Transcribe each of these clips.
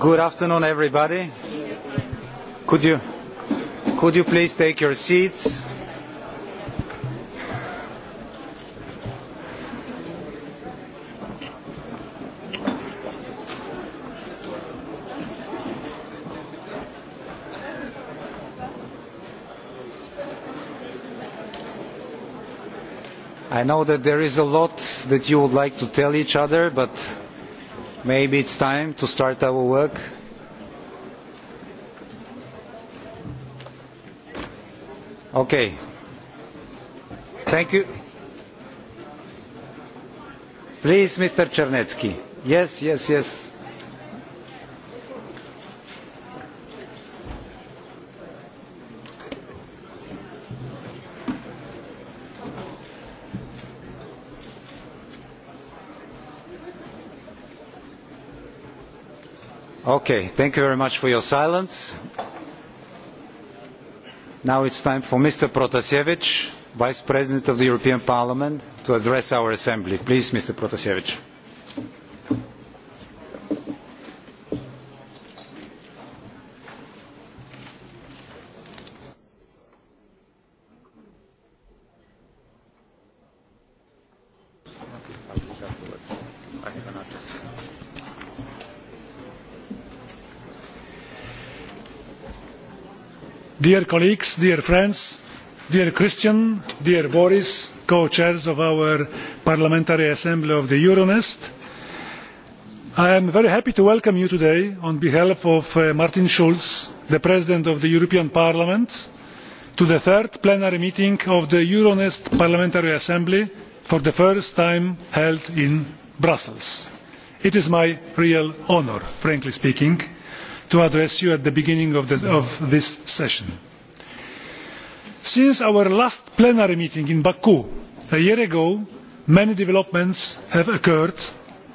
Good afternoon, everybody. Could you, could you please take your seats? I know that there is a lot that you would like to tell each other, but Maybe it's time to start our work. Okay. Thank you. Please, Mr. Czernetsky. Yes, yes, yes. Okay, thank you very much for your silence. Now it's time for Mr. Protasevich, Vice President of the European Parliament, to address our Assembly. Please, Mr. Protasevich. dear colleagues dear friends dear christian dear boris co chairs of our parliamentary assembly of the euronest i am very happy to welcome you today on behalf of uh, martin schulz the president of the european parliament to the third plenary meeting of the euronest parliamentary assembly for the first time held in brussels. it is my real honour frankly speaking to address you at the beginning of, the, of this session. Since our last plenary meeting in Baku a year ago, many developments have occurred,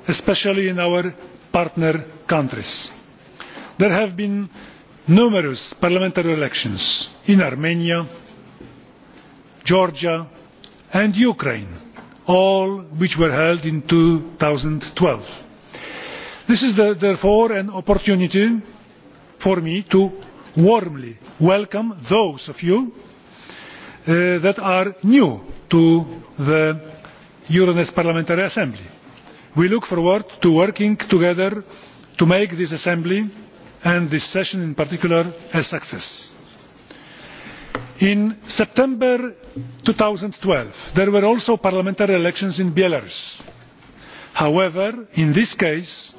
especially in our partner countries. There have been numerous parliamentary elections in Armenia, Georgia and Ukraine, all which were held in 2012. This is the, therefore an opportunity for me to warmly welcome those of you who uh, that are new to the euronest parliamentary assembly. we look forward to working together to make this assembly and this session in particular a success. in september two thousand and twelve there were also parliamentary elections in belarus. however in this case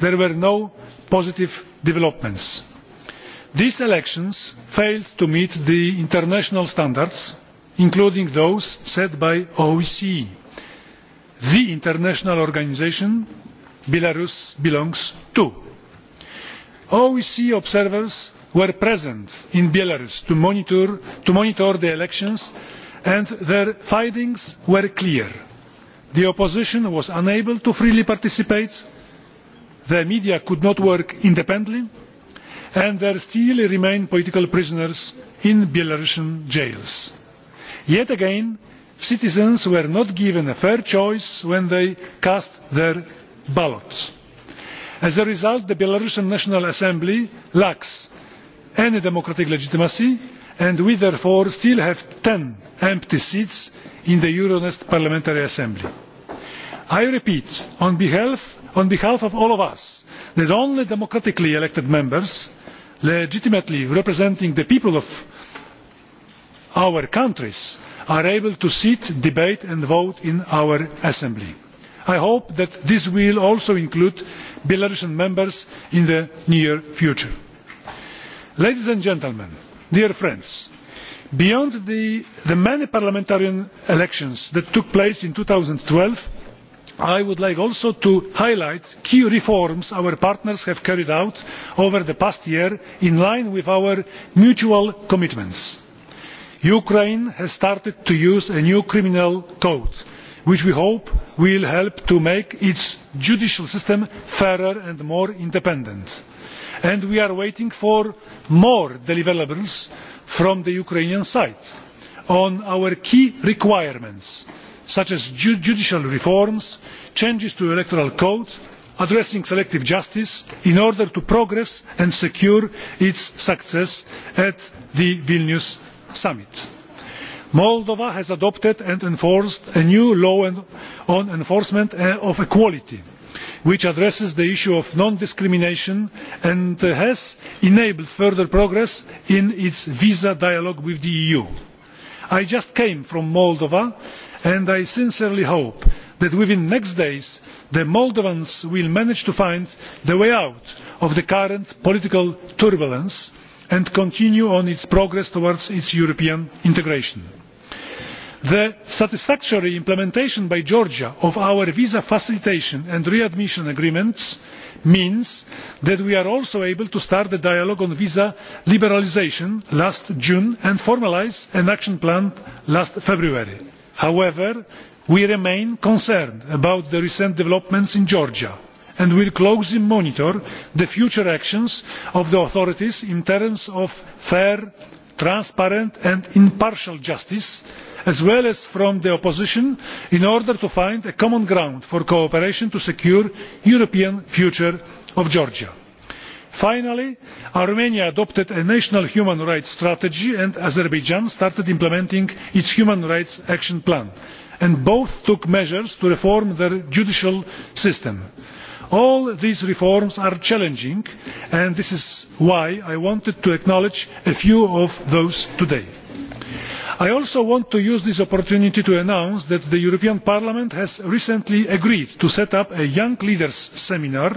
there were no positive developments. these elections failed to meet the international standards including those set by the osce the international organisation belarus belongs to. osce observers were present in belarus to monitor, the elections and their findings were clear. the opposition was unable to freely participate the media could not work independently and there still remain political prisoners in belarusian jails. yet again citizens were not given a fair choice when they cast their ballot. as a result the belarusian national assembly lacks any democratic legitimacy and we therefore still have ten empty seats in the euronest parliamentary assembly i repeat on behalf, of all of us that only democratically elected members legitimately representing the people of our countries are able to sit debate and vote in our assembly. i hope that this will also include belarusian members in the near future. ladies and gentlemen dear friends beyond the, the many parliamentary elections that took place in two thousand and twelve i would like also to highlight key reforms our partners have carried out over the past year in line with our mutual commitments. ukraine has started to use a new criminal code which we hope will help to make its judicial system fairer and more independent and we are waiting for more deliverables from the ukrainian side on our key requirements such as judicial reforms changes to the electoral code addressing selective justice in order to progress and secure its success at the vilnius summit. moldova has adopted and enforced a new law on enforcement eh, of equality which addresses the issue of non discrimination and has enabled further progress in its visa dialogue with the eu. i just came from moldova and i sincerely hope that within the next days the moldovans will manage to find a way out of the current political turbulence and continue on its progress towards its european integration. the satisfactory implementation by georgia of our visa facilitation and readmission agreements means that we are also able to start the dialogue on visa liberalisation last june and formalise an action plan last february however we remain concerned about the recent developments in georgia and will closely monitor the future actions of the authorities in terms of fair transparent and impartial justice as well as from the opposition in order to find common ground for cooperation to secure the european future of georgia finally armenia adopted a national human rights strategy and azerbaijan started implementing its human rights action plan and both took measures to reform their judicial system. all these reforms are challenging and this is why i wanted to acknowledge a few of those today. i also want to use this opportunity to announce that the european parliament has recently agreed to set up a young leaders seminar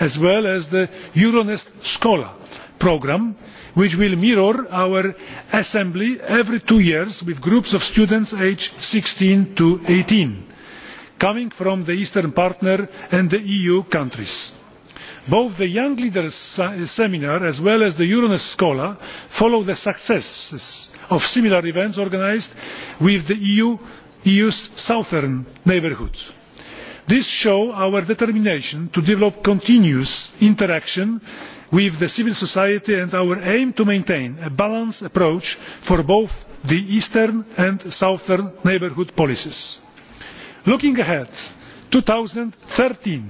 as well as the euronest scola programme which will mirror our assembly every two years with groups of students aged sixteen to eighteen coming from the eastern partner and the eu countries. both the young leaders seminar as well as the euronest scola follow the successes of similar events organised with the eu's e southern neighbourhood this shows our determination to develop continuous interaction with civil society and our aim to maintain a balanced approach for both the eastern and southern neighbourhood policies. looking ahead two thousand and thirteen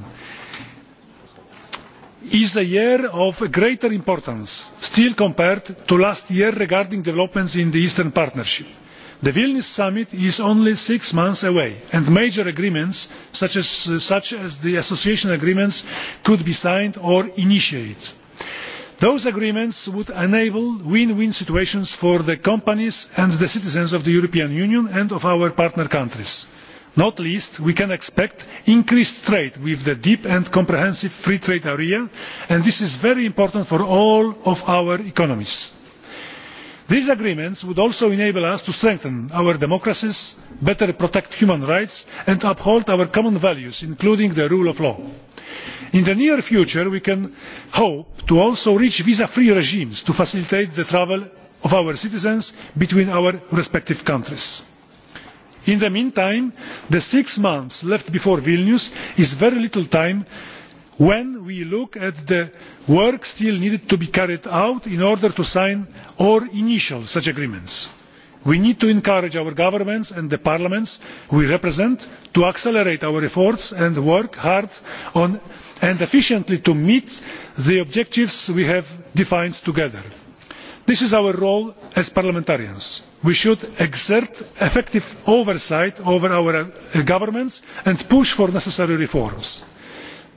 is a year of greater importance still compared to last year regarding developments in the eastern partnership the vilnius summit is only six months away and major agreements such as, the association agreements could be signed or initiated. those agreements would enable win win situations for the companies and the citizens of the european union and of our partner countries. not least we can expect increased trade with the deep and comprehensive free trade area and this is very important for all of our economies these agreements would also enable us to strengthen our democracies better protect human rights and uphold our common values including the rule of law. in the near future we can hope to also reach visa free regimes to facilitate the travel of our citizens between our respective countries. in the meantime the six months left before vilnius is very little time when we look at the work still needed to be carried out in order to sign or initial such agreements. we need to encourage our governments and the parliaments we represent to accelerate our efforts and work hard and efficiently to meet the objectives we have defined together. this is our role as parliamentarians. we should exert effective oversight over our uh, governments and push for necessary reforms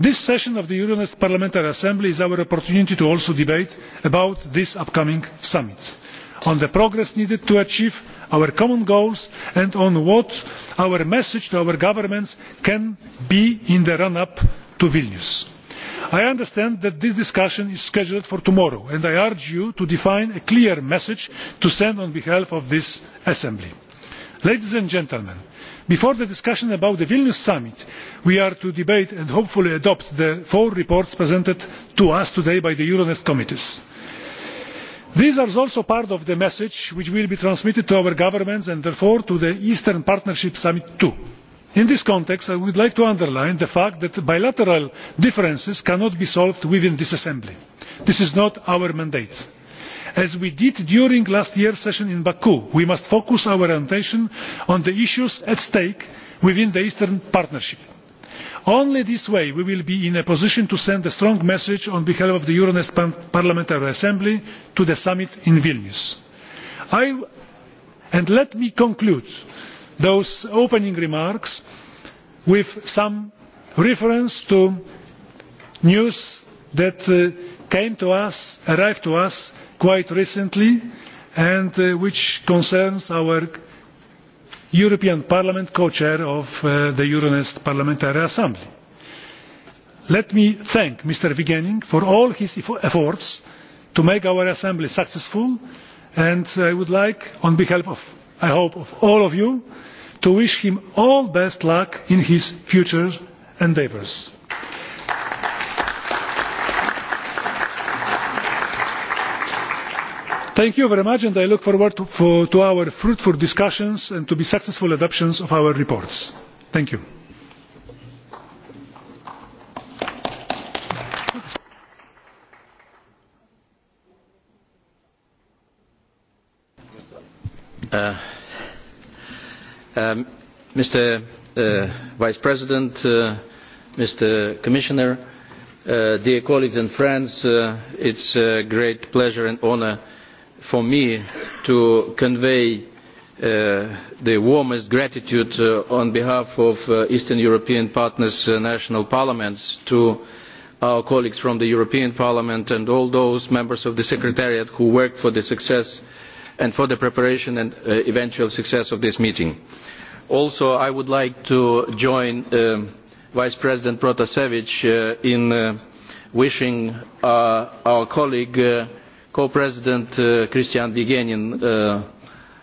this session of the euronest parliamentary assembly is our opportunity to also debate about this upcoming summit on the progress needed to achieve our common goals and on what our message to our governments can be in the run up to vilnius. i understand that this discussion is scheduled for tomorrow and i urge you to define a clear message to send on behalf of this assembly. ladies and gentlemen before the discussion about the vilnius summit we are to debate and hopefully adopt the four reports presented to us today by the euronest committees. these are also part of the message which will be transmitted to our governments and therefore to the eastern partnership summit too. in this context i would like to underline the fact that bilateral differences cannot be solved within this assembly. this is not our mandate as we did during last year's session in baku we must focus our attention on the issues at stake within the eastern partnership. only in this way will we be in a position to send a strong message on behalf of the euronest parliamentary assembly to the summit in vilnius. and let me conclude those opening remarks with some reference to news that uh, came to us arrived to us quite recently and uh, which concerns our European Parliament co-chair of uh, the Euronest Parliamentary Assembly. Let me thank Mr. Vigening for all his efforts to make our assembly successful and I would like, on behalf of, I hope, of all of you, to wish him all best luck in his future endeavours. thank you very much and i look forward to, our fruitful discussions and to the successful adoption of our reports. thank you. Uh, mr um, uh, vice president uh, mr commissioner uh, dear colleagues and friends it is a great pleasure and honour for me to convey uh, the warmest gratitude uh, on behalf of uh, Eastern European partners' uh, national parliaments to our colleagues from the European Parliament and all those members of the Secretariat who worked for the success and for the preparation and uh, eventual success of this meeting. Also, I would like to join um, Vice President Protasevich uh, in wishing our colleague co-president uh, Christian Vigenin uh,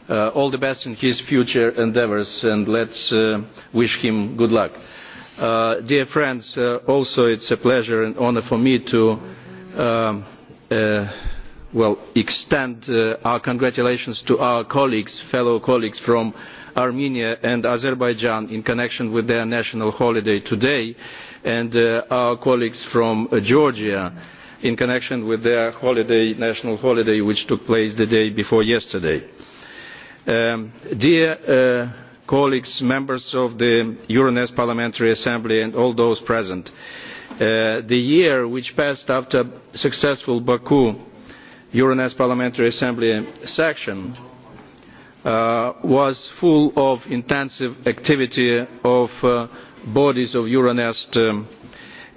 uh, all the best in his future endeavours and let's uh, wish him good luck. Uh, dear friends, uh, also it's a pleasure and honour for me to uh, uh, well, extend uh, our congratulations to our colleagues, fellow colleagues from Armenia and Azerbaijan in connection with their national holiday today and uh, our colleagues from uh, Georgia. Mm -hmm in connection with their holiday, national holiday which took place the day before yesterday. Um, dear uh, colleagues, members of the Euronest Parliamentary Assembly and all those present, uh, the year which passed after successful Baku Euronest Parliamentary Assembly section uh, was full of intensive activity of uh, bodies of Euronest um,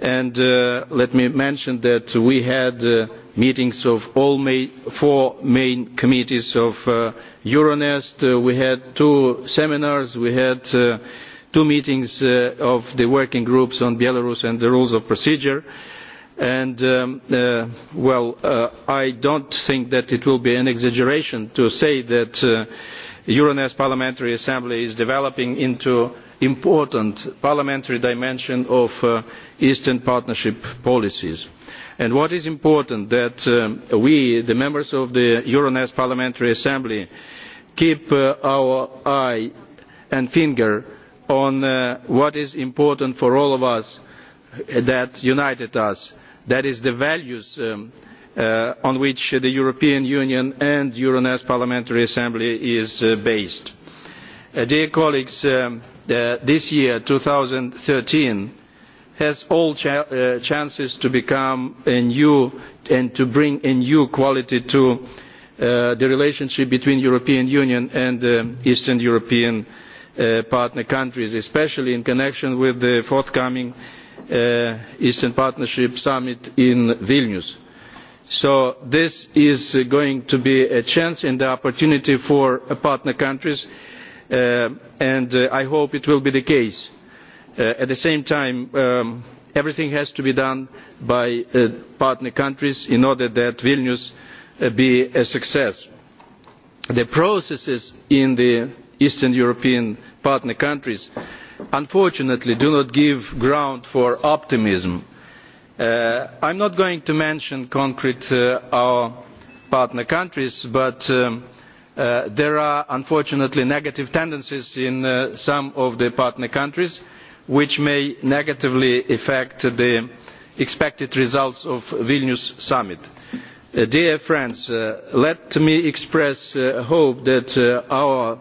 and uh, let me mention that we had uh, meetings of all four main committees of uh, euronest uh, we had two seminars we had uh, two meetings uh, of the working groups on belarus and the rules of procedure and um, well i do not think that it will be an exaggeration to say that euronest parliamentary assembly is developing into an important parliamentary dimension of uh, eastern partnership policies. what is important is that uh, we the members of the euronest parliamentary assembly keep uh, our eye and finger on what is important for all of us that united us that is the values um, Uh, on which the european union and euronest parliamentary assembly is uh, based. Uh, dear colleagues um, this year two thousand and thirteen has all the chances to become a new and to bring a new quality to the relationship between the european union and the eastern european partner countries especially in connection with the forthcoming eastern partnership summit in vilnius so this is going to be a chance and an opportunity for partner countries uh, and uh, i hope it will be the case. Uh, at the same time um, everything has to be done by partner countries in order that vilnius be a success. the processes in the eastern european partner countries unfortunately do not give ground for optimism Uh, i am not going to mention concrete uh, our partner countries but um, uh, there are unfortunately negative tendencies in uh, some of the partner countries which may negatively affect the expected results of the vilnius summit. Uh, dear friends uh, let me express hope that our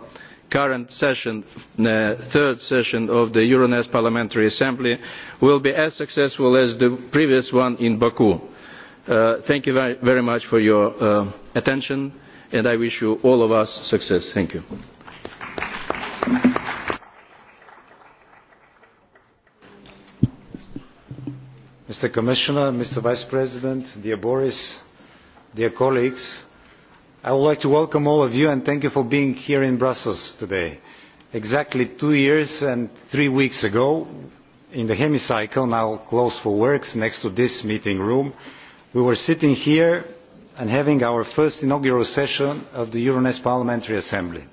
current session, the uh, third session of the Euronest Parliamentary Assembly will be as successful as the previous one in Baku. Uh, thank you very, much for your uh, attention and I wish you all of us success. Thank you. Mr. Commissioner, Mr. Vice President, dear Boris, dear colleagues, I would like to welcome all of you and thank you for being here in Brussels today. Exactly two years and three weeks ago, in the hemicycle, now closed for works, next to this meeting room, we were sitting here and having our first inaugural session of the Euronest Parliamentary Assembly.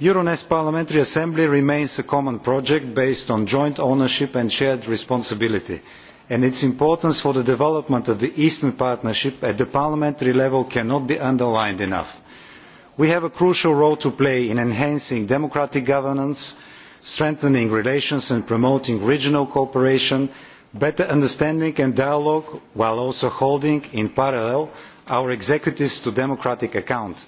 Euronest Parliamentary Assembly remains a common project based on joint ownership and shared responsibility – and its importance for the development of the eastern partnership at the parliamentary level cannot be underlined enough. we have a crucial role to play in enhancing democratic governance strengthening relations and promoting regional cooperation better understanding and dialogue while also holding in parallel our executives to democratic account.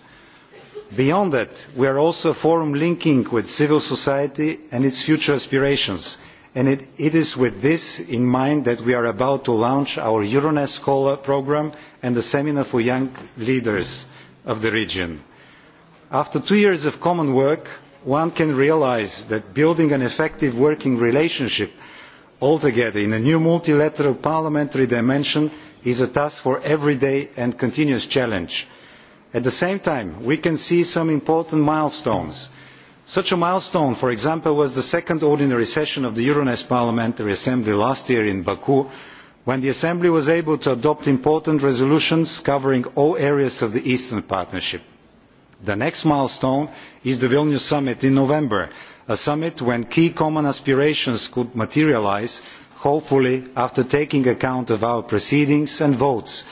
beyond that we are also a forum linking with civil society and its future aspirations and it, it is with this in mind that we are about to launch our euronest scholar programme and the seminar for young leaders of the region. after two years of common work one can realise that building an effective working relationship altogether in a new multilateral parliamentary dimension is a task for every day and continuous challenge. at the same time we can see some important milestones such a milestone for example was the second ordinary session of the euronest parliamentary assembly last year in baku when the assembly was able to adopt important resolutions covering all areas of the eastern partnership. the next milestone is the vilnius summit in november a summit when key common aspirations could materialise hopefully after taking account of our proceedings and votes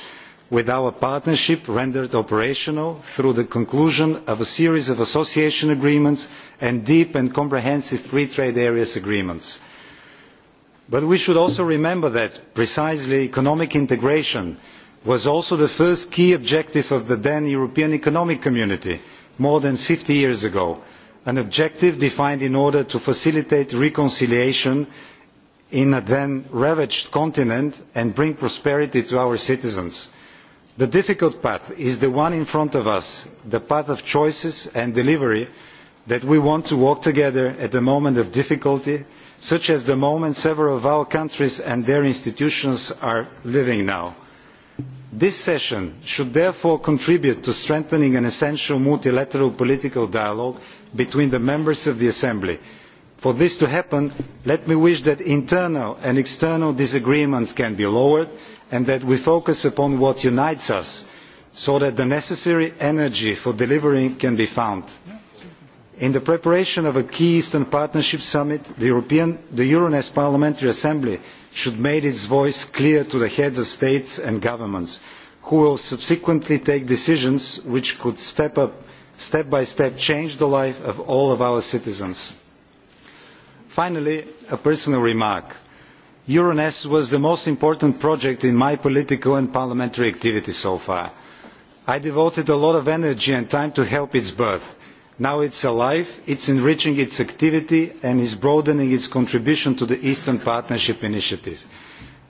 with our partnership rendered operational through the conclusion of a series of association agreements and deep and comprehensive free trade areas agreements. but we should also remember that precisely economic integration was also the first key objective of the then european economic community more than fifty years ago an objective defined in order to facilitate reconciliation in a then ravaged continent and bring prosperity to our citizens the difficult path is the one in front of us the path of choices and delivery that we want to walk together at a moment of difficulty such as the moment several of our countries and their institutions are living now. this session should therefore contribute to strengthening an essential multilateral political dialogue between the members of the assembly. for this to happen let me wish that internal and external disagreements can be lowered and that we focus upon what unites us so that the necessary energy for delivering can be found. in the preparation of a key eastern partnership summit the, European, the euronest parliamentary assembly should make its voice clear to the heads of states and governments who will subsequently take decisions which could step, up, step by step change the life of all of our citizens. finally a personal remark euronest was the most important project in my political and parliamentary activity so far. i devoted a lot of energy and time to help its birth. now it is alive it is enriching its activity and is broadening its contribution to the eastern partnership initiative.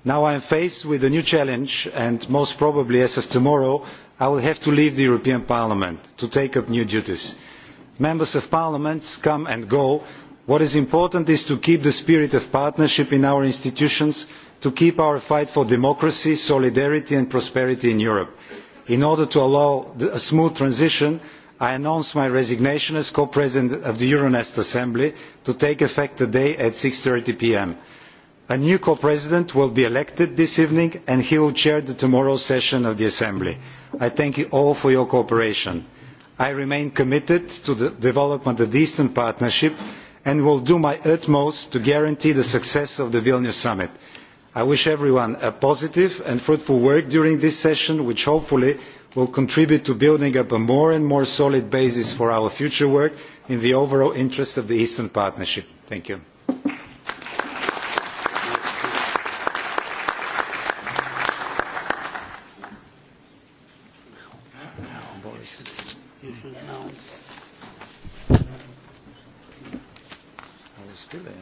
now i am faced with a new challenge and most probably as of tomorrow i will have to leave the european parliament to take up new duties. members of parliament come and go what is important is to keep the spirit of partnership in our institutions to keep our fight for democracy solidarity and prosperity in europe. in order to allow a smooth transition i announce my resignation as co president of the euronest assembly to take effect today at. six thirty pm a new co president will be elected this evening and he will chair tomorrow's session of the assembly. i thank you all for your cooperation. i remain committed to the development of the eastern partnership and will do my utmost to guarantee the success of the vilnius summit. i wish everyone a positive and fruitful work during this session which hopefully will contribute to building up a more and more solid basis for our future work in the overall interest of the eastern partnership. thank you. Tényleg?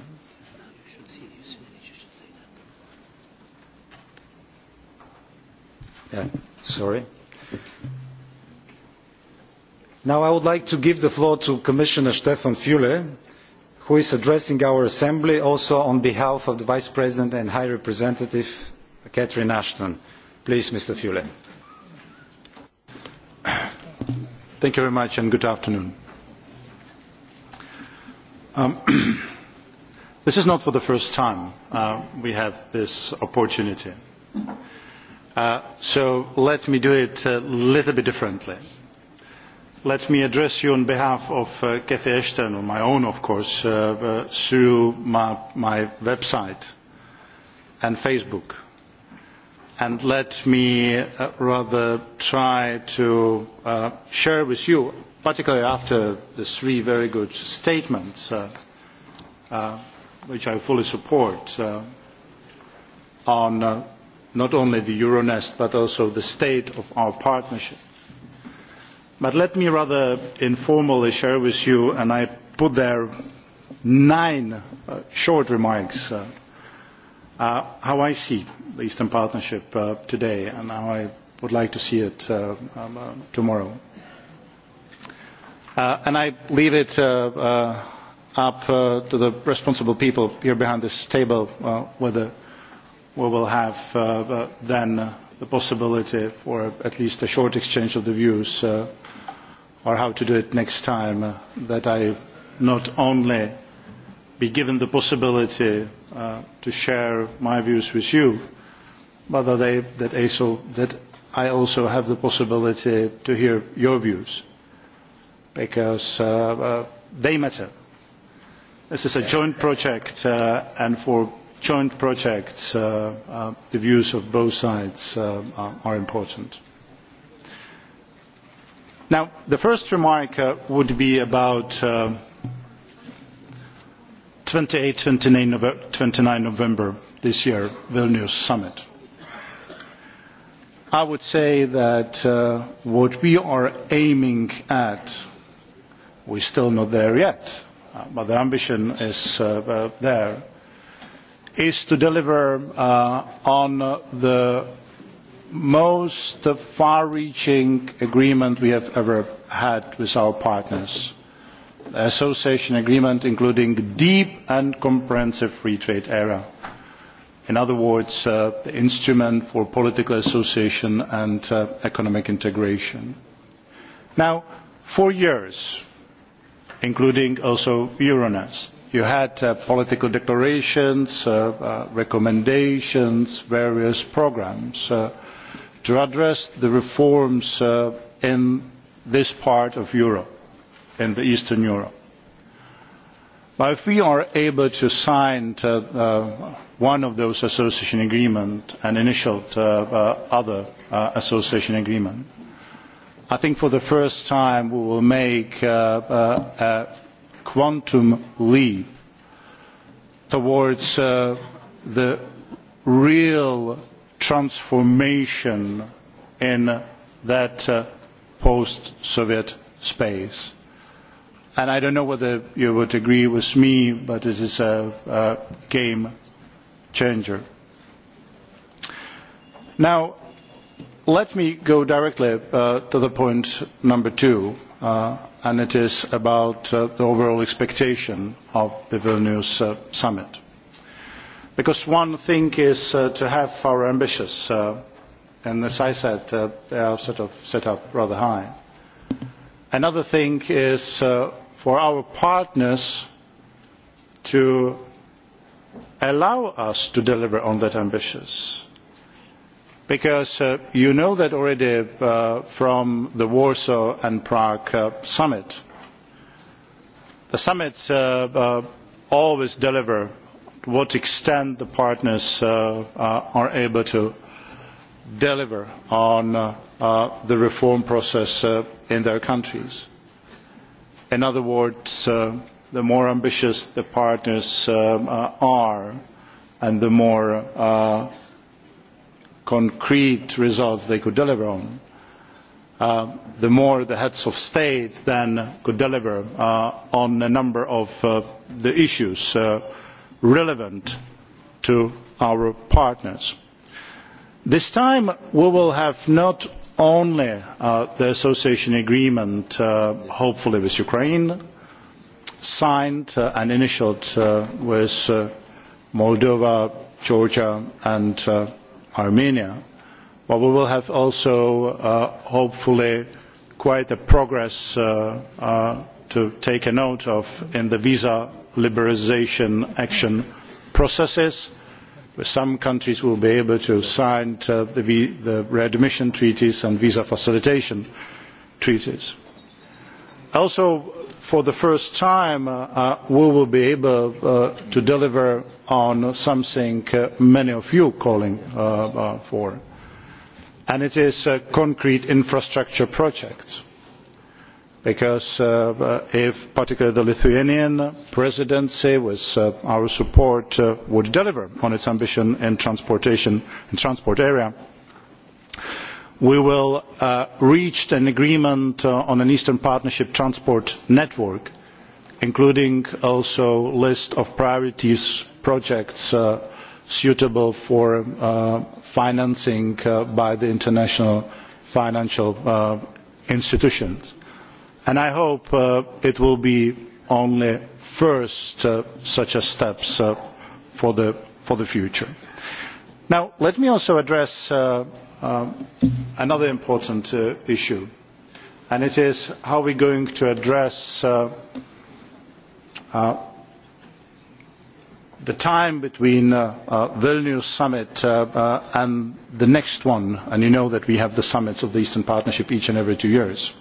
Yeah, sorry. Now I would like to give the floor to Commissioner Stefan Füle, who is addressing our Assembly also on behalf of the Vice President and High Representative Catherine Ashton. Please, Mr. Füle. Thank you very much and good afternoon. Um, this is not for the first time uh, we have had this opportunity uh, so let me do it a little bit differently. let me address you on behalf of uh, cathy uh, ashton on my own of course through my website and facebook and let me rather try to share with you particularly after the three very good statements which I fully support, uh, on uh, not only the Euronest but also the state of our partnership. But let me rather informally share with you, and I put there nine uh, short remarks, uh, uh, how I see the Eastern Partnership uh, today and how I would like to see it uh, um, uh, tomorrow. Uh, and I leave it uh, uh up uh, to the responsible people here behind this table uh, whether we will have uh, uh, then uh, the possibility for at least a short exchange of the views uh, or how to do it next time uh, that I not only be given the possibility uh, to share my views with you but that, I, that, ASO, that I also have the possibility to hear your views because uh, uh, they matter this is a joint project uh, and for joint projects uh, uh, the views of both sides are, important. the first remark would be about twenty eight twenty nine november this year vilnius summit i would say that what we are aiming at we are still not there yet Uh, but the ambition is uh, there is to deliver uh, on the most far reaching agreement we have ever had with our partners the association agreement including deep and comprehensive free trade area in other words the instrument for political association and economic integration. now for years including also euronest. you had uh, political declarations uh, uh, recommendations and various programmes to address the reforms in this part of europe in eastern europe. But if we are able to sign one of those association agreements and initial other association agreements i think for the first time we will make uh, uh, a quantum leap towards uh, the real transformation in that post soviet space. And i do not know whether you would agree with me but it is a game changer. now let me go directly uh, to the point number two, uh, and it is about uh, the overall expectation of the Vilnius uh, summit. Because one thing is uh, to have our ambitions, uh, and as I said, uh, they are sort of set up rather high. Another thing is uh, for our partners to allow us to deliver on that ambitious because uh, you know that already uh, from the warsaw and prague uh, summit the summits always deliver to what extent the partners are able to deliver on the reform process in their countries. in other words the more ambitious the partners are and the more concrete results they could deliver on. Uh, the more the heads of state then could deliver uh, on a number of uh, the issues relevant to our partners. this time we will have not only the association agreement hopefully with ukraine signed and initialled with moldova georgia and Armenia, but we will have also uh, hopefully quite a progress uh, uh, to take note of in the visa liberalisation action processes. where Some countries will be able to sign the, readmission treaties and visa facilitation treaties. Also, for the first time uh, uh, we will be able uh, to deliver on something uh, many of you are calling uh, uh, for and it is concrete infrastructure projects because if particularly the lithuanian presidency with our support were to deliver on its ambition in the transport area we will uh, reach an agreement uh, on an eastern partnership transport network including also a list of priority projects uh, suitable for financing by the international financial institutions. And i hope it will be only the first of such steps for for the future. Now, let me also address uh, uh, another important uh, issue, and it is how we are going to address the time between the Vilnius summit and the next one, and you know that we have the summits of the Eastern Partnership each and every two years.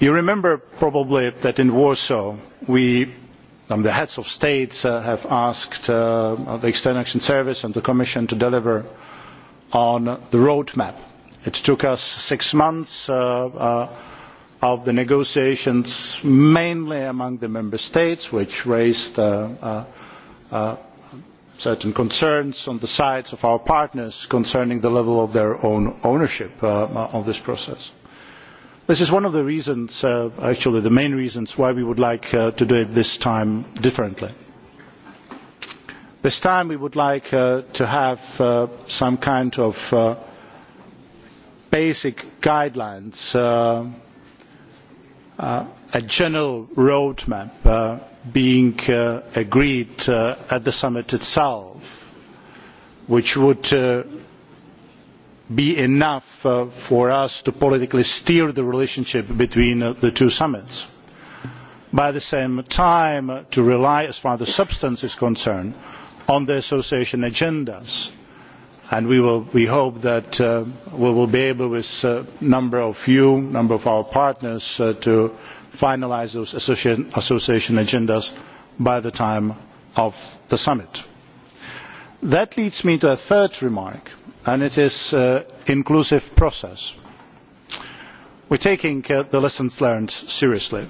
you remember probably that in Warsaw we Um, the heads of state uh, have asked uh, the External Action Service and the Commission to deliver on the road map. It took us six months uh, of negotiations, mainly among the member states, which raised certain concerns on the side of our partners concerning the level of their own ownership of this process this is one of the reasons uh, actually the main reasons why we would like uh, to do it this time differently. this time we would like uh, to have uh, some kind of uh, basic guidelines uh, a general roadmap being agreed at the summit itself which would be enough uh, for us to politically steer the relationship between uh, the two summits but at the same time uh, to rely as far as the substance is concerned on the association agendas and we, hope that we will be able with a number of you a number of our partners to finalise those association agendas by the time of the summit. that leads me to a third remark and it is an uh, inclusive process. we are taking uh, the lessons learned seriously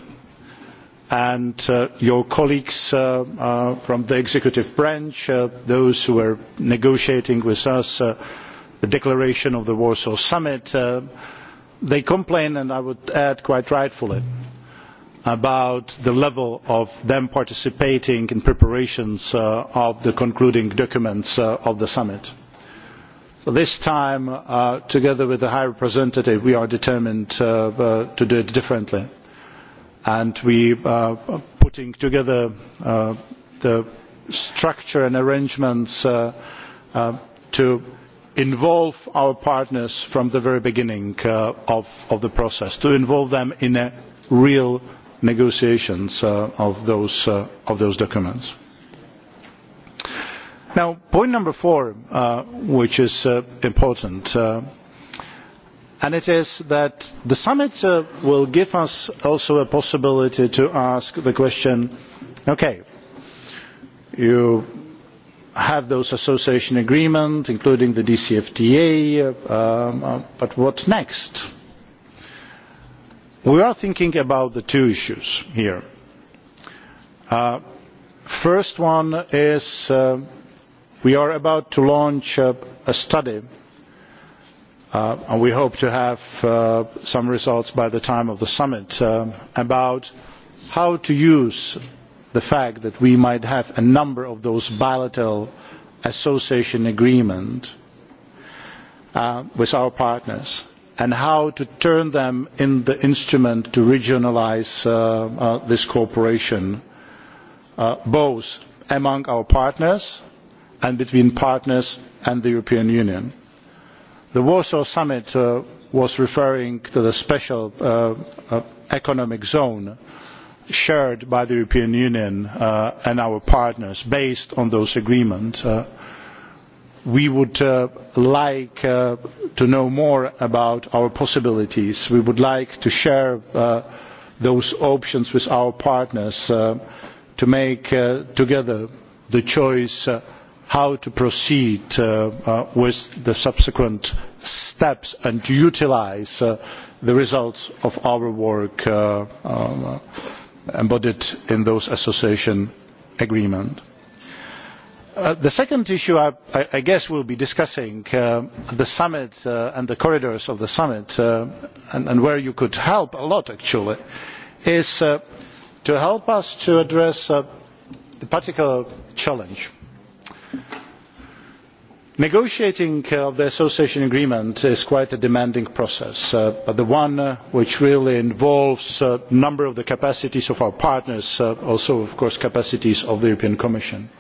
and uh, your colleagues from the executive branch those who were negotiating with us the declaration of the warsaw summit they complain and i would add quite rightfully about the level of them participating in preparations of the concluding documents of the summit this time, uh, together with the High Representative, we are determined uh, uh, to do it differently. And we are putting together the structure and arrangements to involve our partners from the very beginning of, the process, to involve them in a real negotiations uh, of those documents. Now, point number four, uh, which is uh, important, uh, and it is that the summit uh, will give us also a possibility to ask the question, okay, you have those association agreements, including the DCFTA, uh, um, uh, but what next? We are thinking about the two issues here. Uh, first one is uh, we are about to launch a, study uh, and we hope to have uh, some results by the time of the summit uh, about how to use the fact that we might have a number of those bilateral association agreements with our partners and how to turn them into the instrument to regionalise this cooperation both among our partners and between partners and the european union. the warsaw summit uh, was referring to the special uh, uh, economic zone shared by the european union and our partners based on those agreements. we would like to know more about our possibilities. we would like to share those options with our partners to make together the choice how to proceed uh, uh, with the subsequent steps and utilise uh, the results of our work um, embodied in those association agreements. the second issue I, guess we will be discussing uh, the summit and the corridors of the summit and where you could help a lot actually is to help us to address the particular challenge negotiating uh, the association agreement is quite a demanding process uh, but one uh, which really involves a number of the capacities of our partners and also of course the capacities of the european commission.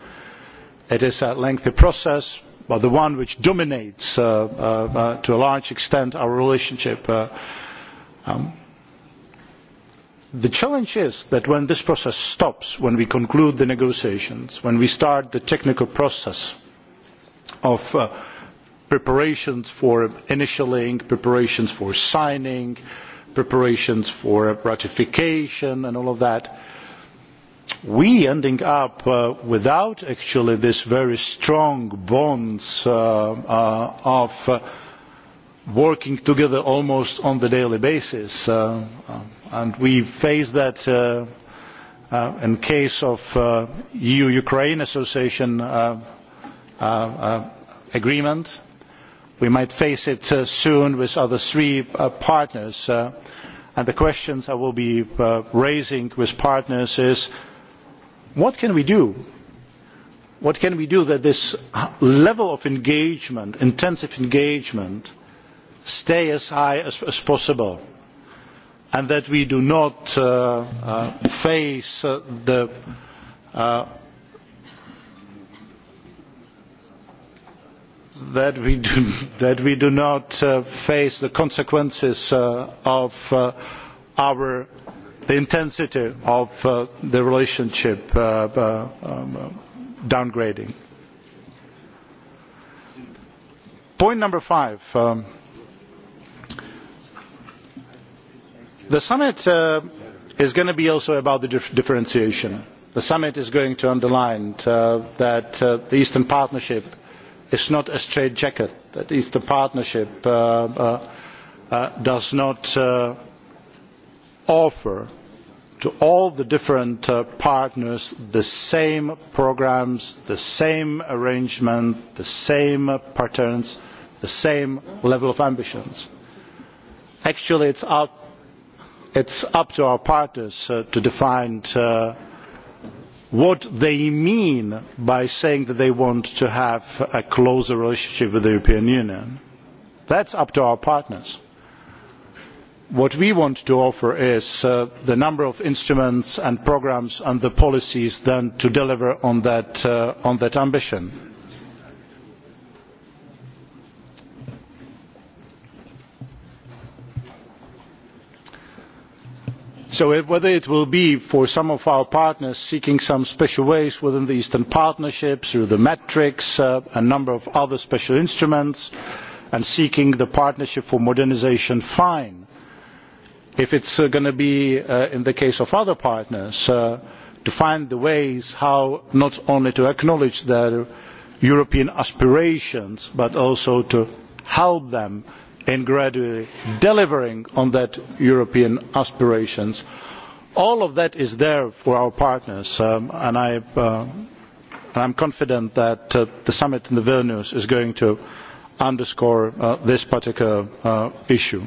it is a lengthy process but one which dominates to a large extent our relationship. Um, the challenge is that when this process stops when we conclude the negotiations when we start the technical process of uh, preparations for initialing, preparations for signing, preparations for ratification and all of that, we ending up uh, without actually this very strong bonds uh, of working together almost on the daily basis. and we face that in the in case of EU-Ukraine association Uh, uh, agreement. we might face it uh, soon with the other three partners and the questions i will be raising with partners is what can we do? what can we do that this level of engagement intensive engagement stays as high as, possible and that we do not face the that we do, not uh, face the consequences uh, of uh, our, the intensity of the relationship um, downgrading. Point number five. Um, the summit is going to be also about the differentiation. The summit is going to underline that the Eastern Partnership is not a straitjacket that eastern partnership uh, uh, uh, does not offer to all the different partners the same programmes the same arrangements the same patterns the same level of ambition. actually it is up to our partners to define what they mean by saying that they want to have a closer relationship with the european union that is up to our partners. what we want to offer is uh, the number of instruments and programmes and the policies then to deliver on that uh, ambition so whether it will be for some of our partners seeking some special ways within the eastern partnership through the metrics uh, a number of other special instruments and seeking the partnership for modernisation fine if it is uh, going to be uh, in the case of other partners uh, to find the ways how not only to acknowledge their european aspirations but also to help them in gradually delivering on those european aspirations all of that is there for our partners um, and i uh, am confident that uh, the summit in vilnius is going to underscore uh, this particular issue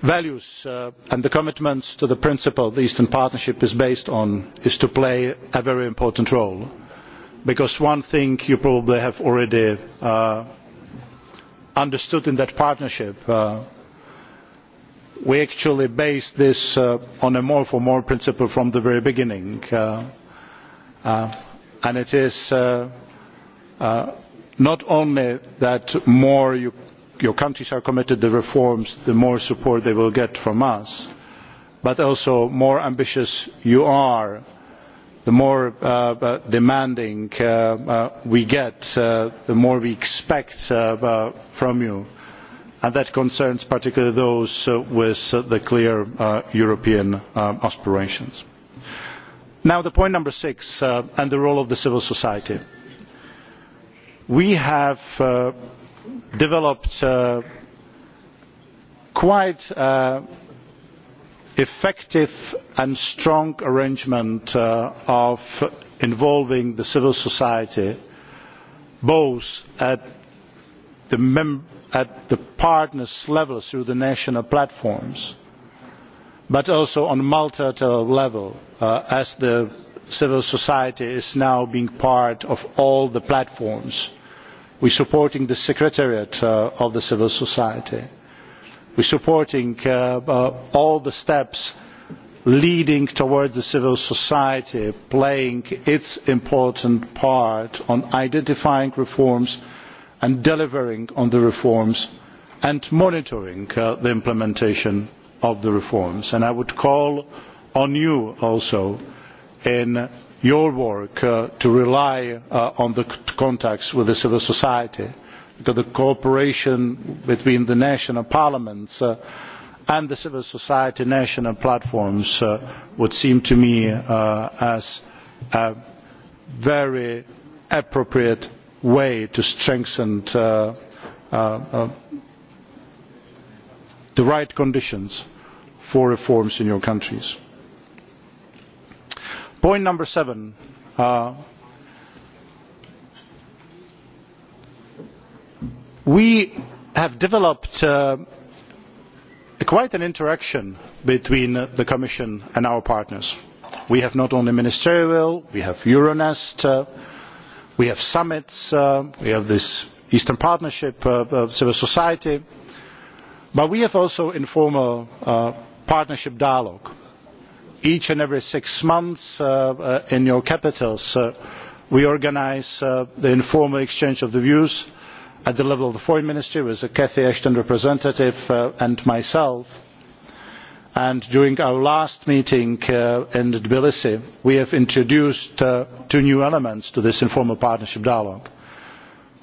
the values and the commitments to the principle the eastern partnership is based on are to play a very important role because one thing you probably have already understood in that partnership uh, we actually based this uh, on a more for more principle from the very beginning uh, and it is not only that the more your countries are committed to reforms the more support they will get from us but also the more ambitious you are the more uh, uh, demanding uh, we get the more we expect from you and that concerns particularly those with the clear european um, aspirations. now to point number six and the role of civil society. we have developed quite effective and strong arrangement uh, of involving civil society both at the, partners' level through the national platforms but also on a multilateral level uh, as the civil society is now being part of all the platforms. we are supporting the secretariat uh, of the civil society we are supporting uh, uh, all the steps leading towards civil society playing its important part in identifying reforms and delivering on the reforms and monitoring uh, the implementation of the reforms. i would call on you also in your work to rely on the contacts with civil society to the cooperation between the national parliaments uh, and the civil society national platforms uh, would seem to me uh, as a very appropriate way to strengthen uh, the right conditions for reforms in your countries. Point number seven we have developed uh, quite an interaction between the commission and our partners. we have not only ministerial we have euronest uh, we have summits uh, we have this eastern partnership of civil society but we have also informal partnership dialogue each and every six months in your capitals we organise the informal exchange of the views at the level of the foreign ministry with the cathy ashton representative uh, and myself and during our last meeting uh, in tbilisi we have introduced uh, two new elements to this informal partnership dialogue.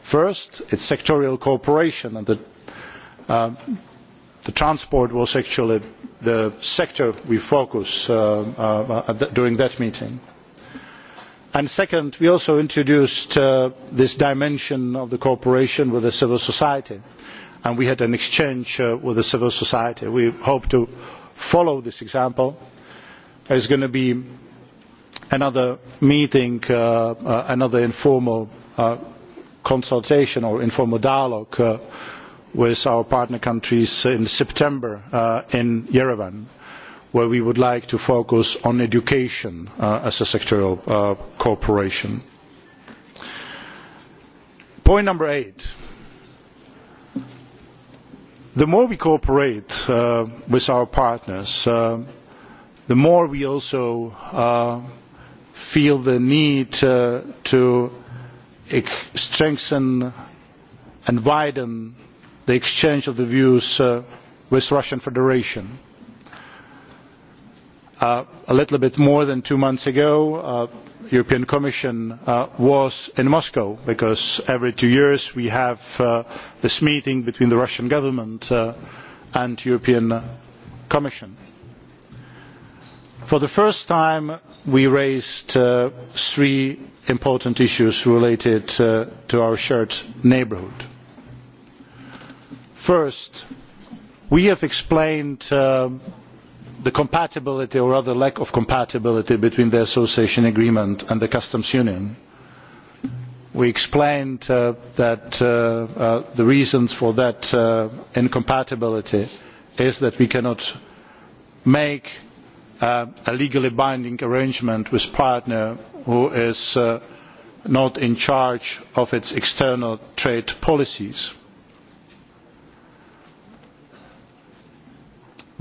first it is sectoral cooperation and transport was actually the sector we focused on during that meeting And second we also introduced uh, this dimension of cooperation with civil society and we had an exchange uh, with civil society. we hope to follow this example. there is going to be another meeting uh, another informal consultation or informal dialogue with our partner countries in september in yerevan where we would like to focus on education uh, as a sectoral uh, cooperation. Point number eight. The more we cooperate uh, with our partners, uh, the more we also uh, feel the need uh, to strengthen and widen the exchange of the views uh, with Russian Federation Uh, a little bit more than two months ago the uh, european commission uh, was in moscow because every two years we have this meeting between the russian government and the european commission. for the first time we raised three important issues related to our shared neighbourhood. first we have explained the compatibility or rather lack of compatibility between the association agreement and the customs union we explained uh, that uh, uh, the reason for that incompatibility is that we cannot make a legally binding arrangement with a partner who is not in charge of its external trade policies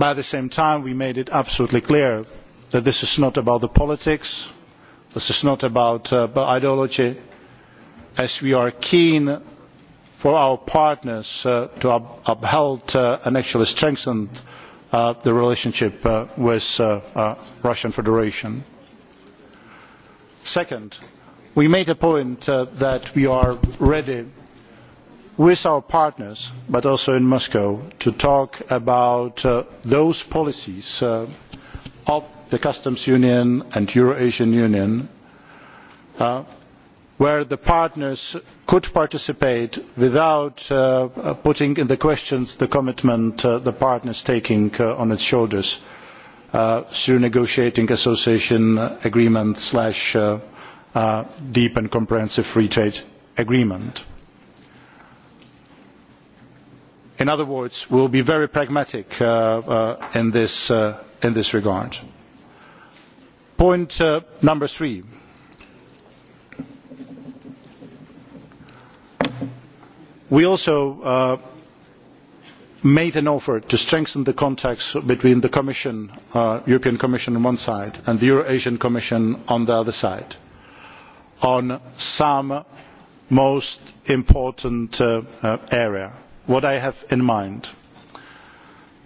but at the same time we made it absolutely clear that this is not about the politics this is not about uh, ideology as we are keen for our partners uh, to uphold uh, and actually strengthen the relationship with the russian federation. second we made a point that we are ready with our partners but also in moscow to talk about uh, those policies uh, of the customs union and euro asian union uh, where the partners could participate without putting into question the commitment the partners are taking on its shoulders through negotiating association agreement deep and comprehensive free trade agreement in other words we will be very pragmatic uh, uh, uh, in, this, regard. point number three we also made an offer to strengthen the contacts between the commission, european commission on one side and the euro asian commission on the other side on some most important areas what i have in mind.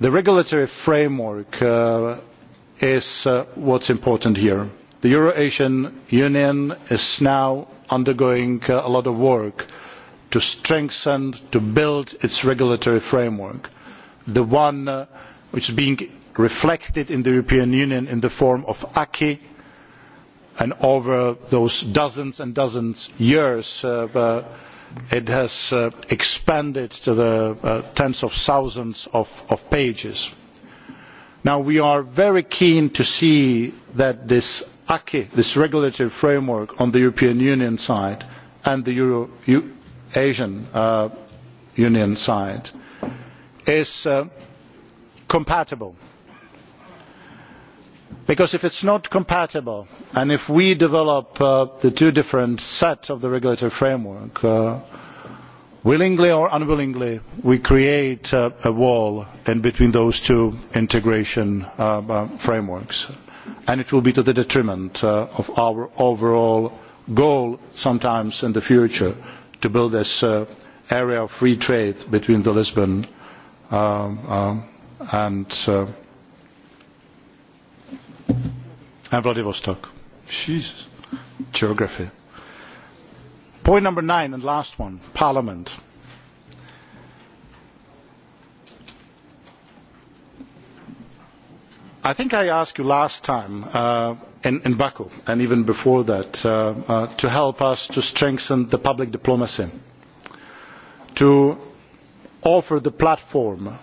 the regulatory framework uh, is uh, what is important here. the eurasian union is now undergoing uh, a lot of work to strengthen to build its regulatory framework the one which is being reflected in the european union in the form of acquis and over those dozens and dozens of years it has uh, expanded to the uh, tens of thousands of, pages. Now, we are very keen to see that this acquis this regulatory framework on the european union side and the Euro, asian uh, union side is compatible because if it is not compatible and if we develop uh, the two different sets of the regulatory framework uh, willingly or unwillingly we create uh, a wall in between those two integration frameworks and it will be to the detriment of our overall goal sometimes in the future to build this area of free trade between lisbon um, um, and and Vladivostok. Jesus. Geography. Point number nine and last one, Parliament. I think I asked you last time uh, in, in Baku and even before that uh, uh, to help us to strengthen the public diplomacy, to offer the platform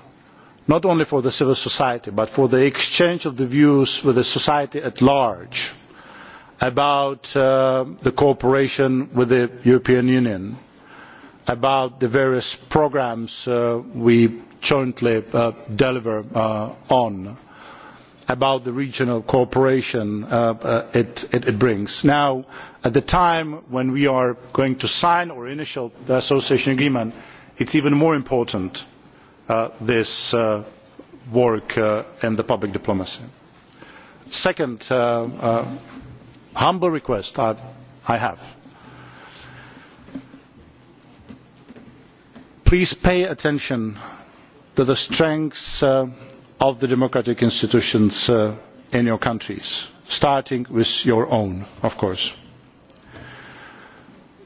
not only for civil society but for the exchange of views with society at large about uh, the cooperation with the european union about the various programmes uh, we jointly uh, deliver on about the regional cooperation it, it brings. now at the time when we are going to sign our initial association agreement it is even more important Uh, this uh, work uh, in the public diplomacy. second humble request i have please pay attention to the strengths of the democratic institutions in your countries starting with your own of course.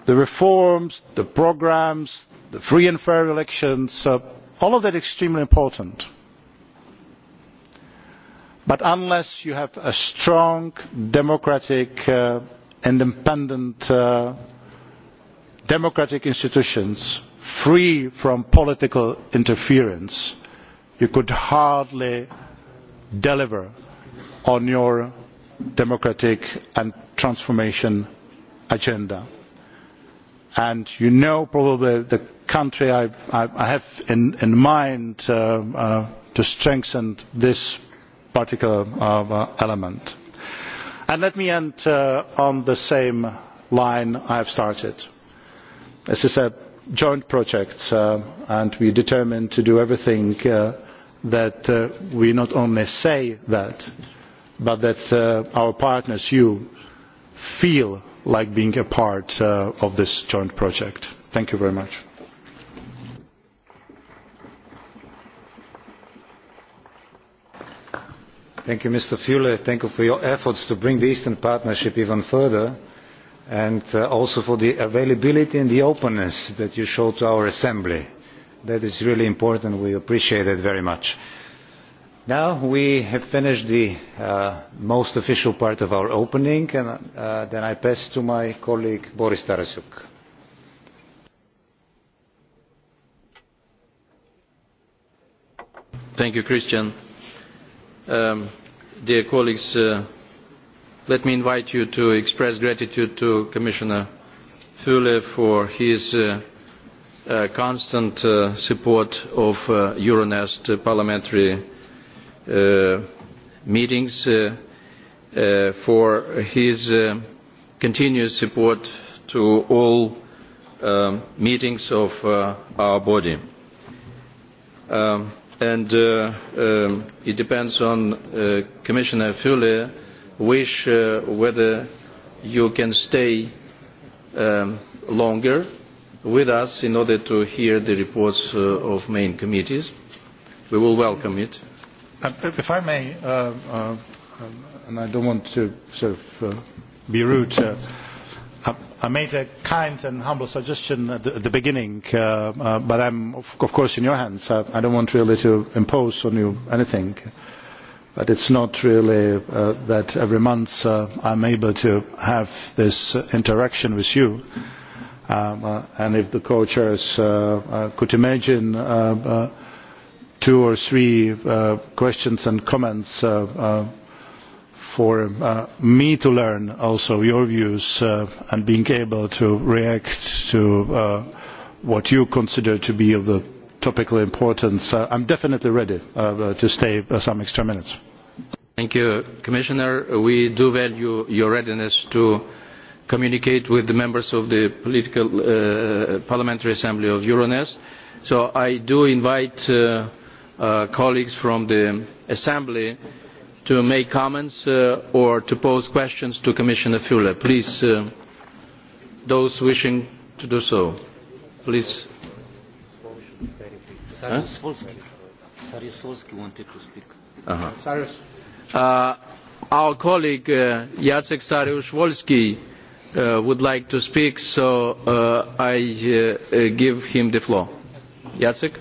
the reforms the programmes the free and fair elections all of that is extremely important but unless you have a strong democratic uh, independent uh, democratic institutions free from political interference you could hardly deliver on your democratic and transformation agenda and you know probably the country i, have in, mind uh, uh, to strengthen this particular uh, element. let me end on the same line i have started. this is a joint project and we are determined to do everything that we not only say that but that our partners you feel like being a part uh, of this joint project. Thank you very much. Thank you, Mr. Fule. Thank you for your efforts to bring the Eastern Partnership even further and uh, also for the availability and the openness that you show to our Assembly. That is really important. We appreciate it very much. Now we have finished the uh, most official part of our opening, and uh, then I pass to my colleague Boris Tarasuk. Thank you, Christian. Um, dear colleagues, uh, let me invite you to express gratitude to Commissioner Fule for his uh, uh, constant uh, support of uh, Euronest parliamentary Uh, meetings uh, uh, for his continuous support to all um, meetings of our body. Um, and um, it depends on Commissioner Fuller wish whether you can stay um, longer with us in order to hear the reports uh, of main committees. We will welcome it. Um, if I may, uh, uh, um, and I don't want to uh, be rude, I made a kind and humble suggestion at the, beginning, but I'm of, of course in your hands. I, not don't want really to impose on you anything. But it's not really that every month i I'm able to have this interaction with you. Um, and if the co-chairs could imagine two or three uh, questions and comments uh, uh, for uh, me to learn also your views uh, and being able to react to uh, what you consider to be of the topical importance. I am definitely ready to stay some extra minutes. Thank you, Commissioner. We do value your readiness to communicate with the members of the political, Parliamentary Assembly of Euronest. So I do invite Uh, colleagues from the Assembly to make comments uh, or to pose questions to Commissioner fle. Please, uh, those wishing to do so, please. -huh. Uh-huh. uh, our colleague uh, Jacek Sariusz-Wolski uh, would like to speak, so uh, I uh, give him the floor. Jacek?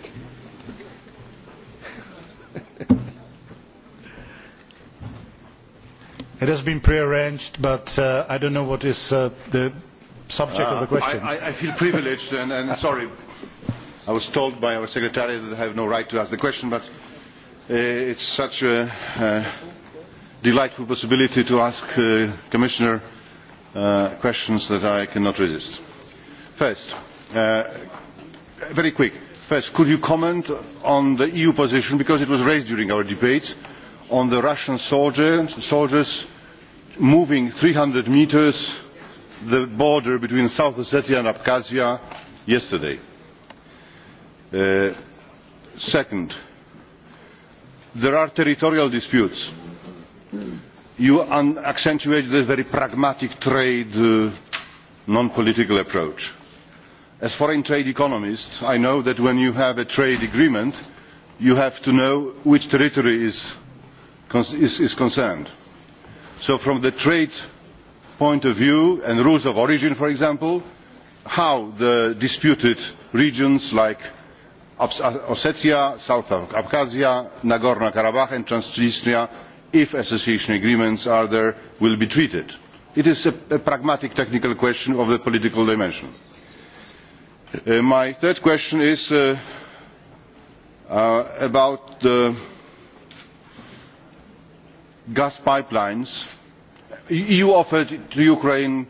It has been prearranged, but uh, I don't know what is uh, the subject uh, of the uh, question. I, I feel privileged and, and sorry. I was told by our secretary that I have no right to ask the question, but uh, it's such a delightful possibility to ask uh, Commissioner uh, questions that I cannot resist. First, uh, very quick. First, could you comment on the EU position, because it was raised during our debates, on the russian soldiers moving three hundred metres the border between south ossetia and abkhazia yesterday. Uh, second there are territorial disputes. you accentuate the very pragmatic trade uh, non political approach. as a foreign trade economist i know that when you have a trade agreement you have to know which territory is is, concerned. so from the trade point of view and rules of origin for example how the disputed regions like ossetia south abkhazia nagorno karabakh and transnistria if association agreements are there will be treated. it is a, pragmatic technical question of the political dimension. Uh, my third question is uh, uh, about the gas pipelines the eu offered to ukraine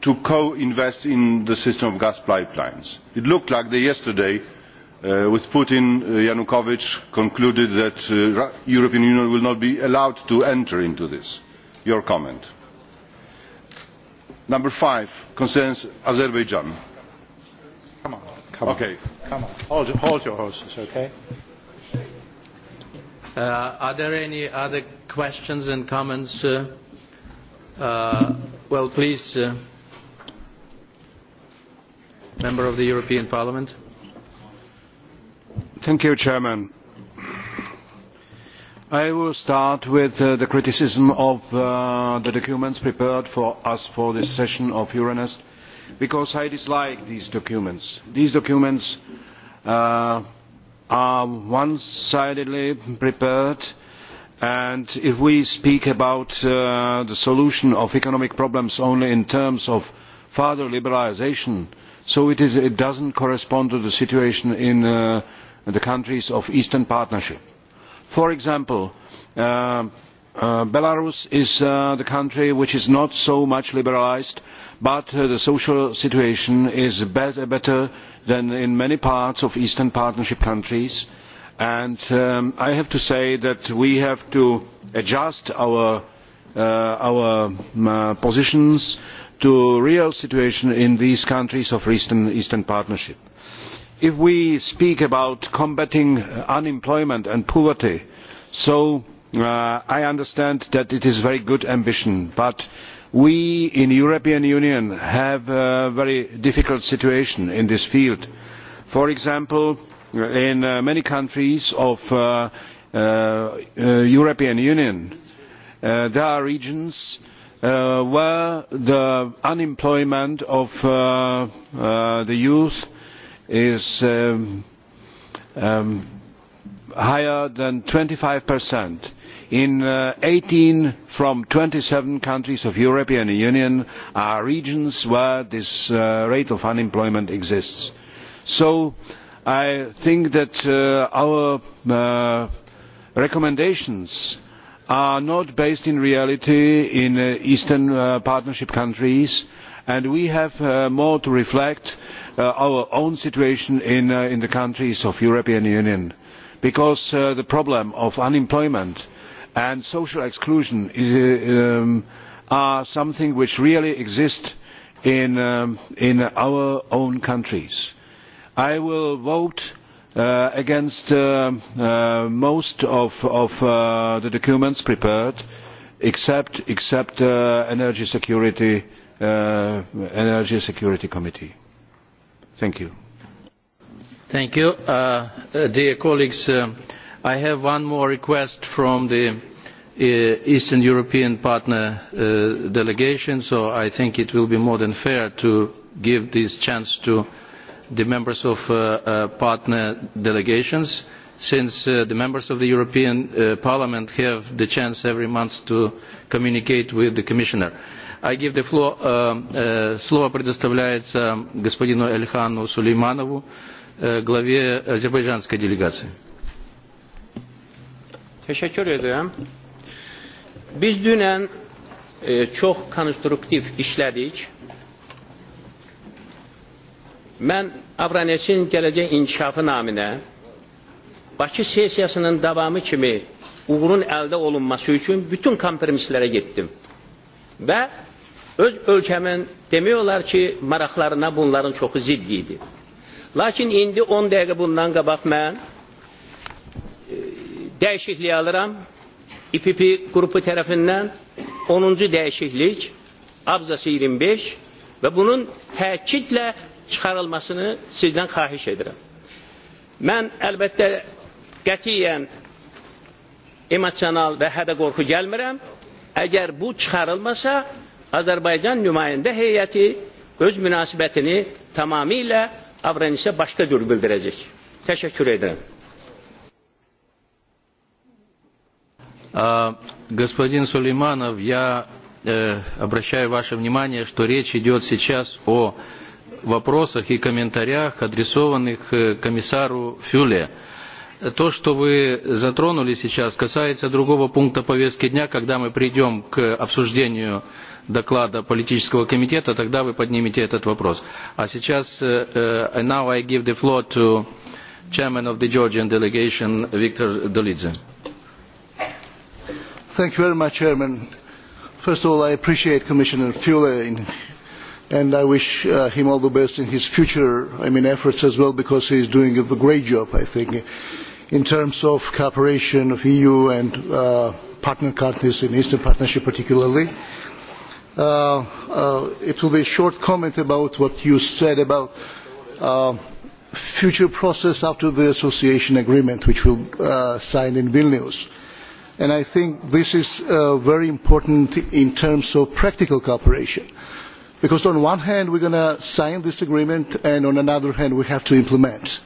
to co invest in the system of gas pipelines. it looked like yesterday uh, with putin uh, yanukovych concluded that the uh, european union will not be allowed to enter into this. your comment? number five concerns azerbaijan. hold your horses okay? Uh, are there any other questions and comments? Uh, uh, well, please, uh, member of the European Parliament. Thank you, Chairman. I will start with uh, the criticism of uh, the documents prepared for us for this session of Euronest because I dislike these documents. These documents uh, are one sidedly prepared and if we speak about uh, the solution of economic problems only in terms of further liberalisation so it, does not correspond to the situation in uh, the countries of the eastern partnership. for example uh, belarus is the country which is not so much liberalised but uh, the social situation is better, than in many parts of eastern partnership countries and um, i have to say that we have to adjust our, uh, um, uh, positions to the real situation in these countries of the eastern, partnership. if we speak about combating unemployment and poverty i understand that it is a very good ambition but we in the european union have a very difficult situation in this field. for example in uh, many countries of the uh, uh, european union there are regions where the unemployment of the youth is um, um, higher than twenty five in of uh, 18 from 27 countries of European Union are regions where this uh, rate of unemployment exists. So I think that uh, our recommendations are not based in reality in the Eastern Partnership countries and we have more to reflect our own situation in, in the countries of the European Union because the problem of unemployment and social exclusion um, are something which really exist um, in, our own countries. I will vote uh, against uh, uh, most of, the documents prepared except, the energy security committee. Thank you. Thank you. dear colleagues, I have one more request from the uh, Eastern European partner uh, delegation, so I think it will be more than fair to give this chance to the members of uh, partner delegations, since the members of the European Parliament have the chance every month to communicate with the Commissioner. I give the floor, um, слово предоставляется господину head Сулейманову, э, главе азербайджанской делегации. Teşekkür ederim. Biz dünən e, çok konstruktif işledik. Mən Avranesin gelecek inkişafı naminə Bakı sesiyasının davamı kimi uğurun elde olunması için bütün kompromislere gittim. Ve öz ölkəmin demiyorlar ki, maraqlarına bunların çok ziddiydi. Lakin indi 10 dakika bundan qabaq mən dəyişikliyi alıram. İPP qrupu tərəfindən 10. cu dəyişiklik abzası 25 və bunun təkidlə çıxarılmasını sizdən xahiş edirəm. Mən əlbəttə qətiyyən emosional və hədə qorxu gəlmirəm. Əgər bu çıxarılmasa, Azərbaycan nümayəndə heyəti öz münasibətini tamamilə Avranisə başqa cür bildirəcək. Təşəkkür edirəm. Господин Сулейманов, я обращаю ваше внимание, что речь идет сейчас о вопросах и комментариях, адресованных комиссару Фюле. То, что вы затронули сейчас, касается другого пункта повестки дня, когда мы придем к обсуждению доклада политического комитета, тогда вы поднимете этот вопрос. А сейчас, now I give the floor to chairman of the Georgian delegation, Виктор Долидзе. Thank you very much, Chairman. First of all, I appreciate Commissioner Fule, and I wish uh, him all the best in his future I mean, efforts as well, because he is doing a great job, I think, in terms of cooperation of EU and uh, partner countries in Eastern Partnership particularly. Uh, uh, it will be a short comment about what you said about uh, future process after the association agreement, which will uh, sign in Vilnius. Uh, and i think this is uh, very important in terms of practical cooperation because on one hand we are going to sign this agreement and on the other hand we have to implement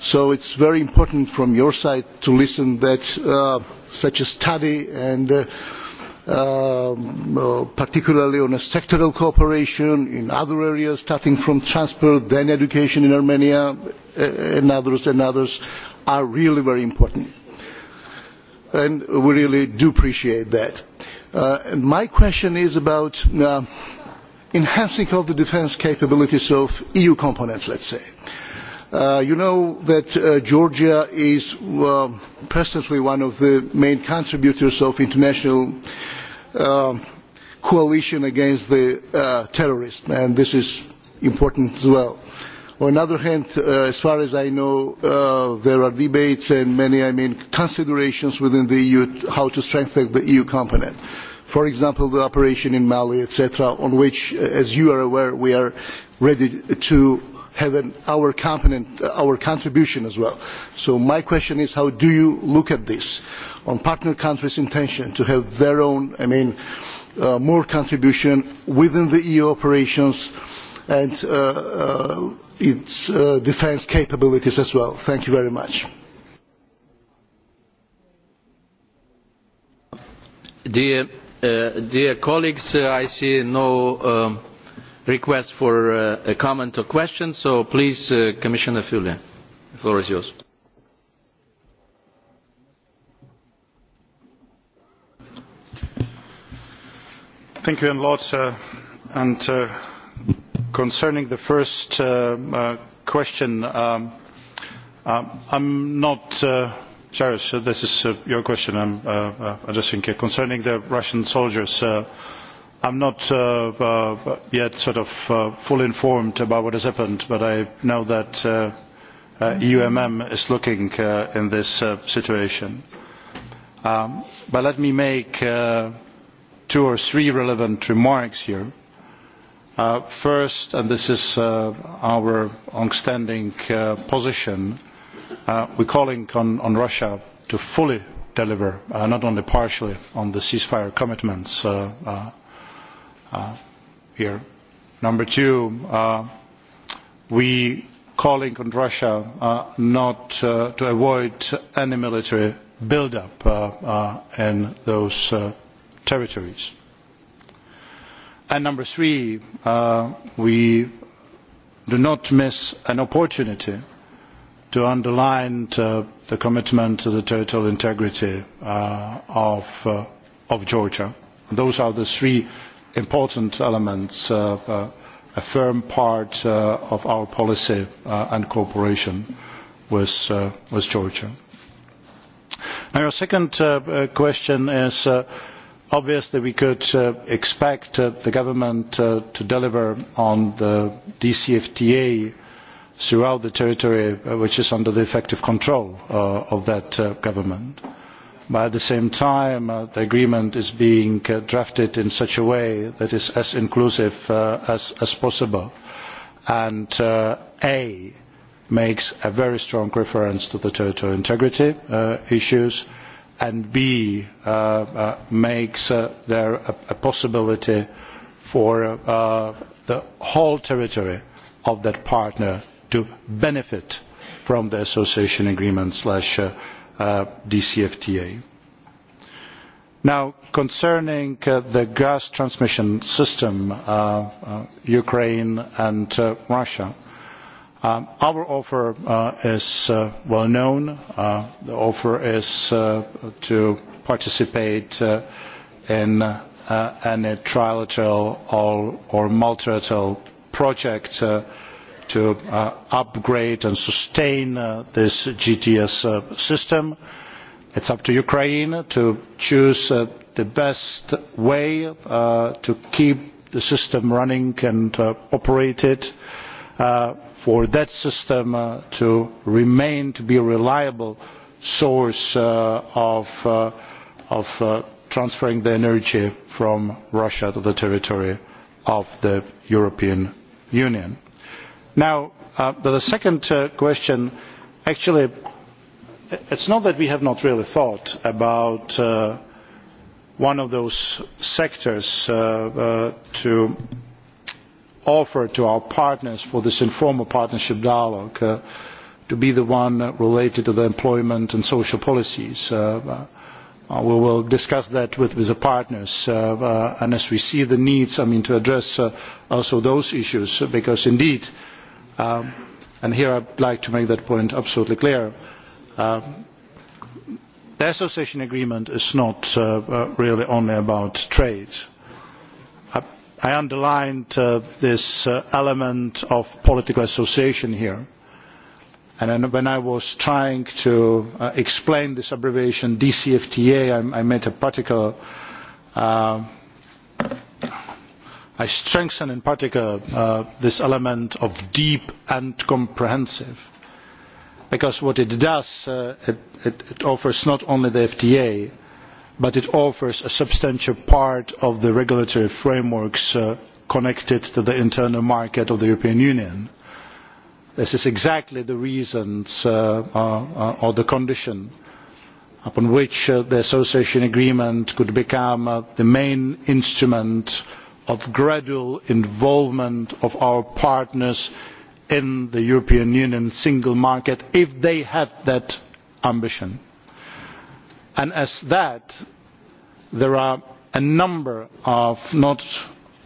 so it is very important from your side to listen that uh, such a study and uh, um, uh, particularly on sectoral cooperation in other areas starting from transport then education in armenia and others are really very important and we really do appreciate that. Uh, my question is about uh, enhancing of the defence capabilities of EU components, let's say. Uh, you know that Georgia is presently one of the main contributors of international um, coalition against the terrorists, and this is important as well on the other hand uh, as far as i know uh, there are debates and many I mean, considerations within the eu on how to strengthen the eu component for example the operation in mali etc on which uh, as you are aware we are ready to have our component our contribution as well. so my question is how do you look at this on partner countries' intention to have their own i mean more contribution within the eu operations and its uh, defence capabilities as well. Thank you very much. Dear, uh, dear colleagues, uh, I see no um, request for uh, a comment or question, so please, uh, Commissioner Fule, the floor is yours. Thank you a lot, and uh, concerning the first uh, uh, question i am um, uh, i'm not Jarosz, this is your question i'm addressing here concerning the russian soldiers i'm not yet sort of fully informed about what has happened but i know that eumm is looking in this situation um, but let me make two or three relevant remarks here Uh, first, and this is uh, our long-standing uh, position we are calling on, Russia to fully deliver, not only partially, on the ceasefire commitments here. Number two, we are calling on Russia not to avoid any military build-up in those territories and number three uh, we do not miss an opportunity to underline the commitment to the territorial integrity uh, uh, of, Georgia. Those are the three important elements, a firm part of our policy and cooperation with, Georgia. your second question is obviously we could uh, expect uh, the government uh, to deliver on the DCFTA throughout the territory which is under the effective control of that government. But at the same time, the agreement is being drafted in such a way that is as inclusive as, as, possible. And A makes a very strong reference to the territorial integrity issues, and and b uh, uh, makes uh, there a, possibility for the whole territory of that partner to benefit from the association agreement dcfta. now concerning the gas transmission system between ukraine and russia Um, our offer uh, is uh, well known. Uh, the offer is to participate in any trilateral or, multilateral project to upgrade and sustain this GTS system. It's up to Ukraine to choose the best way to keep the system running and operated. it for that system uh, to remain to be a reliable source uh, of, uh, of transferring the energy from Russia to the territory of the European Union. Now, the second question, actually, it's not that we have not really thought about one of those sectors to offer to our partners for this informal partnership dialogue uh, to be the one related to the employment and social policies. Uh, uh, we will discuss that with, with the partners uh, uh and as we see the needs I mean, to address uh, also those issues uh, because indeed, um, and here I'd like to make that point absolutely clear, the association agreement is not really only about trade i underlined uh, this uh, element of political association here and when i was trying to uh, explain this abbreviation dcfta i, made a particular i strengthened in particular this element of deep and comprehensive because what it does is it, it offers not only the fta but it offers a substantial part of the regulatory frameworks uh, connected to the internal market of the European Union. This is exactly the reason uh, uh, or the condition upon which the association agreement could become the main instrument of gradual involvement of our partners in the European Union single market if they have that ambition and as that there are a number of not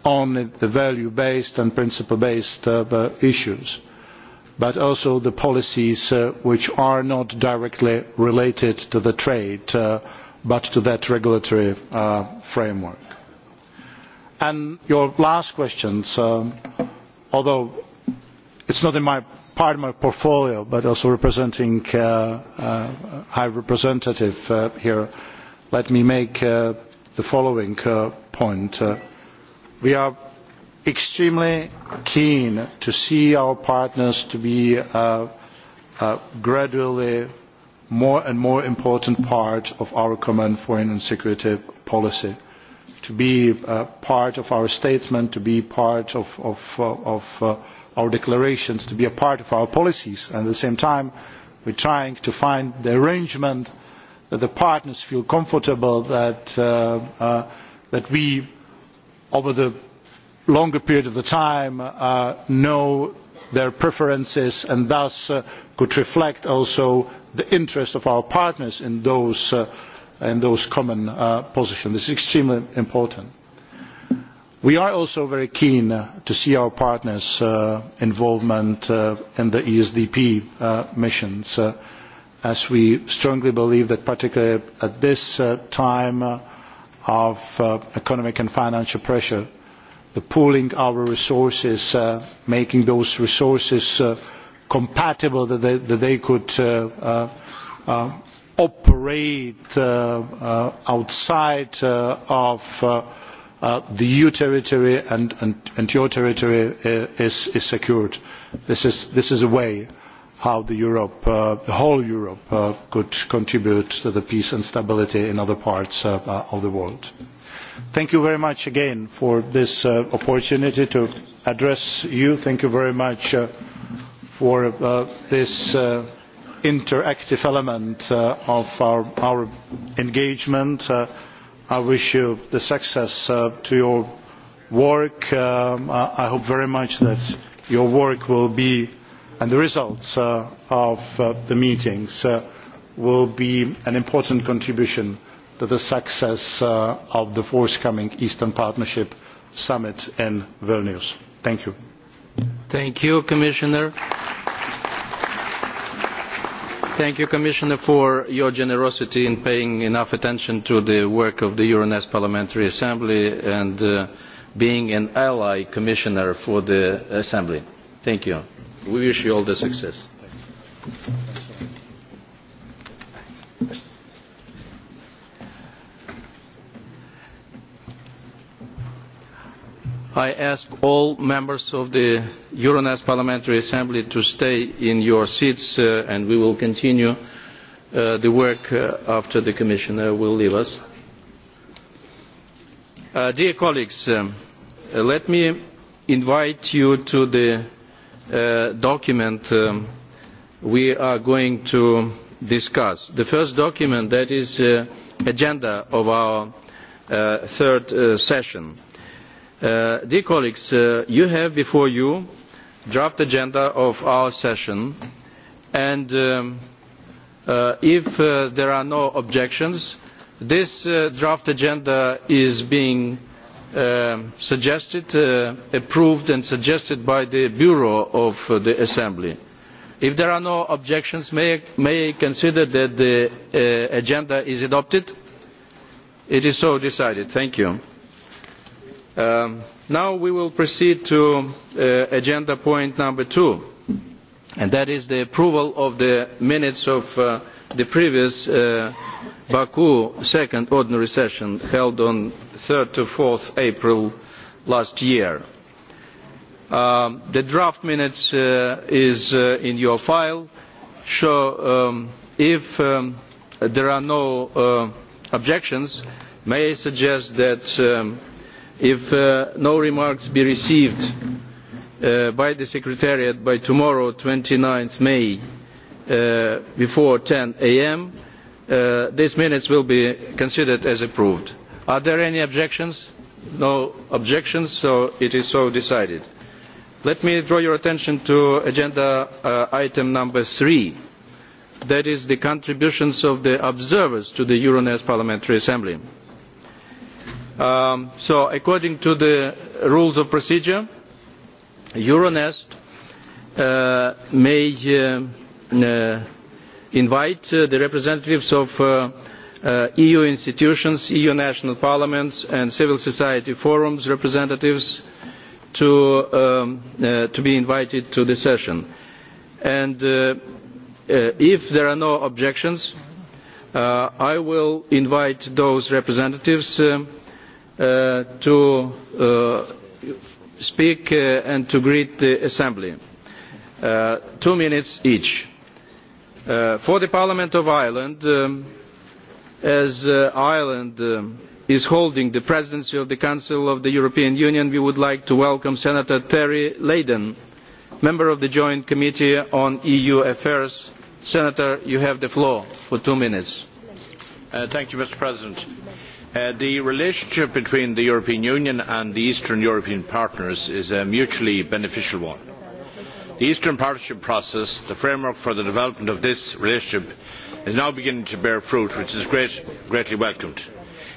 only the value based and principle based uh, uh, issues but also the policies uh, which are not directly related to the trade but to that regulatory framework. your last question although it is not in my part of my portfolio but also representing uh, uh, High Representative uh, here, let me make uh, the following uh, point. Uh, we are extremely keen to see our partners to be uh, uh, gradually more and more important part of our common foreign and security policy to be uh, part of our statement, to be part of, of, uh, of uh, our declarations to be a part of our policies and at the same time we are trying to find the arrangement that the partners feel comfortable that, uh, uh, we over the longer period of time uh, know their preferences and thus could reflect also the interests of our partners in those common positions. this is extremely important we are also very keen uh, to see our partners' uh, involvement uh, in the esdp missions as we strongly believe that particularly at this time of economic and financial pressure pooling our resources making those resources compatible so that they could operate outside of Uh, the eu territory and, your territory uh, is, secured. this is, a way how the, europe, uh, whole europe uh, could contribute to the peace and stability in other parts of the world. thank you very much again for this opportunity to address you. thank you very much for this interactive element of our engagement. I wish you the success uh, to your work. Um, I hope very much that your work will be, and the results uh, of uh, the meetings uh, will be an important contribution to the success of the forthcoming Eastern Partnership Summit in Vilnius. Thank you. Thank you, Commissioner. Thank you, Commissioner, for your generosity in paying enough attention to the work of the Euronest Parliamentary Assembly and uh, being an ally commissioner for the Assembly. Thank you. We wish you all the success. I ask all members of the Euronest Parliamentary Assembly to stay in your seats uh, and we will continue uh, the work uh, after the Commissioner will leave us. dear colleagues, um, let me invite you to the document um, we are going to discuss. The first document that is the agenda of our third session Uh, dear colleagues, uh, you have before you the draft agenda of our session, and um, uh, if there are no objections, this draft agenda is being suggested, approved and suggested by the Bureau of the Assembly. If there are no objections, may I, consider that the agenda is adopted? It is so decided. Thank you. Um, now we will proceed to uh, agenda point number two, and that is the approval of the minutes of uh, the previous uh, Baku second ordinary session held on 3rd to 4th April last year. Um, the draft minutes is in your file. So um, if there are no objections, may I suggest that if uh, no remarks be received uh, by the secretariat by tomorrow 29th may uh, before 10 a.m. Uh, these minutes will be considered as approved. are there any objections? no objections so it is so decided. let me draw your attention to agenda uh, item number three that is the contributions of the observers to the euronest parliamentary assembly. Um, so according to the rules of procedure euronest uh, may uh, uh, invite the representatives of eu institutions eu national parliaments and civil society forums representatives to, um, to be invited to the session and if there are no objections i will invite those representatives Uh, to uh, speak uh, and to greet the Assembly. two minutes each. for the Parliament of Ireland, um, as Ireland um, is holding the presidency of the Council of the European Union, we would like to welcome Senator Terry Leyden, member of the Joint Committee on EU Affairs. Senator, you have the floor for two minutes. thank you, Mr. President Uh, the relationship between the European Union and the Eastern European partners is a mutually beneficial one. The Eastern Partnership process, the framework for the development of this relationship, is now beginning to bear fruit, which is greatly welcomed.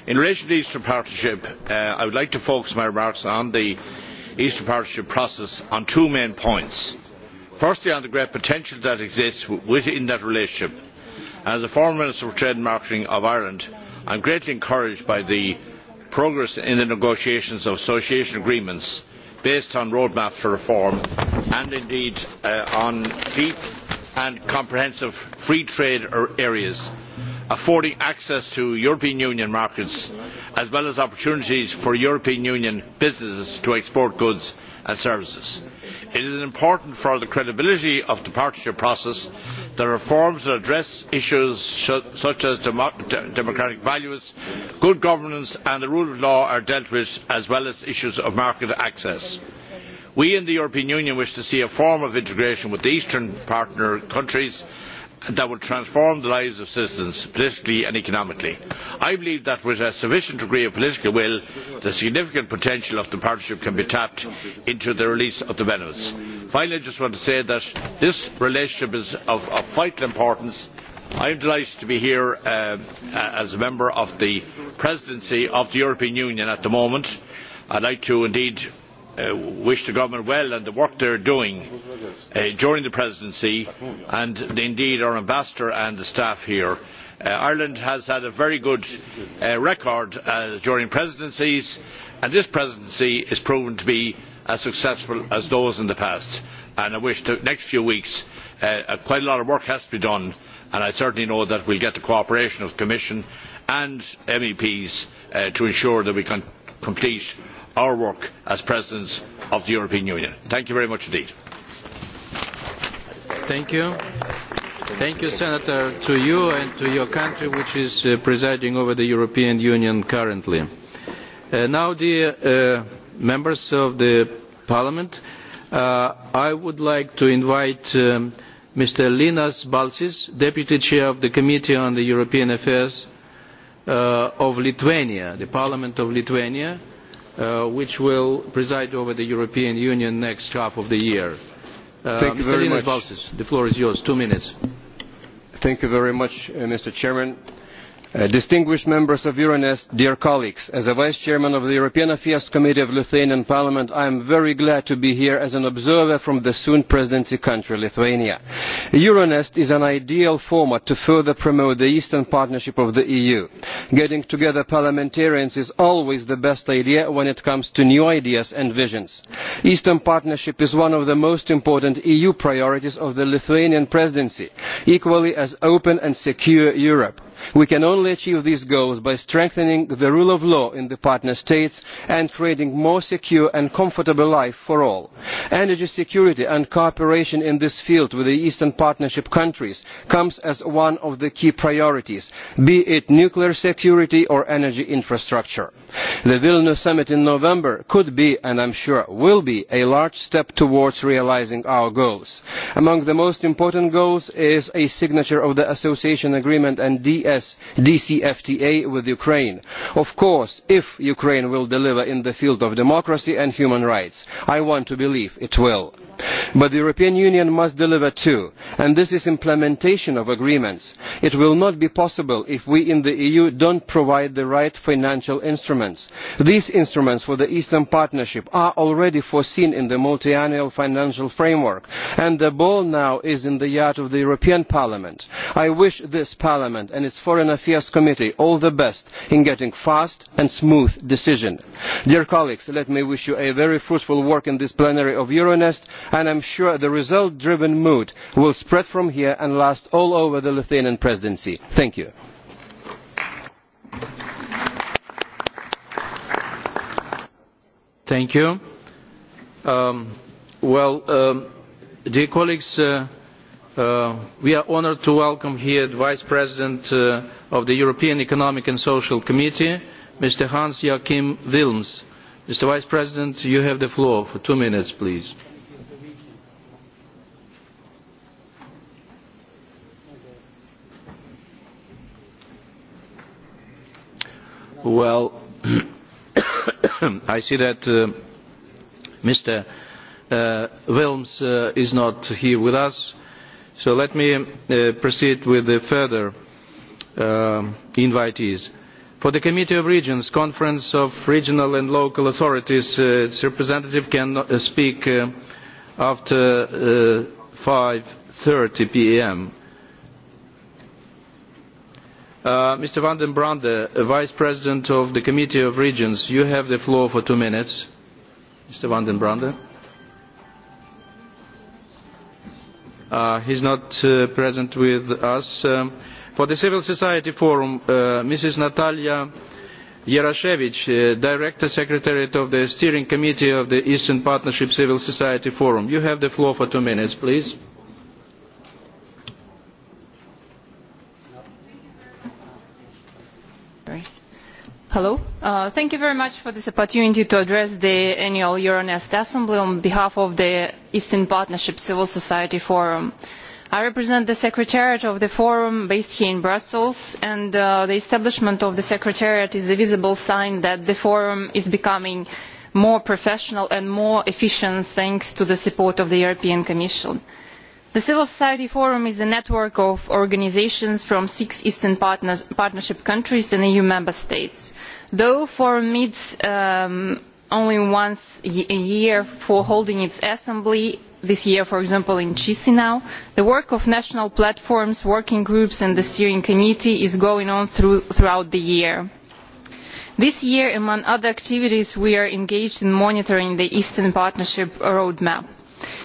In relation to the Eastern Partnership, uh, I would like to focus my remarks on the Eastern Partnership process on two main points. Firstly, on the great potential that exists within that relationship. As a former Minister for Trade and Marketing of Ireland, i am greatly encouraged by the progress in the negotiations of association agreements based on roadmaps for reform and indeed uh, on deep and comprehensive free trade areas affording access to european union markets as well as opportunities for european union businesses to export goods and services it is important for the credibility of the partnership process that reforms that address issues such as democratic values good governance and the rule of law are dealt with as well as issues of market access. we in the european union wish to see a form of integration with the eastern partner countries that will transform the lives of citizens politically and economically. i believe that with a sufficient degree of political will the significant potential of the partnership can be tapped into the release of the benefits. finally i just want to say that this relationship is of, vital importance. i am delighted to be here uh, uh, as a member of the presidency of the european union at the moment. i would like to indeed Uh, wish the government well and the work they are doing uh, during the presidency and indeed our ambassador and the staff here. Uh, Ireland has had a very good record during presidencies and this presidency is proven to be as successful as those in the past and I wish the next few weeks quite a lot of work has to be done and I certainly know that we will get the cooperation of the Commission and MEPs to ensure that we can complete our work as presidents of the European Union. Thank you very much indeed. Thank you. Thank you, Senator, to you and to your country, which is uh, presiding over the European Union currently. Uh, now, dear uh, members of the Parliament, uh, I would like to invite um, Mr. Linas Balsis, Deputy Chair of the Committee on the European Affairs uh, of Lithuania, the Parliament of Lithuania, Uh, which will preside over the European Union next half of the year. Uh, Thank you Mr. very the floor is yours. Two minutes. Thank you very much, uh, Mr. President. Uh, distinguished members of euronest dear colleagues as the vice chairman of the european affairs committee of the lithuanian parliament i am very glad to be here as an observer from the soon presidency country lithuania. euronest is an ideal format to further promote the eastern partnership of the eu. getting together parliamentarians is always the best idea when it comes to new ideas and visions. the eastern partnership is one of the most important eu priorities of the lithuanian presidency equally as open and secure europe we can only achieve these goals by strengthening the rule of law in the partner states and creating a more secure and comfortable life for all. energy security and cooperation in this field with the eastern partnership countries comes as one of the key priorities be it nuclear security or energy infrastructure. the vilnius summit in november could be and i am sure will be a large step towards realising our goals. among the most important goals is a signature of the association agreement and as DCFTA with Ukraine. Of course, if Ukraine will deliver in the field of democracy and human rights, I want to believe it will. But the European Union must deliver too, and this is implementation of agreements. It will not be possible if we in the EU do not provide the right financial instruments. These instruments for the Eastern Partnership are already foreseen in the multiannual financial framework, and the ball now is in the court of the European Parliament. I wish this Parliament and foreign affairs committee all the best in getting fast and smooth decisions. dear colleagues let me wish you a very fruitful work in this plenary of euronest and i am sure the result driven mood will spread from here and last all over the lithuanian presidency. thank you. thank you. Um, well um, dear colleagues uh, Uh, we are honoured to welcome here the vice president uh, of the european economic and social committee mr hans joachim wilms. mr vice president you have the floor for two minutes please. well i see that uh, mr uh, wilms is not here with us So let me uh, proceed with the further uh, invitees. For the Committee of Regions, Conference of Regional and Local Authorities, uh, its representative can speak after five thirty p.m. Uh, Mr. Van den Brande, Vice President of the Committee of Regions, you have the floor for two minutes. Mr. Van den Brande. Uh, he is not uh, present with us. Um, for the Civil Society Forum, uh, Mrs. Natalia Yarashevich, uh, Director Secretariat of the Steering Committee of the Eastern Partnership Civil Society Forum. You have the floor for two minutes, please. Hello. Uh, thank you very much for this opportunity to address the annual euronest assembly on behalf of the eastern partnership civil society forum. i represent the secretariat of the forum based here in brussels and uh, the establishment of the secretariat is a visible sign that the forum is becoming more professional and more efficient thanks to the support of the european commission the civil society forum is a network of organisations from six eastern partnership countries and eu member states. though the forum meets um, only once a year for holding its assembly this year for example in chiinu the work of national platforms working groups and the steering committee is going on throughout the year this year among other activities we are engaged in monitoring the eastern partnership roadmap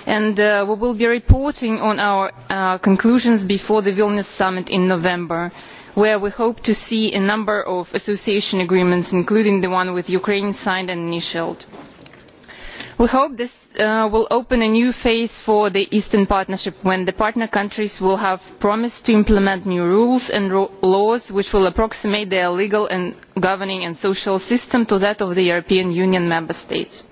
and uh, we will be reporting on our uh, conclusions before the vilnius summit in november where we hope to see a number of association agreements including the one with ukraine signed and initialled. we hope this uh, will open a new phase for the eastern partnership when the partner countries will have promised to implement new rules and laws which will approximate their legal and governing and social system to that of the european union member states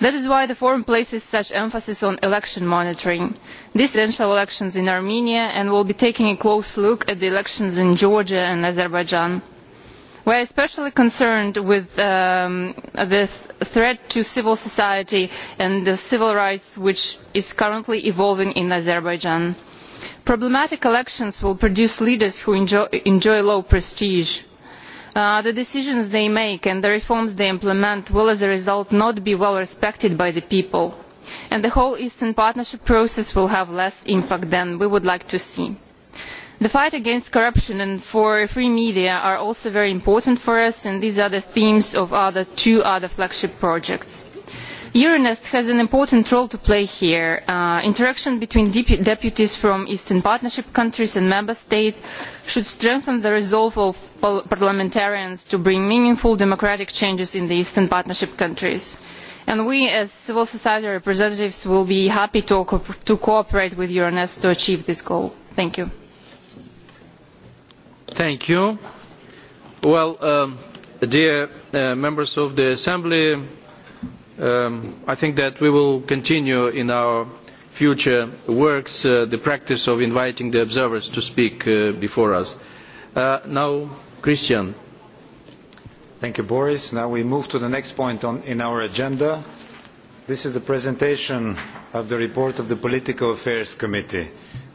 that is why the forum places such emphasis on election monitoring these presidential elections in armenia and we will be taking a close look at the elections in georgia and azerbaijan. we are especially concerned with um, the threat to civil society and civil rights which is currently evolving in azerbaijan. problematic elections will produce leaders who enjoy low prestige Uh, the decisions they make and the reforms they implement will as a result not be well respected by the people and the whole eastern partnership process will have less impact than we would like to see. the fight against corruption and for free media are also very important for us and these are the themes of the two other flagship projects euronest has an important role to play here. Uh, interaction between dep deputies from eastern partnership countries and member states should strengthen the resolve of parliamentarians to bring meaningful democratic changes in the eastern partnership countries and we as civil society representatives will be happy to, co to cooperate with euronest to achieve this goal. thank you. thank you. well um, dear uh, members of the assembly Um, I think that we will continue in our future works uh, the practice of inviting the observers to speak uh, before us. Uh, now, Christian. Thank you, Boris. Now we move to the next point on, in our agenda. This is the presentation of the report of the Political Affairs Committee.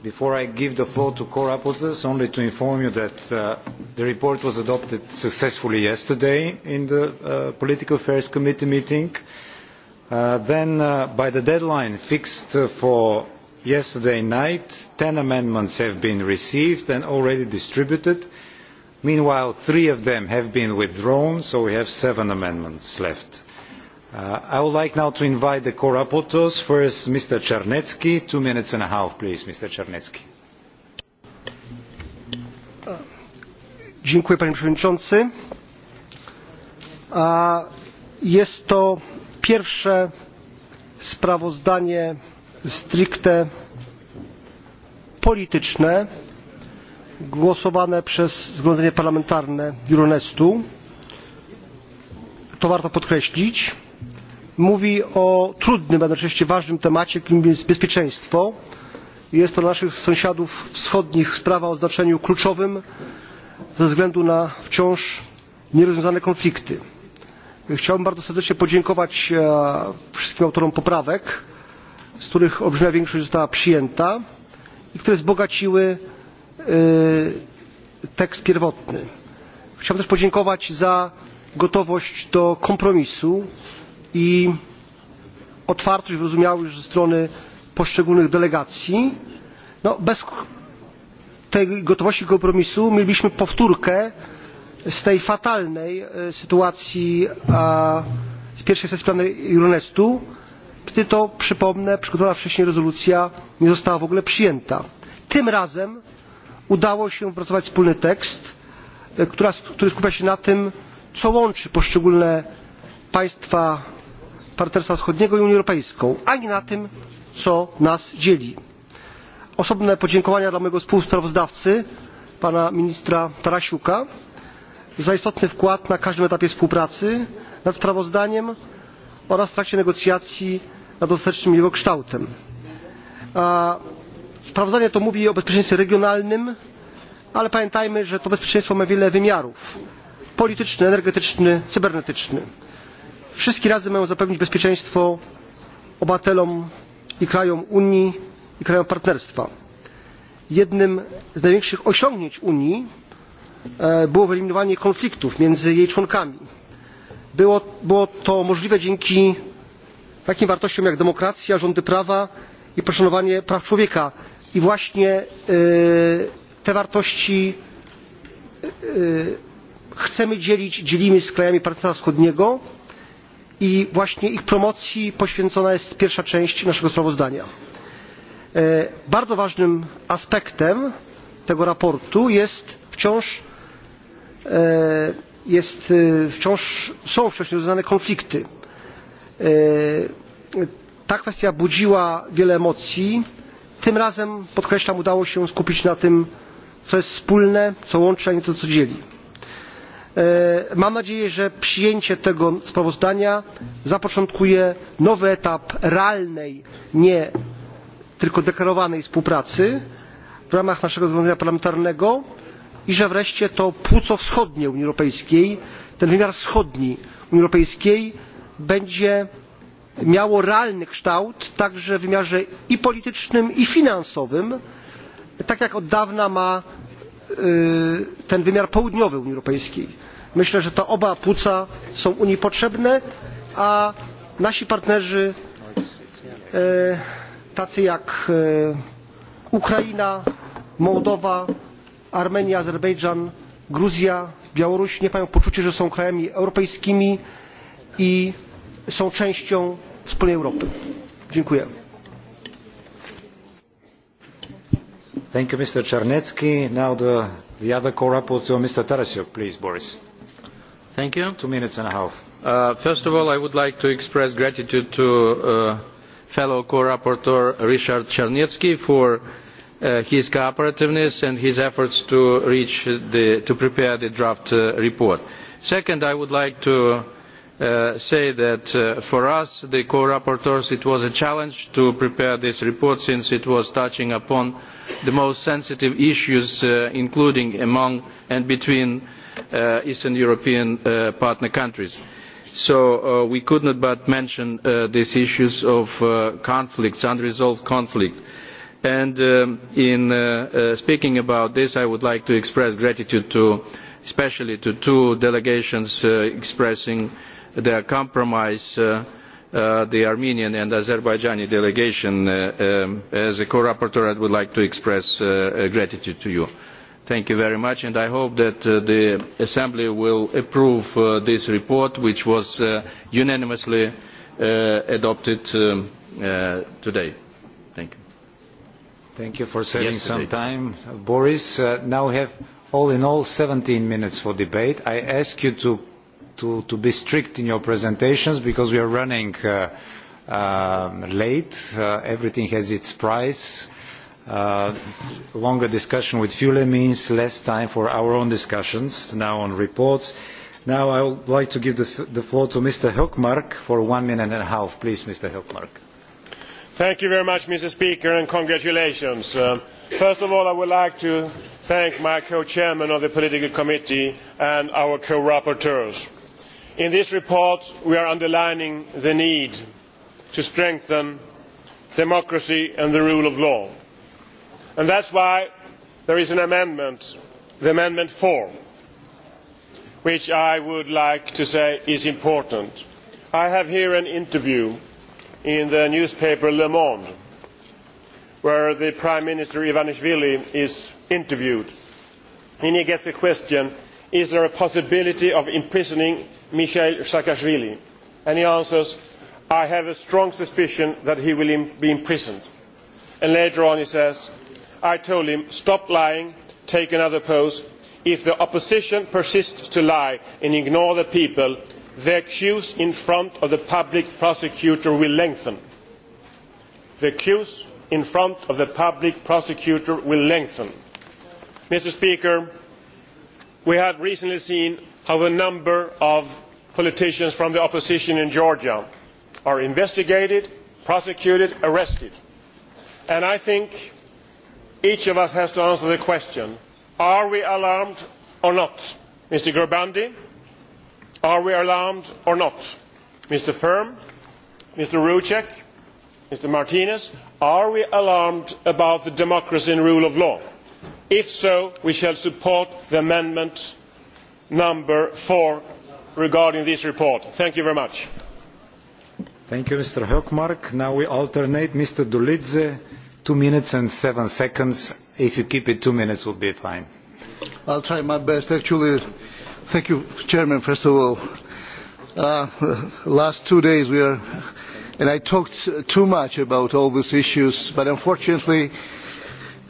Before I give the floor to co-rapporteurs, only to inform you that uh, the report was adopted successfully yesterday in the uh, Political Affairs Committee meeting. Uh, then uh, by the deadline fixed for yesterday night ten amendments have been received and already distributed. meanwhile three of them have been withdrawn so we have seven amendments left. Uh, i would like now to invite the co rapporteurs first mr czarnecki two minutes and a half please mr czarnecki. panie przewodniczący. jest to pierwsze sprawozdanie stricte polityczne głosowane przez zgromadzenie parlamentarne euronestu to warto podkreślić mówi o trudnym a jednocześnie ważnym temacie jakim jest bezpieczeństwo. jest to dla naszych sąsiadów wschodnich sprawa o znaczeniu kluczowym ze względu na wciąż nierozwiązane konflikty. Chciałbym bardzo serdecznie podziękować e, wszystkim autorom poprawek, z których olbrzymia większość została przyjęta i które wzbogaciły e, tekst pierwotny. Chciałbym też podziękować za gotowość do kompromisu i otwartość wyrozumiałość ze strony poszczególnych delegacji. No, bez tej gotowości kompromisu mielibyśmy powtórkę z tej fatalnej e, sytuacji z pierwszej sesji plenarnej euronestu wtedy to przypomnę przygotowana wcześniej rezolucja nie została w ogóle przyjęta. tym razem udało się wypracować wspólny tekst e, który skupia się na tym co łączy poszczególne państwa partnerstwa wschodniego i unię europejską a nie na tym co nas dzieli. osobne podziękowania dla mojego współsprawozdawcy pana ministra tarasiuka za istotny wkład na każdym etapie współpracy nad sprawozdaniem oraz w trakcie negocjacji nad ostatecznym jego kształtem. sprawozdanie to mówi o bezpieczeństwie regionalnym ale pamiętajmy że to bezpieczeństwo ma wiele wymiarów polityczny energetyczny cybernetyczny. wszystkie razem mają zapewnić bezpieczeństwo obywatelom i krajom unii i krajom partnerstwa. jednym z największych osiągnięć unii E, było wyeliminowanie konfliktów między jej członkami. Było, to możliwe dzięki takim wartościom jak demokracja rządy prawa i poszanowanie praw człowieka i właśnie e, te wartości e, chcemy dzielić dzielimy z krajami partnerstwa wschodniego i właśnie ich promocji poświęcona jest pierwsza część naszego sprawozdania. bardzo ważnym aspektem tego sprawozdania jest wciąż E, jest e, wciąż, są wciąż nierozwiązane konflikty. E, ta kwestia budziła wiele emocji. tym razem podkreślam udało się skupić na tym co jest wspólne co łączy a nie to co dzieli. mam nadzieję że przyjęcie tego sprawozdania zapoczątkuje nowy etap realnej nie tylko deklarowanej współpracy w ramach naszego zgromadzenia parlamentarnego i że wreszcie to płuco wschodnie unii europejskiej ten wymiar wschodni unii europejskiej będzie miało realny kształt także w wymiarze i politycznym i finansowym tak jak od dawna ma ten wymiar południowy unii europejskiej. myślę że te oba płuca są unii potrzebne a nasi partnerzy tacy jak ukraina mołdowa armenia azerbejdżan gruzja białoruś nie mają poczucia że są krajami europejskimi i są częścią wspólnej europy. dziękuję. Mr. Uh, first of all, I would like to express gratitude to uh, fellow co-rapporteur Richard Czarnecki for Uh, his cooperativeness and his efforts to, prepare the draft uh, report. second i would like to uh, say that for us the co rapporteurs it was a challenge to prepare this report since it was touching upon the most sensitive issues including among and between eastern european partner countries so we could not but mention these issues of conflicts unresolved conflicts And uh, in uh, uh, speaking about this, I would like to express gratitude to, especially to two delegations expressing their compromise, the Armenian and Azerbaijani delegation. Um, as a co-rapporteur, I would like to express gratitude to you. Thank you very much, and I hope that the Assembly will approve this report, which was unanimously adopted um, today. Thank you. Thank you for saving yesterday. some time, Boris. Uh, now we have all in all 17 minutes for debate. I ask you to, to, to be strict in your presentations because we are running uh, uh, late. Uh, everything has its price. Uh, longer discussion with Fule means less time for our own discussions now on reports. Now I would like to give the, the floor to Mr. Hökmark for one minute and a half. Please, Mr. Hökmark. Uh, first of all i would like to thank my co chair of the political committee and our co rapporteurs. in this report we are underlining the need to strengthen democracy and the rule of law and that is why there is an amendment amendment four which i would like to say is important. i have here an interview in the newspaper le monde where the prime minister ivanishvili is interviewed and he gets the question is there a possibility of imprisoning mikhail saakashvili? and he answers i have a strong suspicion that he will be imprisoned. and later on he says i told him stop lying take another post if the opposition persists to lie and ignore the people the queues in front of the public prosecutor will lengthen. the queues in front of the public prosecutor will lengthen. we have recently seen how a number of politicians from the opposition in georgia are investigated prosecuted and arrested i think each of us has to answer the question are we alarmed or not? mr gerbrandy are we alarmed or not? mr färm mr rouek mr martinez are we alarmed about the democracy and rule of law? if so we shall support amendment four regarding this report. thank you very much. thank you mr hkmark. now we alternate mr dolidze two minutes and seven seconds. if you keep it two minutes it will be fine. i will try my best. actually Thank you, Chairman, first of all. Uh, last two days we are, and I talked too much about all these issues, but unfortunately,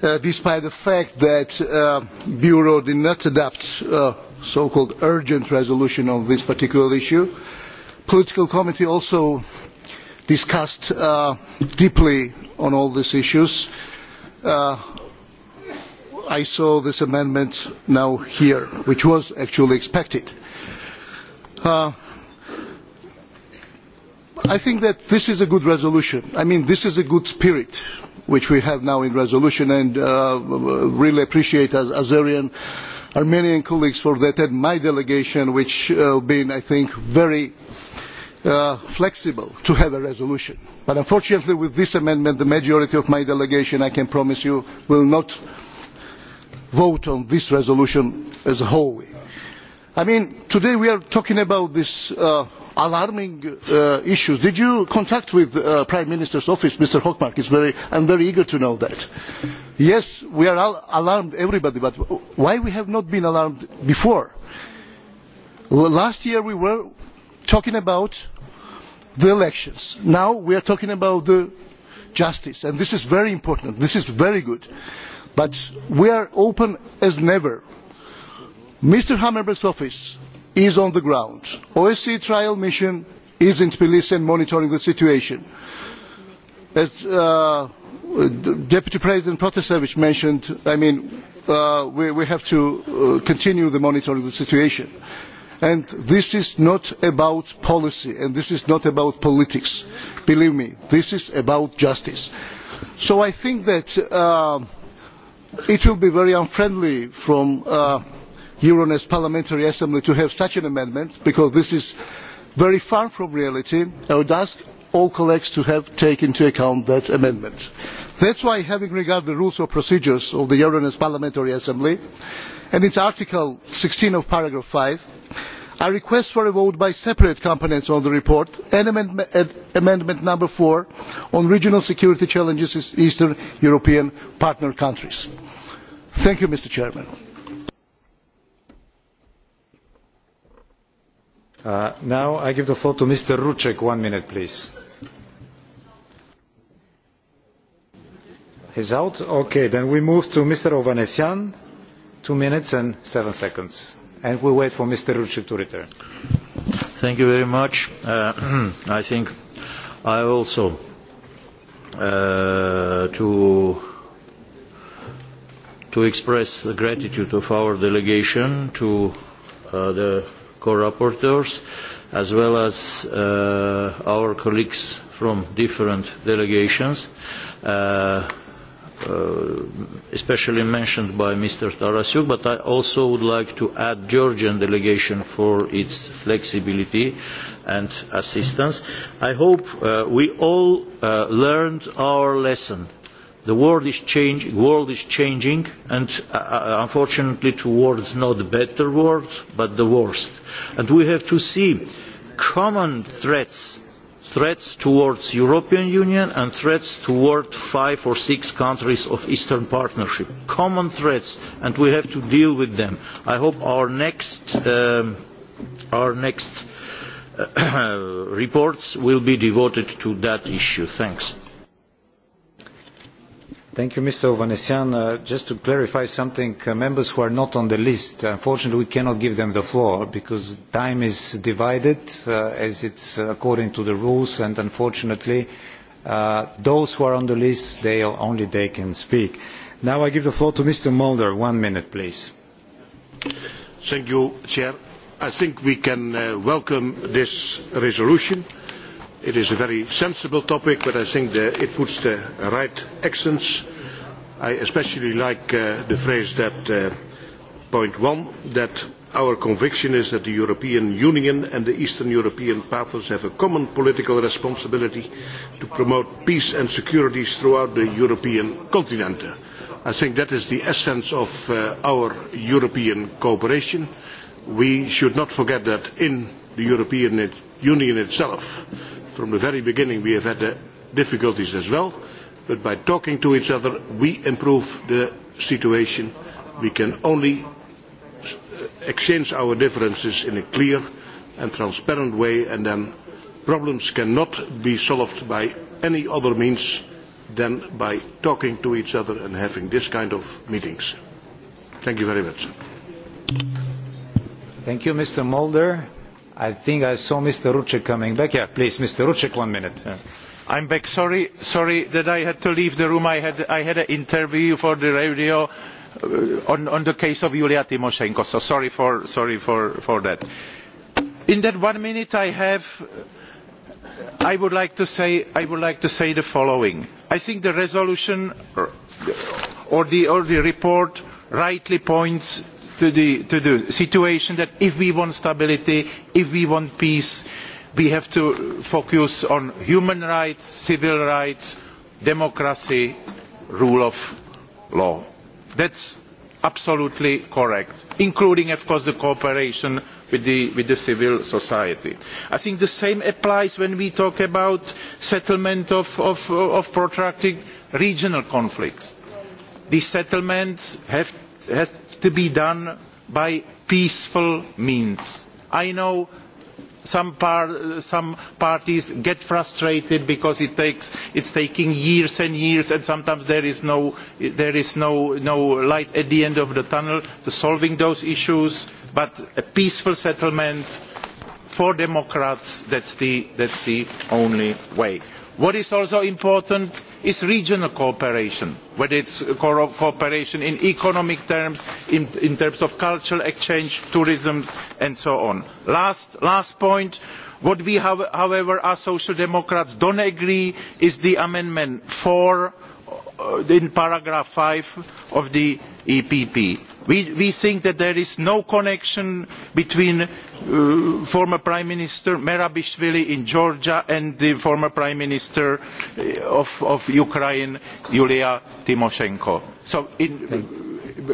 uh, despite the fact that uh, Bureau did not adopt uh, so-called urgent resolution on this particular issue, political committee also discussed uh, deeply on all these issues. Uh, i saw this amendment now here which was actually expected. Uh, i think that this is a good resolution. i mean this is a good spirit which we have now in resolution and uh, really appreciate as azerian armenian colleagues for that and my delegation which has uh, been i think very Uh, flexible to have a resolution but unfortunately with this amendment the majority of my delegation i can promise you will not vote on this resolution as a whole. I mean, today we are talking about this uh, alarming uh, issues. Did you contact with uh, Prime Minister's office, Mr. Hockmark? It's very, I'm very eager to know that. Yes, we are all alarmed, everybody, but why we have not been alarmed before? Last year we were talking about the elections. Now we are talking about the justice, and this is very important. This is very good but we are open as never. mr hammerberg's office is on the ground. the osce trial mission is in tbilisi and monitoring the situation. as uh, deputy president protasevich mentioned I mean, uh, we, we have to uh, continue the monitoring of the situation and this is not about policy and this is not about politics believe me this is about justice. so i think that uh, it will be very unfriendly from the uh, euronest parliamentary assembly to have such an amendment because this is very far from reality. i would ask all colleagues to take into account that amendment. that is why having regard to the rules of procedure of the euronest parliamentary assembly and its article sixteen of paragraph five i request for a vote by separate components on the report and amendment number four on regional security challenges in eastern european partner countries. thank you mr president. Uh, now i give the floor to mr one minute please. he's out? okay then we move to mr ovanesyan two minutes and seven seconds and we wait for Mr. Rucic to return. Thank you very much. Uh, I think I also uh, to to express the gratitude of our delegation to uh, the co-rapporteurs as well as uh, our colleagues from different delegations. Uh, uh, especially mentioned by Mr. Tarasyuk, but I also would like to add Georgian delegation for its flexibility and assistance. I hope uh, we all uh, learned our lesson. The world is, change, world is changing, and uh, uh unfortunately towards not a better world, but the worst. And we have to see common threats threats towards the european union and threats towards five or six countries of the eastern partnership common threats and we have to deal with them. i hope our next, um, our next uh, reports will be devoted to that issue. thanks. Thank you, Mr. Ovanesyan. Uh, just to clarify something, uh, members who are not on the list, unfortunately, we cannot give them the floor because time is divided uh, as it's uh, according to the rules, and unfortunately, uh, those who are on the list, they only they can speak. Now I give the floor to Mr. Mulder. One minute, please. Thank you, Chair. I think we can uh, welcome this resolution It is a very sensible topic, but I think that it puts the right accents. I especially like uh, the phrase that uh, point one, that our conviction is that the European Union and the Eastern European partners have a common political responsibility to promote peace and security throughout the European continent. I think that is the essence of uh, our European cooperation. We should not forget that in the European Union itself From the very beginning we have had difficulties as well, but by talking to each other we improve the situation. We can only uh, exchange our differences in a clear and transparent way and then problems cannot be solved by any other means than by talking to each other and having this kind of meetings. Thank you very much. Thank you, Mr. Mulder. I think I saw Mr. Rucek coming back. Yeah, please, Mr. Rucek, one minute. Yeah. I'm back. Sorry, sorry that I had to leave the room. I had, I had an interview for the radio uh, on, on the case of Yulia Tymoshenko, so sorry for, sorry for, for that. In that one minute I have, I would, like to say, I would like to say the following. I think the resolution or the, or the report rightly points to the, situation that if we want stability, if we want peace, we have to focus on human rights, civil rights, democracy, rule of law. that is absolutely correct, including, of course, the cooperation with the, with the civil society. I think the same applies when we talk about settlement of, of, of protracted regional conflicts. These settlements have, have to be done by peaceful means. i know some, par some parties get frustrated because it is taking years and years and sometimes there is, no, there is no, no light at the end of the tunnel to solving those issues but a peaceful settlement for democrats that is the, the only way what is also important is regional cooperation whether it is cooperation in economic terms in, terms of cultural exchange tourism and so on. last, last point what we however as social democrats do not agree with is the amendment four uh, in paragraph five of the epp. We, think that there is no connection between uh, former prime minister merabishvili in georgia and the former prime minister uh, of, ukraine yulia tymoshenko. so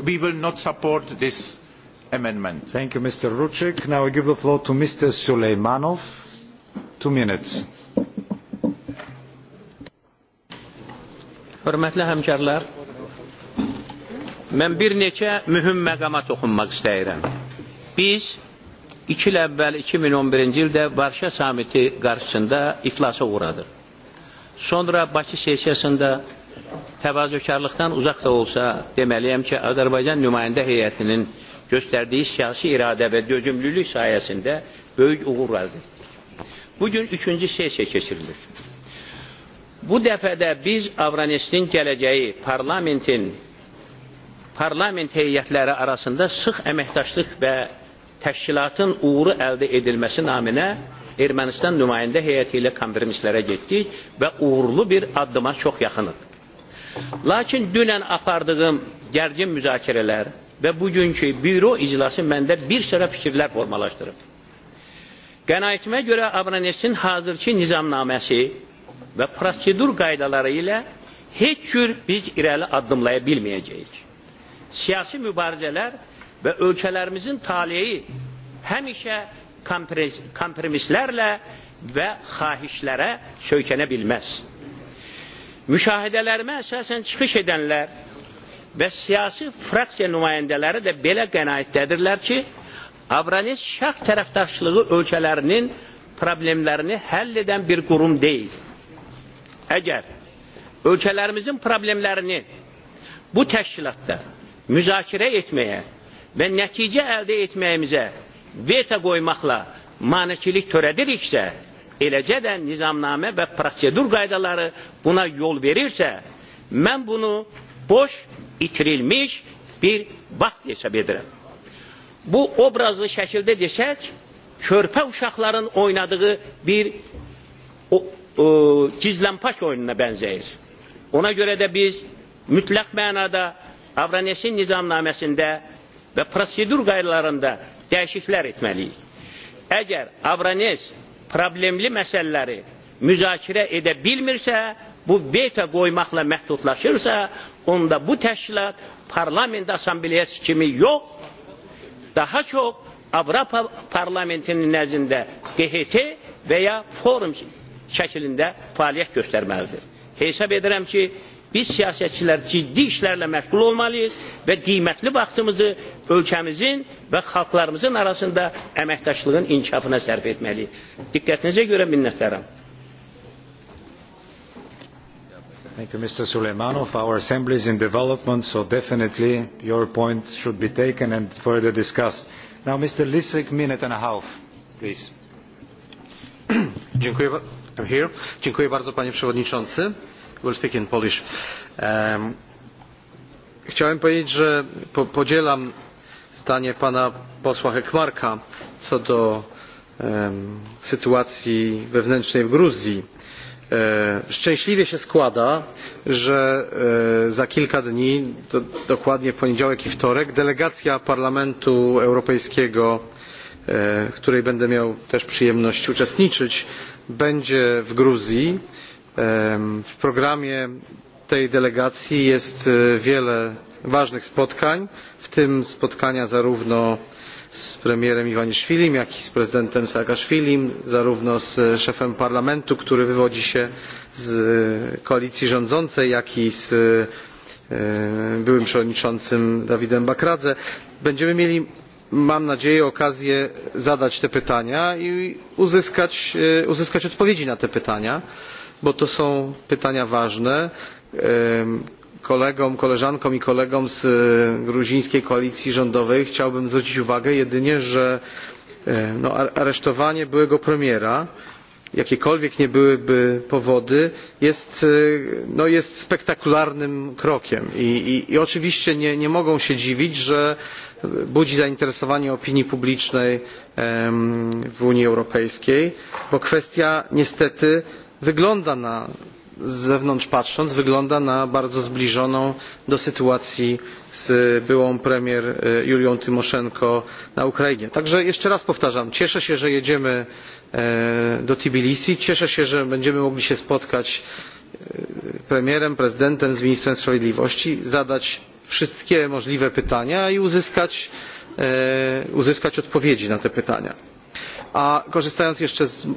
we will not support this amendment. thank you mr rouek. now i give the floor to mr suleimanov. two minutes. Mən bir neçə mühüm məqama toxunmaq istəyirəm. Biz iki il əvvəl 2011-ci ildə Varşa samiti qarşısında iflasa uğradıq. Sonra Bakı sesiyasında təvazökarlıqdan uzaq da olsa deməliyəm ki, Azərbaycan nümayəndə heyətinin göstərdiyi siyasi iradə və dözümlülük sayəsində böyük uğur aldı. Bugün üçüncü sesiya keçirilir. Bu dəfədə biz Avranistin gələcəyi parlamentin parlament heyətləri arasında sıx əməkdaşlıq və təşkilatın uğuru əldə edilməsi naminə Ermənistan nümayəndə heyəti ilə konferenslərə getdik və uğurlu bir addıma çox yaxınıq. Lakin dünən apardığım gərgin müzakirələr və bugünkü büro iclası məndə bir sıra fikirlər formalaşdırıb. Qənaətimə görə Abranesin hazırki nizamnaməsi və prosedur qaydaları ilə heç cür biz irəli addımlaya bilməyəcəyik siyasi mübarizeler ve ölçelerimizin taleyi həmişə kompromislərlə və xahişlərə söykənə bilməz. Müşahidələrimə əsasən çıxış edənlər və siyasi fraksiya nümayəndələri də belə qənaətdədirlər ki, Avranes şah tərəfdaşlığı ölkələrinin problemlerini həll edən bir qurum deyil. Əgər ölkələrimizin problemlerini bu təşkilatda müzakirə etməyə və nəticə əldə etməyimizə veto qoymaqla manikilik törədiriksə, eləcə də nizamnamə və prosedur qaydaları buna yol verirsə, mən bunu boş, itirilmiş bir vaxt hesab edirəm. Bu obrazlı şəkildə desək, körpə uşaqların oynadığı bir o, o, gizlənpaç oyununa bənzəyir. Ona görə də biz mütləq mənada Avranesin nizamnaməsində və prosedur qaydalarında dəyişiklər etməliyik. Əgər Avranes problemli məsələləri müzakirə edə bilmirsə, bu veto qoymaqla məhdudlaşırsa, onda bu təşkilat parlament assambleyası kimi yox, daha çox Avropa parlamentinin nəzdində QHT və ya forum şəklində fəaliyyət göstərməlidir. Hesab edirəm ki, biz siyasetçiler ciddi işlerle meşgul olmalıyız ve kıymetli vaktimizi ülkemizin ve halklarımızın arasında emektaşlığın inkişafına sərf etmeliyiz. Dikkatinize göre minnettarım. Thank you, Mr. Suleymanov. Our assembly is in development, so definitely your point should be taken and further discussed. Now, Mr. Lisek, minute and a half, please. Dziękuję, I'm here. Dziękuję bardzo, panie przewodniczący We'll speak in Polish. Um, chciałem powiedzieć, że po, podzielam zdanie pana posła Hekmarka co do um, sytuacji wewnętrznej w Gruzji. E, szczęśliwie się składa, że e, za kilka dni, do, dokładnie w poniedziałek i wtorek, delegacja Parlamentu Europejskiego e, w której będę miał też przyjemność uczestniczyć będzie w gruzji w programie tej delegacji jest e, wiele ważnych spotkań w tym spotkania zarówno z premierem iwaniszwilim jak i z prezydentem saakaszwilim zarówno z e, szefem parlamentu który wywodzi się z e, koalicji rządzącej jak i z byłym przewodniczącym davidem bakradze. będziemy mieli mam nadzieję okazję zadać te pytania i uzyskać, uzyskać odpowiedzi na te pytania bo to są pytania ważne. kolegom koleżankom i kolegom z e, gruzińskiej koalicji rządowej chciałbym zwrócić uwagę jedynie że e, aresztowanie byłego premiera jakiekolwiek nie byłyby powody jest, e, no, jest spektakularnym krokiem i, i, i oczywiście nie, nie mogą się dziwić że budzi zainteresowanie opinii publicznej w unii europejskiej bo kwestia niestety wygląda na z zewnątrz patrząc wygląda na bardzo zbliżoną do sytuacji z byłą premier e, julią tymoszenko na ukrainie. także jeszcze raz powtarzam cieszę się że jedziemy e, do tbilisi cieszę się że będziemy mogli się spotkać z e, premierem prezydentem z ministrem sprawiedliwości zadać wszystkie możliwe pytania i uzyskać, uzyskać odpowiedzi na te pytania a korzystając jeszcze z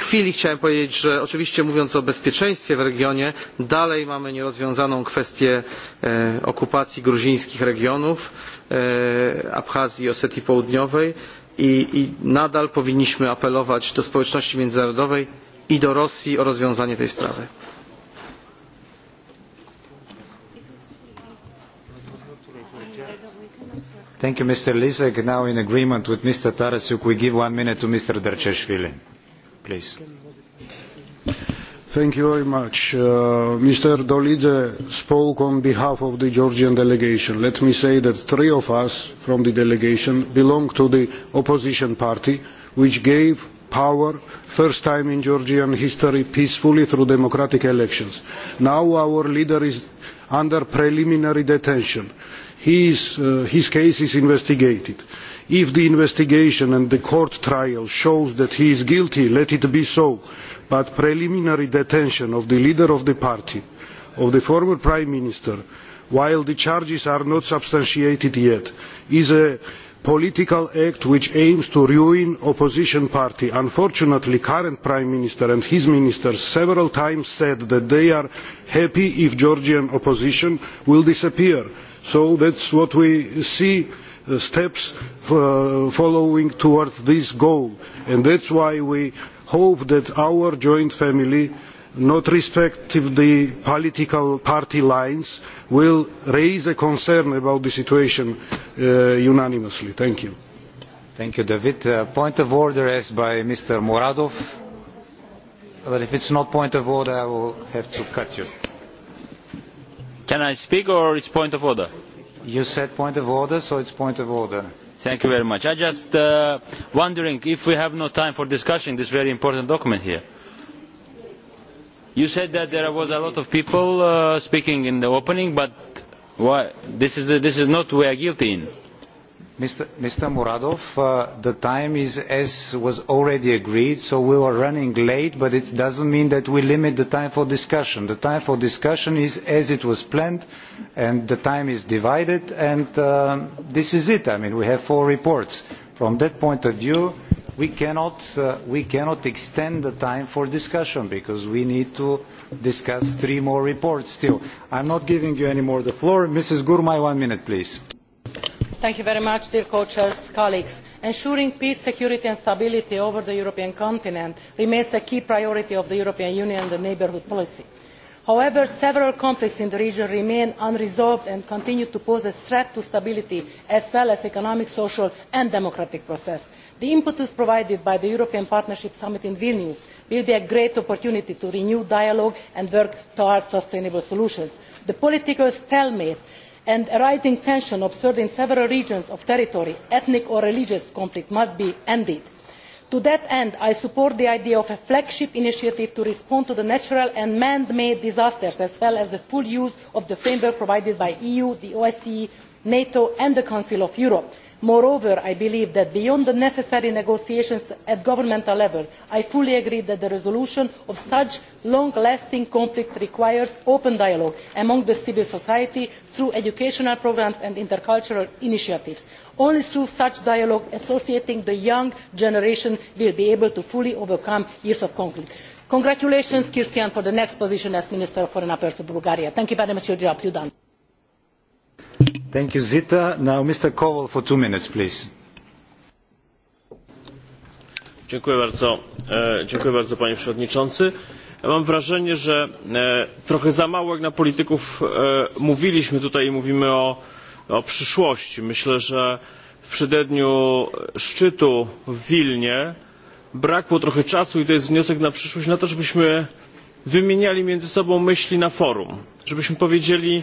chwili chciałem powiedzieć że oczywiście mówiąc o bezpieczeństwie w regionie dalej mamy nierozwiązaną kwestię e, okupacji gruzińskich regionów e, abchazji i osetii południowej i, nadal powinniśmy apelować do społeczności międzynarodowej i do rosji o rozwiązanie tej sprawy. Thank you, Mr. Lisek. Now, in agreement with Mr. Tarasuk, we give one minute to Mr. Darcheshvili. Please. Thank you very much. Uh, Mr. Dolidze spoke on behalf of the Georgian delegation. Let me say that three of us from the delegation belong to the opposition party, which gave power, first time in Georgian history, peacefully through democratic elections. Now our leader is under preliminary detention his, uh, his case is investigated. if the investigation and the court trial shows that he is guilty let it be so but preliminary detention of the leader of the party of the former prime minister while the charges are not substantiated yet is a political act which aims to ruin the opposition party. unfortunately the current prime minister and his ministers have several times said that they are happy if the georgian opposition will disappear so that is what we see uh, steps uh, following towards this goal and that is why we hope that our joint family not respecting the political party lines will raise a concern about the situation uh, unanimously. Thank you. Thank you, David. Uh, point of order as by Mr. Moradov. But if it's not point of order, I will have to cut you. Can I speak or it's point of order? You said point of order, so it's point of order. Thank you very much. I'm just uh, wondering if we have no time for discussing this very important document here. You said that there was a lot of people uh, speaking in the opening, but why? This, is, uh, this is not we are guilty in Mr. Muradov, uh, the time is as was already agreed, so we are running late, but it doesn't mean that we limit the time for discussion. The time for discussion is as it was planned, and the time is divided, and uh, this is it. I mean, we have four reports. From that point of view, we cannot, uh, extend the time for discussion because we need to discuss three more reports still. I am not giving you any more the floor. Mrs. Gurmai, one minute, please ensuring peace security and stability over the european continent remains a key priority of the european union and the neighbourhood policy. however several conflicts in the region remain unresolved and continue to pose a threat to stability as well as the economic social and democratic process. the impetus provided by the european partnership summit in vilnius will be a great opportunity to renew dialogue and work towards sustainable solutions. the political stalemate and arising tension observed in several regions of territory ethnic or religious conflict must be ended. to that end i support the idea of a flagship initiative to respond to the natural and man made disasters as well as the full use of the framework provided by e the eu the osce nato and the council of europe moreover i believe that beyond the necessary negotiations at governmental level i fully agree that the resolution of such long lasting conflicts requires open dialogue among civil society through educational programmes and intercultural initiatives. only through such dialogue associating the young generation will we be able to fully overcome years of conflict. congratulations cristian for the next position as minister of foreign affairs of bulgaria. thank you very much for your job panie przewodniczący. mam wrażenie że e, trochę za mało jak na polityków e, mówiliśmy tutaj i mówimy o, przyszłości. myślę że w przededniu szczytu w wilnie brakło trochę czasu i to jest wniosek na przyszłość na to żebyśmy wymieniali między sobą myśli na forum żebyśmy powiedzieli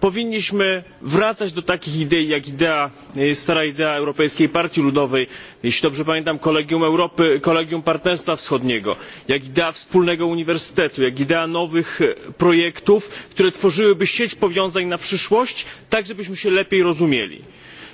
powinniśmy wracać do takich idei jak e, stara idea europejskiej partii ludowej jeśli dobrze pamiętam kolegium europy kolegium partnerstwa wschodniego jak idea wspólnego uniwersytetu jak idea nowych e, projektów które tworzyłyby sieć powiązań na przyszłość tak żebyśmy się lepiej rozumieli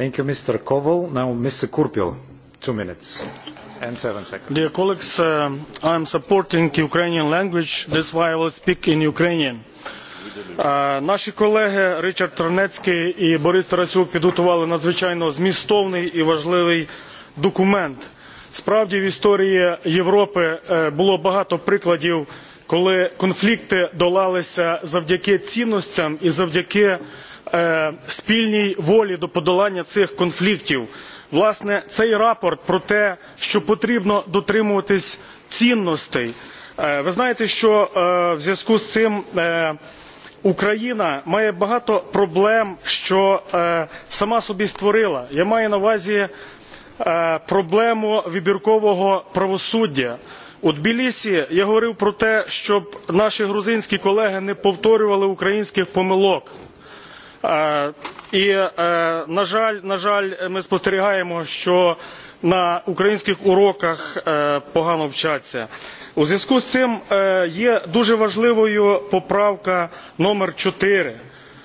I am supporting Ukrainian language. That's why I will speak in Ukrainian. Наші колеги річард Тернецький і Борис Тарасюк підготували надзвичайно змістовний і важливий документ. Справді в історії Європи було багато прикладів, коли конфлікти долалися завдяки цінностям і завдяки спільній волі до подолання цих конфліктів. Власне, цей рапорт про те, що потрібно дотримуватись цінностей. Ви знаєте, що в зв'язку з цим Україна має багато проблем, що сама собі створила. Я маю на увазі проблему вибіркового правосуддя. У Тбілісі я говорив про те, щоб наші грузинські колеги не повторювали українських помилок. І, на жаль, на жаль, ми спостерігаємо, що на українських уроках погано вчаться. У зв'язку з цим є дуже важливою поправка номер 4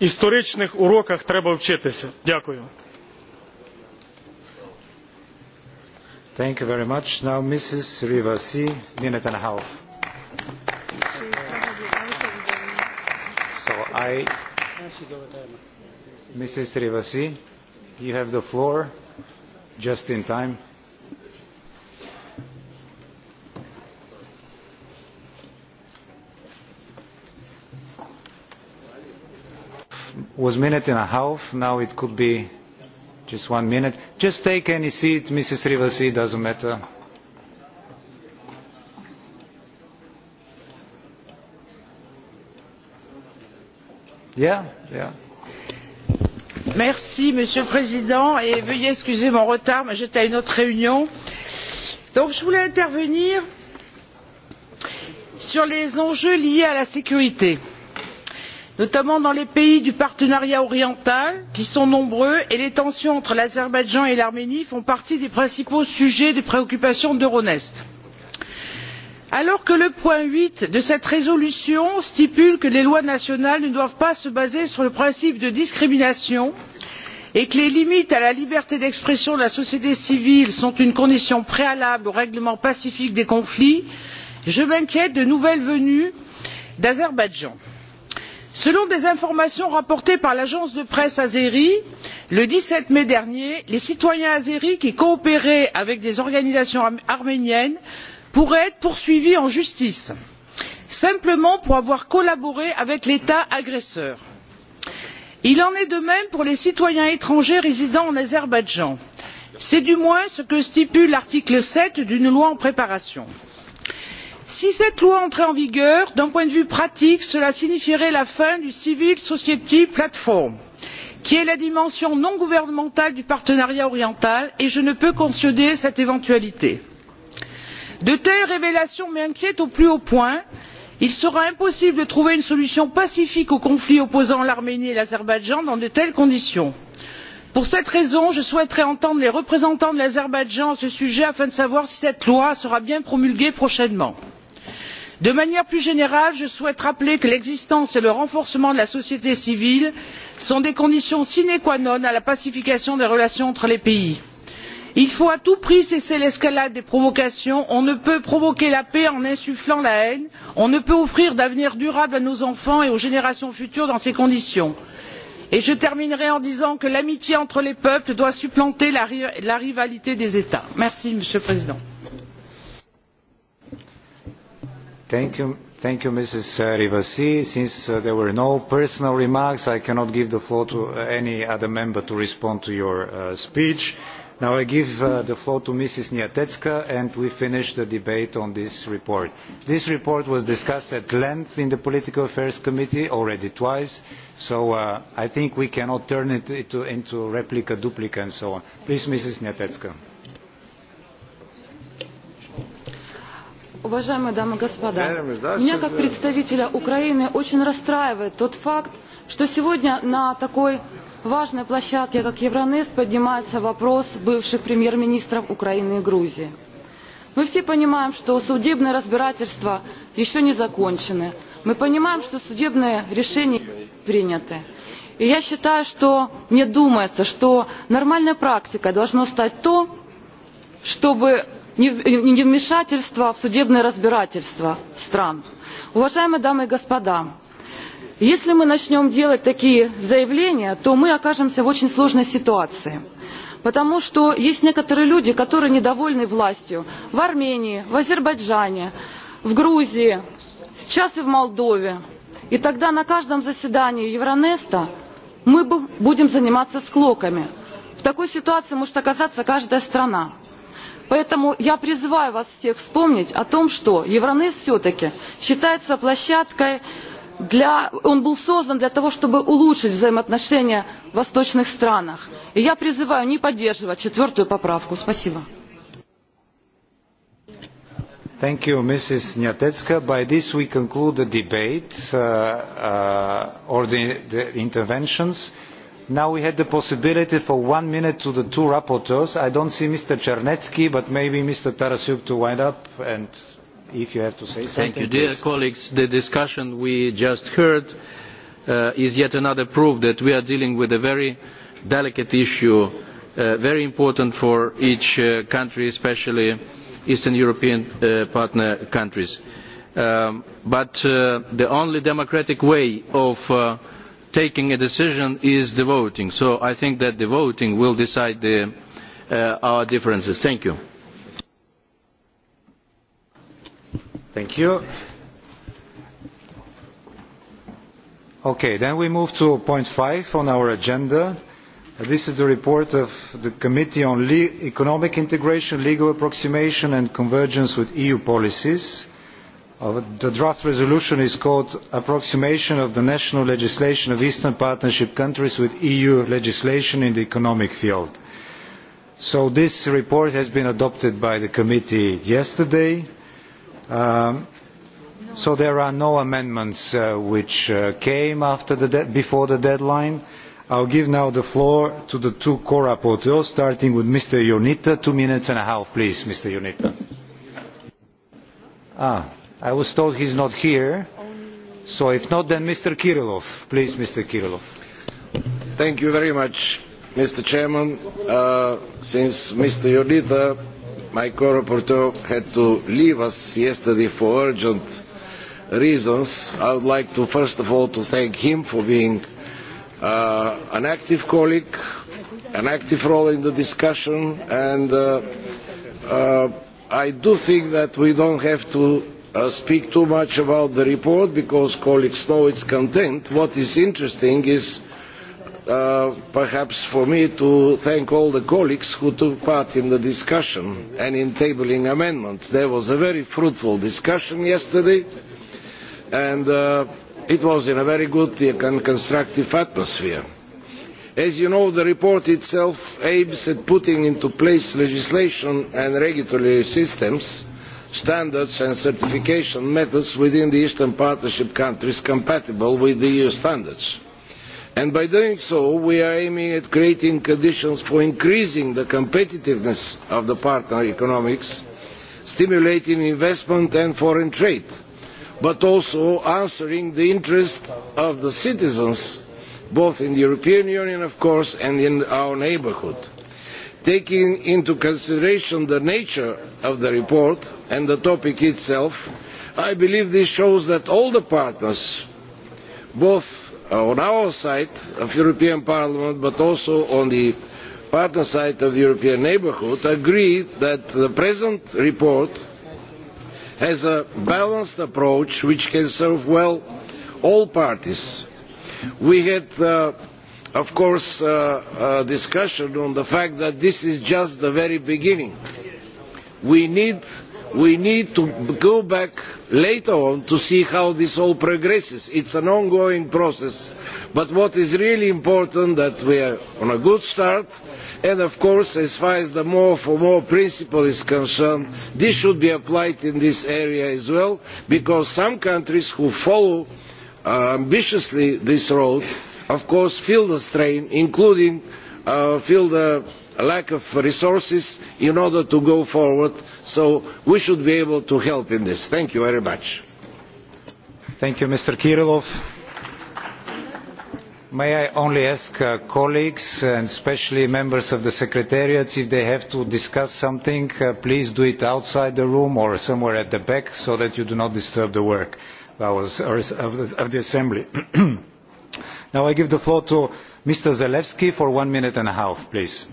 історичних уроках треба вчитися. Дякую. Thank you very much. Now Mrs. Rivasi, minute and a half. So I, Mrs. Rivasi, you have the floor just in time. was minute and a half. Now it could be just one minute. Just take any seat, Mrs. Rivasi, doesn't matter. Yeah, yeah. Merci, monsieur le président et veuillez excuser mon retard mais j'étais à une autre réunion. Donc, je voulais intervenir sur les enjeux liés à la sécurité notamment dans les pays du partenariat oriental qui sont nombreux et les tensions entre l'azerbaïdjan et l'arménie font partie des principaux sujets de préoccupation d'euronest. alors que le point huit de cette résolution stipule que les lois nationales ne doivent pas se baser sur le principe de discrimination et que les limites à la liberté d'expression de la société civile sont une condition préalable au règlement pacifique des conflits je m'inquiète de nouvelles venues d'azerbaïdjan selon des informations rapportées par l'agence de presse azérie le dix sept mai dernier les citoyens azéris qui coopéraient avec des organisations arméniennes pourraient être poursuivis en justice simplement pour avoir collaboré avec l'état agresseur. il en est de même pour les citoyens étrangers résidant en azerbaïdjan c'est du moins ce que stipule l'article sept d'une loi en préparation si cette loi entrait en vigueur d'un point de vue pratique cela signifierait la fin du civil society platform qui est la dimension non gouvernementale du partenariat oriental et je ne peux cautionner cette éventualité. de telles révélations m'inquiètent au plus haut point. il sera impossible de trouver une solution pacifique au conflit opposant l'arménie et l'azerbaïdjan dans de telles conditions pour cette raison je souhaiterais entendre les représentants de l'azerbaïdjan à ce sujet afin de savoir si cette loi sera bien promulguée prochainement. de manière plus générale je souhaite rappeler que l'existence et le renforcement de la société civile sont des conditions sine qua non à la pacification des relations entre les pays. il faut à tout prix cesser l'escalade des provocations on ne peut provoquer la paix en insufflant la haine on ne peut offrir d'avenir durable à nos enfants et aux générations futures dans ces conditions. il et je terminerai en disant que l'amitié entre les peuples doit supplanter la, rivalité des états. monsieur le président. Thank you, thank you, Mrs. Uh, Rivasi. Since uh, there were no personal remarks, I cannot give donner la parole à other member to respond to your uh, speech. Now I give uh, the floor to Mrs. Niatetska and we finish the debate on this report. This report was discussed at length in the Political Affairs Committee already twice, so uh, I think we cannot turn it into, into replica, duplica and so on. Please, Mrs. Niatetska. Уважаемые дамы и господа, меня как представителя Украины очень расстраивает тот факт, что сегодня на такой важной площадке как евронест поднимается вопрос бывших премьер министров украины и грузии. мы все понимаем что судебные разбирательства еще не закончены мы понимаем что судебные решения приняты и я считаю что мне думается что нормальной практикой должно стать то чтобы невмешательство в судебные разбирательства стран. уважаемые дамы и господа если мы начнем делать такие заявления то мы окажемся в очень сложной ситуации потому что есть некоторые люди которые недовольны властью в армении в азербайджане в грузии сейчас и в молдове и тогда на каждом заседании евронеста мы будем заниматься склоками. в такой ситуации может оказаться каждая страна. поэтому я призываю вас всех вспомнить о том что Евронес все таки считается площадкой он был создан для того, чтобы улучшить взаимоотношения в восточных странах. И я призываю не поддерживать четвертую поправку. Спасибо. Thank you, Mrs. Nyatetska. By this we conclude the debate uh, uh, or the, the interventions. Now we had the possibility for one minute to the two rapporteurs. I don't see Mr. Czernetsky, but maybe Mr. Tarasuk to wind up and if you have to say something. Dear colleagues, the discussion we just heard uh, is yet another proof that we are dealing with a very delicate issue, uh, very important for each uh, country, especially Eastern European uh, partner countries. Um, but uh, the only democratic way of uh, taking a decision is the voting. So I think that the voting will decide the, uh, our differences. Thank you. Thank you. Okay, then we move to point five on our agenda. This is the report of the Committee on Le Economic Integration, Legal Approximation and Convergence with EU Policies. Uh, the draft resolution is called Approximation of the National Legislation of Eastern Partnership Countries with EU Legislation in the Economic Field. So this report has been adopted by the committee yesterday Um, so there are no amendments uh, which uh, came after the before the deadline. I'll give now the floor to the two co-rapporteurs, starting with Mr. Unita. Two minutes and a half, please, Mr. Unita. Ah, I was told he's not here. So if not, then Mr. Kirilov. Please, Mr. Kirilov. Thank you very much, Mr. Chairman. Uh, since Mr. Unita my co-rapporteur had to leave us yesterday for urgent reasons. I would like to first of all to thank him for being uh, an active colleague, an active role in the discussion, and uh, uh, I do think that we don't have to uh, speak too much about the report because colleagues know its content. What is interesting is Uh, perhaps for me to thank all the colleagues who took part in the discussion and in tabling amendments. there was a very fruitful discussion yesterday and uh, it was in a very good and constructive atmosphere. as you know the report itself aims at putting into place legislation and regulatory systems standards and certification methods within the eastern partnership countries compatible with eu e standards and by doing so we are aiming at creating conditions for increasing the competitiveness of the partner economies stimulating investment and foreign trade but also answering the interests of the citizens both in the european union of course and in our neighbourhood. taking into consideration the nature of the report and the topic itself i believe this shows that all the partners both Uh, on our side of the european parliament but also on the partner side of the european neighbourhood agree that the present report has a balanced approach which can serve well all parties. we had uh, of course a uh, discussion on the fact that this is just the very beginning. we need we need to go back later on to see how this all progresses. it is an ongoing process but what is really important is that we are on a good start and of course as far as the more for more principle is concerned this should be applied in this area as well because some countries who follow uh, ambitiously this road of course feel the strain including uh, feel the a lack of resources in order to go forward so we should be able to help in this. thank you very much. thank you mr kirilov. may i only ask uh, colleagues and especially members of the secretariat if they have to discuss something uh, please do it outside the room or somewhere at the back so that you do not disturb the work of the, of the assembly. now i give the floor to mr zalewski for one minute and a half please.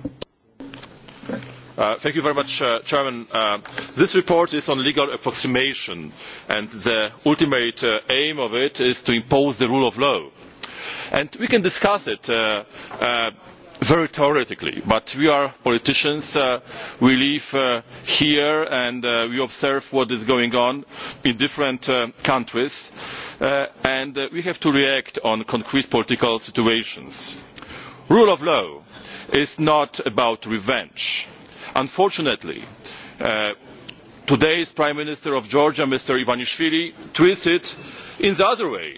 Uh, thank uh, uh, this report is on legal approximation, and the ultimate uh, aim of it is to impose the rule of law. we can discuss it very theoretically, but we are politicians. we live here and we observe what is going on in different countries, and we have to react to concrete political situations. Rule of law is not about revenge unfortunately uh, today's prime minister of georgia mr ivanishvili treats it in the other way.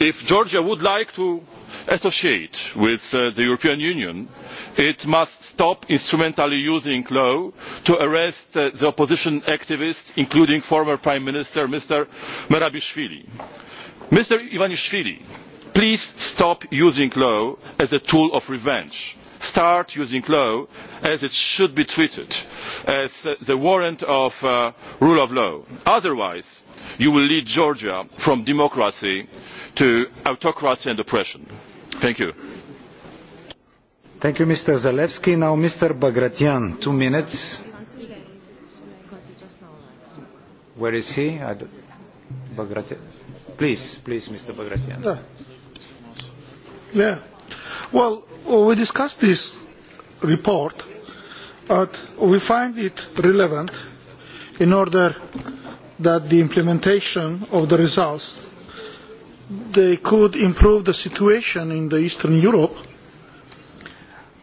if georgia would like to associate with uh, the european union it must stop instrumentally using law to arrest uh, the opposition activists including former prime minister mr merabishvili. mr ivanishvili please stop using law as a tool of revenge start using law as it should be treated as the warrant of the uh, rule of law. otherwise you will lead georgia from democracy to autocracy and oppression. thank you. thank you mr zalewski. now mr bagration two minutes. where is he? Bagratian. please, please mr bagration. Yeah. Yeah. Well, uh, we discussed this report, but we find it relevant in order that the implementation of the results they could improve the situation in the Eastern Europe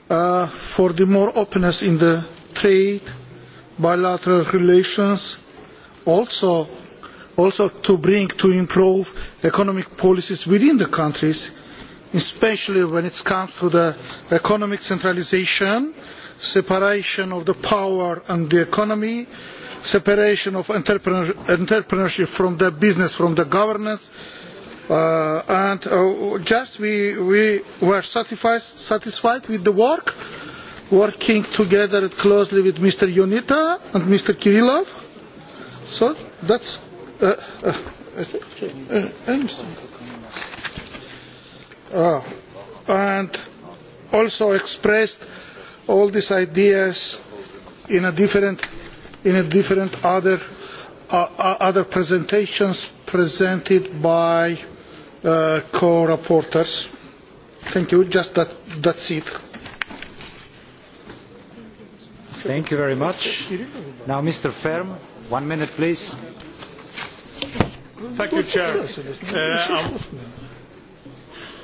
uh, for the more openness in the trade, bilateral relations, also, also to bring to improve economic policies within the countries especially when it comes to the economic centralisation separation of the power and the economy separation of entrepreneurship from the business from the governance uh, and uh, just we, were satisfied, with the work working together closely with Mr. Yonita and Mr. Kirilov. So that's uh, is it. Ah. and also expressed all these ideas in a different in a different other uh, uh other presentations presented by uh, co reporters Thank you. Just that. That's it. Thank you very much. Now, Mr. Ferm, one minute, please. Thank you, Chair. Uh, um,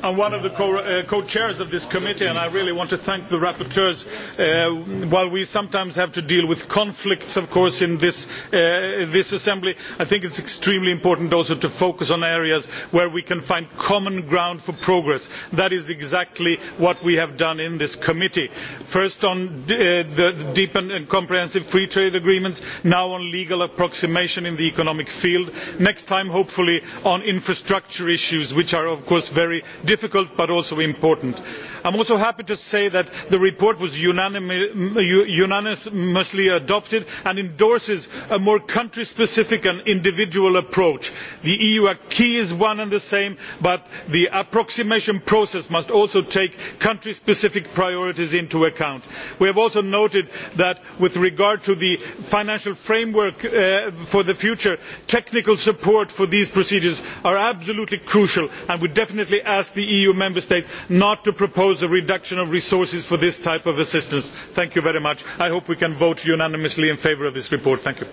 I am one of the uh, co-chairs of this committee and I really want to thank the rapporteurs. Uh, while we sometimes have to deal with conflicts, of course, in this, uh, this assembly, I think it is extremely important also to focus on areas where we can find common ground for progress. That is exactly what we have done in this committee. First on uh, the deep and comprehensive free trade agreements, now on legal approximation in the economic field, next time hopefully on infrastructure issues, which are of course very difficult but also important i am also happy to say that the report was unanimously adopted and endorses a more country specific and individual approach. the eu acquis is one and the same but the approximation process must also take country specific priorities into account. we have also noted that with regard to the financial framework uh, for the future technical support for these procedures is absolutely crucial and we definitely ask the eu member states not to propose propose a reduction of resources for this type of assistance. thank you very much. i hope we can vote unanimously in favour of this report. thank you.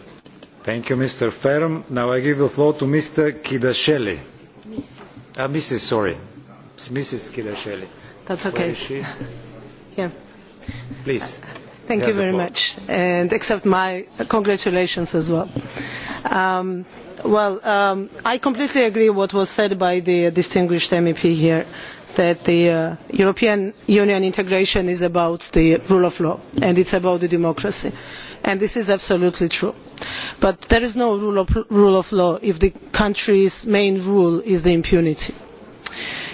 thank you mr ferm. now i give the floor to mr kidashele. mrs. Uh, mrs. sorry. mrs. kidashele. that's okay. Where is she? Here. please. thank you, you very much and accept my congratulations as well. Um, well um, i completely agree with what was said by the distinguished mep here that the uh, European Union integration is about the rule of law and it's about the democracy. And this is absolutely true. But there is no rule of, rule of law if the country's main rule is the impunity.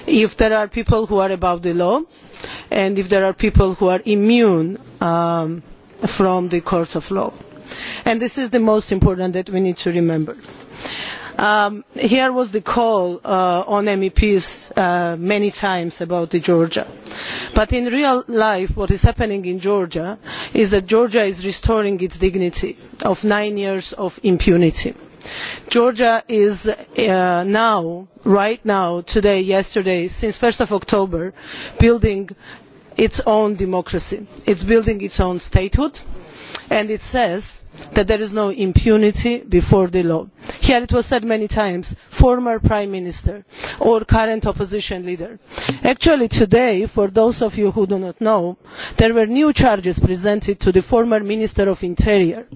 If there are people who are above the law and if there are people who are immune um, from the court of law. And this is the most important that we need to remember Um, here was the call uh, on meps uh, many times about georgia but in real life what is happening in georgia is that georgia is restoring its dignity after nine years of impunity georgia is uh, now right now today yesterday since one october building its own democracy it is building its own statehood and it says that there is no impunity before the law. here it was said many times former prime minister or current opposition leader. actually today for those of you who do not know there were new charges presented to the former minister of interior.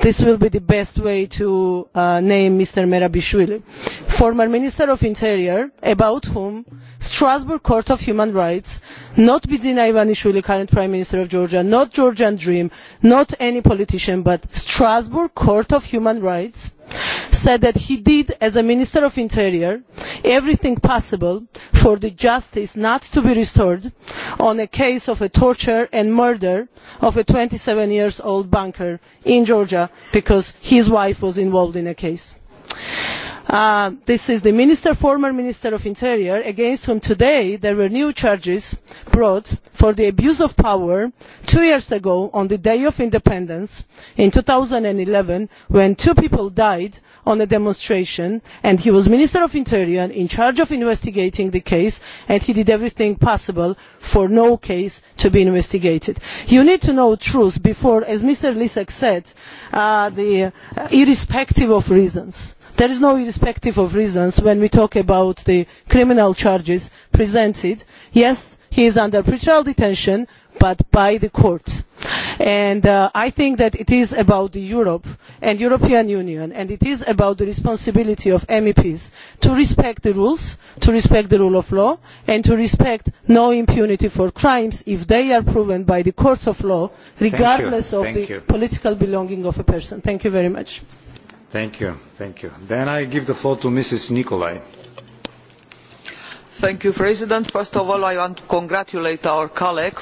this will be the best way to uh, name mr merabishvili former minister of interior about whom strasbourg court of human rights not bidzina ivanishvili current prime minister of georgia not georgian dream not any politician but strasbourg court of human rights said that he did as a minister of the interior everything possible for justice not to be restored on a case of the torture and murder of a twenty seven year old banker in georgia because his wife was involved in the case. Uh, this is the minister, former minister of the interior against whom today there were new charges brought for the abuse of power two years ago on the day of independence in two thousand and eleven when two people died in a demonstration and he was minister of the interior in charge of investigating the case and he did everything possible for no case to be investigated. you need to know the truth before as mr lisek said uh, irrespective of reasons there is no irrespective of reasons when we talk about the criminal charges presented. yes he is under pre trial detention but by the courts. And uh, I think that it is about Europe and European Union, and it is about the responsibility of MEPs to respect the rules, to respect the rule of law, and to respect no impunity for crimes if they are proven by the courts of law, regardless of the political belonging of a person. Thank you very much. Thank you. Thank you. Then I give the floor to Mrs. Nicolai mr president first of all i want to congratulate our colleague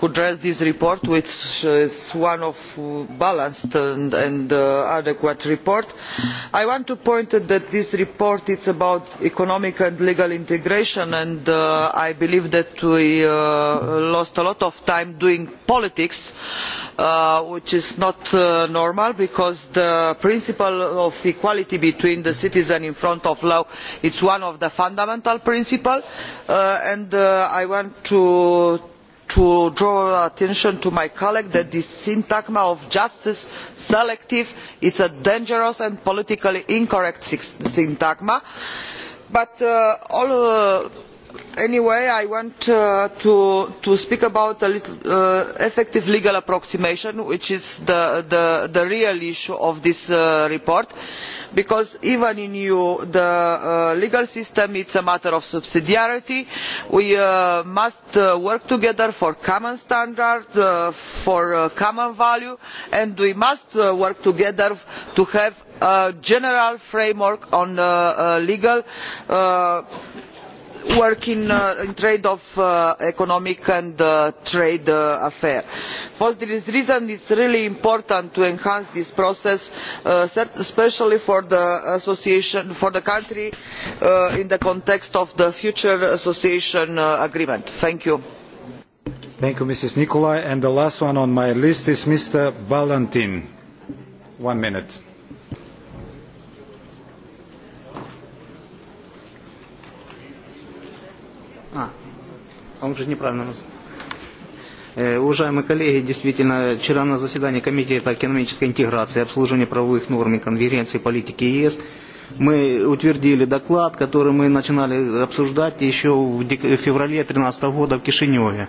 who drafted this report which is a balanced and uh, adequate report. i want to point out that this report is about economic and legal integration and uh, i believe that we uh, lost a lot of time doing politics which is not normal because the principle of equality between the citizen in front of the law is one of the fundamental principles principle uh, and uh, i want to, to draw attention to my colleague that this syntagma of justice selective is a dangerous and politically incorrect syntagma but uh, anyway i want to, speak about effective legal approximation which is the, real issue of this uh, report because even in you, the uh, legal system it is a matter of subsidiarity. we uh, must uh, work together for common standards for common values and we must work together to have a general framework on legal work uh, in, trade of uh, economic and uh, trade affairs. for this reason it is really important to enhance this process especially for the association for the country in the context of the future association agreement. thank you. Thank you, Mrs. Nicolai. And the last one on my list is Mr. Valentin. One minute. Он же неправильно назвал. Уважаемые коллеги, действительно, вчера на заседании Комитета экономической интеграции и обслуживания правовых норм и конференции политики ЕС мы утвердили доклад, который мы начинали обсуждать еще в феврале 2013 года в Кишиневе.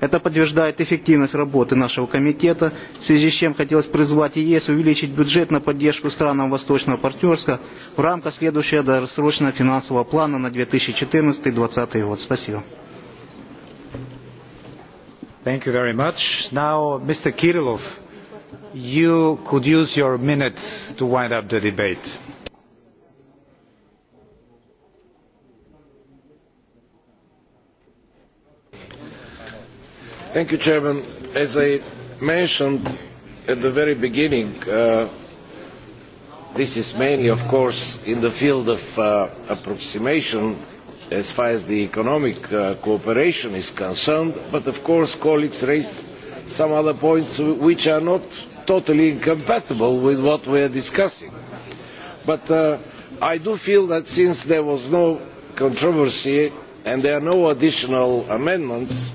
Это подтверждает эффективность работы нашего комитета, в связи с чем хотелось призвать ЕС увеличить бюджет на поддержку странам Восточного партнерства в рамках следующего досрочного финансового плана на 2014-2020 год. Спасибо. Thank you very much. Now, Mr. Kirillov, you could use your minute to wind up the debate. Thank you, Chairman. As I mentioned at the very beginning, uh, this is mainly, of course, in the field of uh, approximation as far as the economic uh, cooperation is concerned, but of course colleagues raised some other points which are not totally incompatible with what we are discussing. But uh, I do feel that since there was no controversy and there are no additional amendments,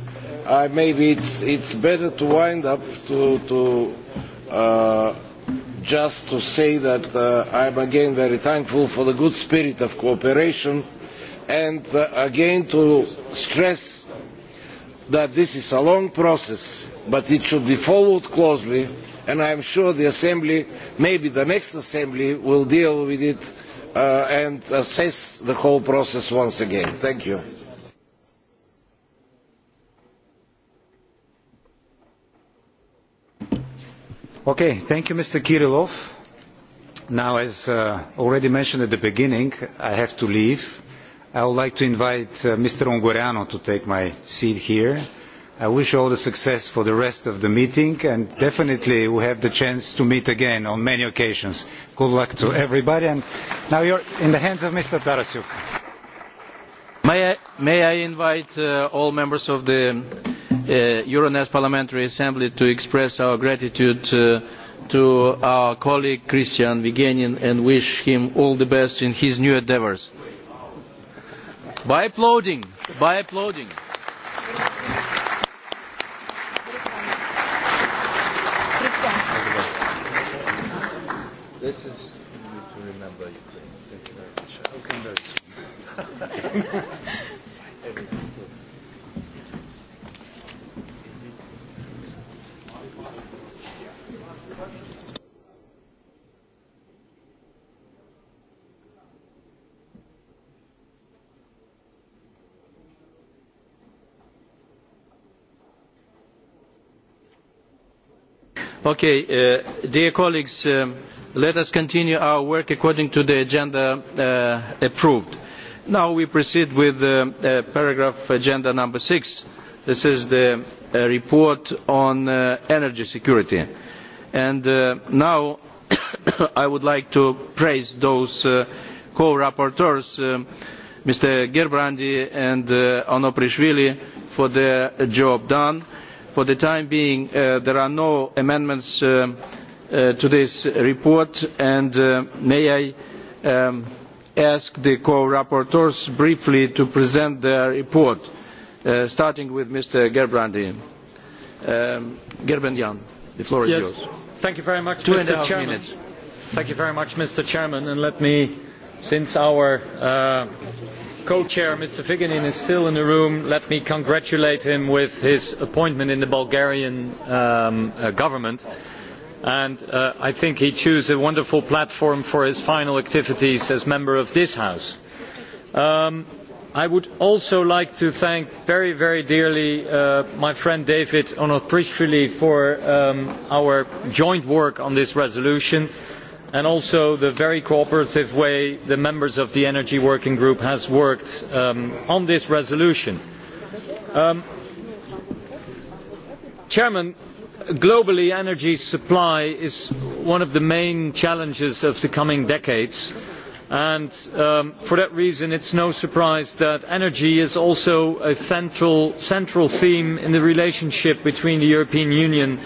maybe it's it's better to wind up to to uh, just to say that uh, I'm again very thankful for the good spirit of cooperation, and uh, again to stress that this is a long process, but it should be followed closely, and I'm sure the assembly, maybe the next assembly, will deal with it. Uh, and assess the whole process once again. Thank you. Okay, thank you, Mr. Kirillov. Now, as uh, already mentioned at the beginning, I have to leave. I would like to invite uh, Mr. Ongoriano to take my seat here. I wish all the success for the rest of the meeting and definitely we have the chance to meet again on many occasions. Good luck to everybody and now you're in the hands of Mr. Tarasyuk. May I, may I invite uh, all members of the Uh, euronest parliamentary assembly to express our gratitude uh, to our colleague christian vigenin and wish him all the best in his new endeavours by applauding by applauding. Okay, uh, dear colleagues, uh, let us continue our work according to the agenda uh, approved. Now we proceed with uh, uh, paragraph agenda number six. This is the uh, report on uh, energy security. And uh, now I would like to praise those uh, co-rapporteurs, um, uh, Mr. Gerbrandi and uh, Onoprishvili, for their job done for the time being uh, there are no amendments uh, uh, to this report and may i um, ask the co rapporteurs briefly to present their report starting with mr gerbrandy. Um, gerben the floor yes. is yours. thank you very much Two mr chairman thank you very much mr chairman and let me since our uh, co-chair mr Vigenin is still in the room let me congratulate him on his appointment in the bulgarian um, uh, government and uh, i think he chose a wonderful platform for his final activities as a member of this house. Um, i would also like to thank very very dearly uh, my friend david onoprishvili for um, our joint work on this resolution and and also the very cooperative way the members of the energy working group have worked um, on this resolution. Um, chairman, globally energy supply is one of the main challenges of the coming decades and um, for that reason it is no surprise that energy is also a central, central theme in the relationship between the european union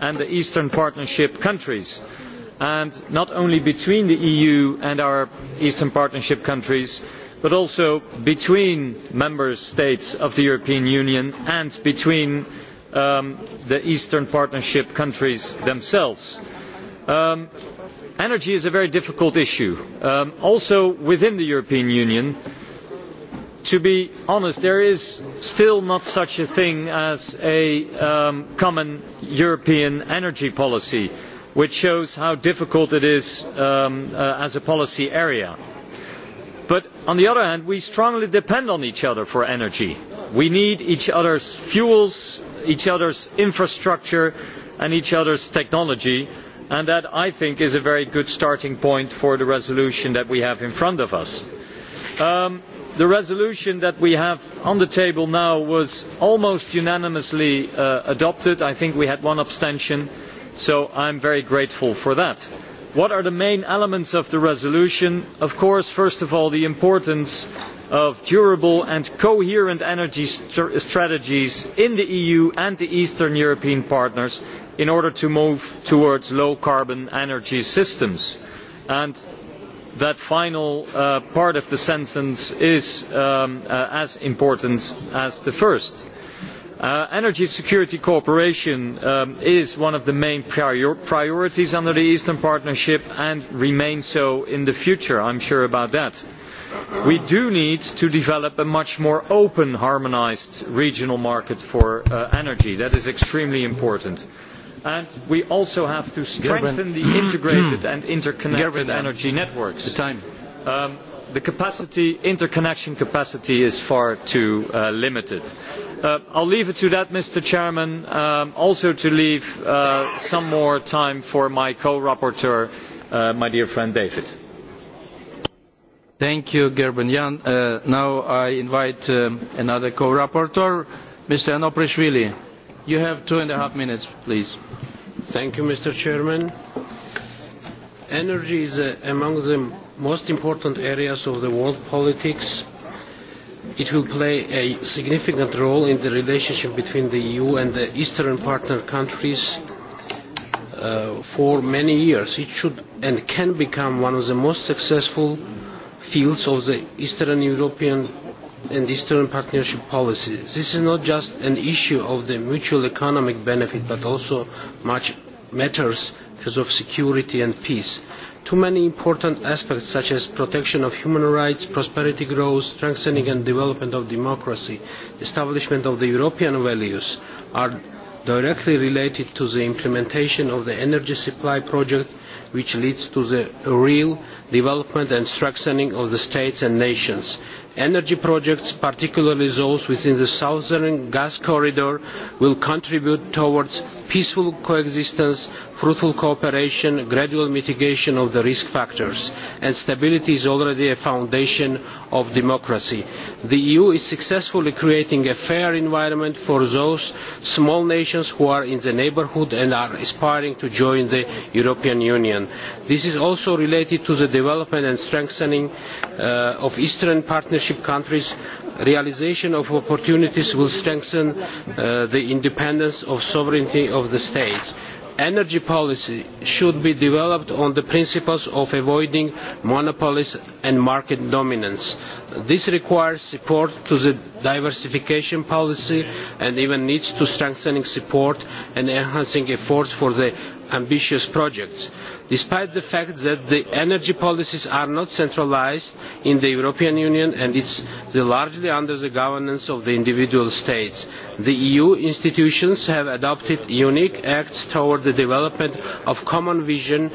and the eastern partnership countries and not only between the eu and our eastern partnership countries but also between member states of the european union and between um, the eastern partnership countries themselves. Um, energy is a very difficult issue um, also within the european union. to be honest there is still not such a thing as a common european energy policy which shows how difficult it is um, uh, as a policy area. But on the other hand, we strongly depend on each other for energy. We need each other's fuels, each other's infrastructure and each other's technology and that I think is a very good starting point for the resolution that we have in front of us. Um, the resolution that we have on the table now was almost unanimously uh, adopted. I think we had one abstention so i am very grateful for that. what are the main elements of the resolution? of course first of all the importance of durable and coherent energy st strategies in the eu and the eastern european partners in order to move towards low carbon energy systems and that final uh, part of the sentence is um, uh, as important as the first Uh, energy security cooperation um, is one of the main priorities under the eastern partnership and remain so in the future i am sure about that. we do need to develop a much more open harmonised regional market for uh, energy that is extremely important and we also have to strengthen the integrated and interconnected energy networks. The, um, the capacity, interconnection capacity is far too uh, limited Uh, I'll leave it to that, Mr. Chairman, um, also to leave uh, some more time for my co-rapporteur, uh, my dear friend David. Thank you, Gerben Jan. now I invite um, another co-rapporteur, Mr. Anoprishvili. You have two and a half minutes, please. Thank you, Mr. Chairman. Energy is among the most important areas of the world politics It will play a significant role in the relationship between the EU and the Eastern partner countries uh, for many years. It should and can become one of the most successful fields of the Eastern European and Eastern Partnership policy. This is not just an issue of the mutual economic benefit, but also much matters as of security and peace too many important aspects such as protection of human rights, prosperity growth, strengthening and development of democracy, establishment of the European values are directly related to the implementation of the energy supply project which leads to the real development and strengthening of the states and nations. Energy projects, particularly those within the southern gas corridor, will contribute towards peaceful coexistence fruitful cooperation gradual mitigation of the risk factors and stability is already a foundation of democracy. the eu is successfully creating a fair environment for those small nations who are in the neighbourhood and are aspiring to join the european union. this is also related to the development and strengthening uh, of eastern partnership countries. realisation of opportunities will strengthen uh, the independence of sovereignty of the states energy policy should be developed on the principles of avoiding monopolies and market dominance. This requires support to the diversification policy and even needs to strengthening support and enhancing efforts for the ambitious projects. Despite the fact that the energy policies are not centralised in the European Union and it's largely under the governance of the individual states, the EU institutions have adopted unique acts toward the development of common vision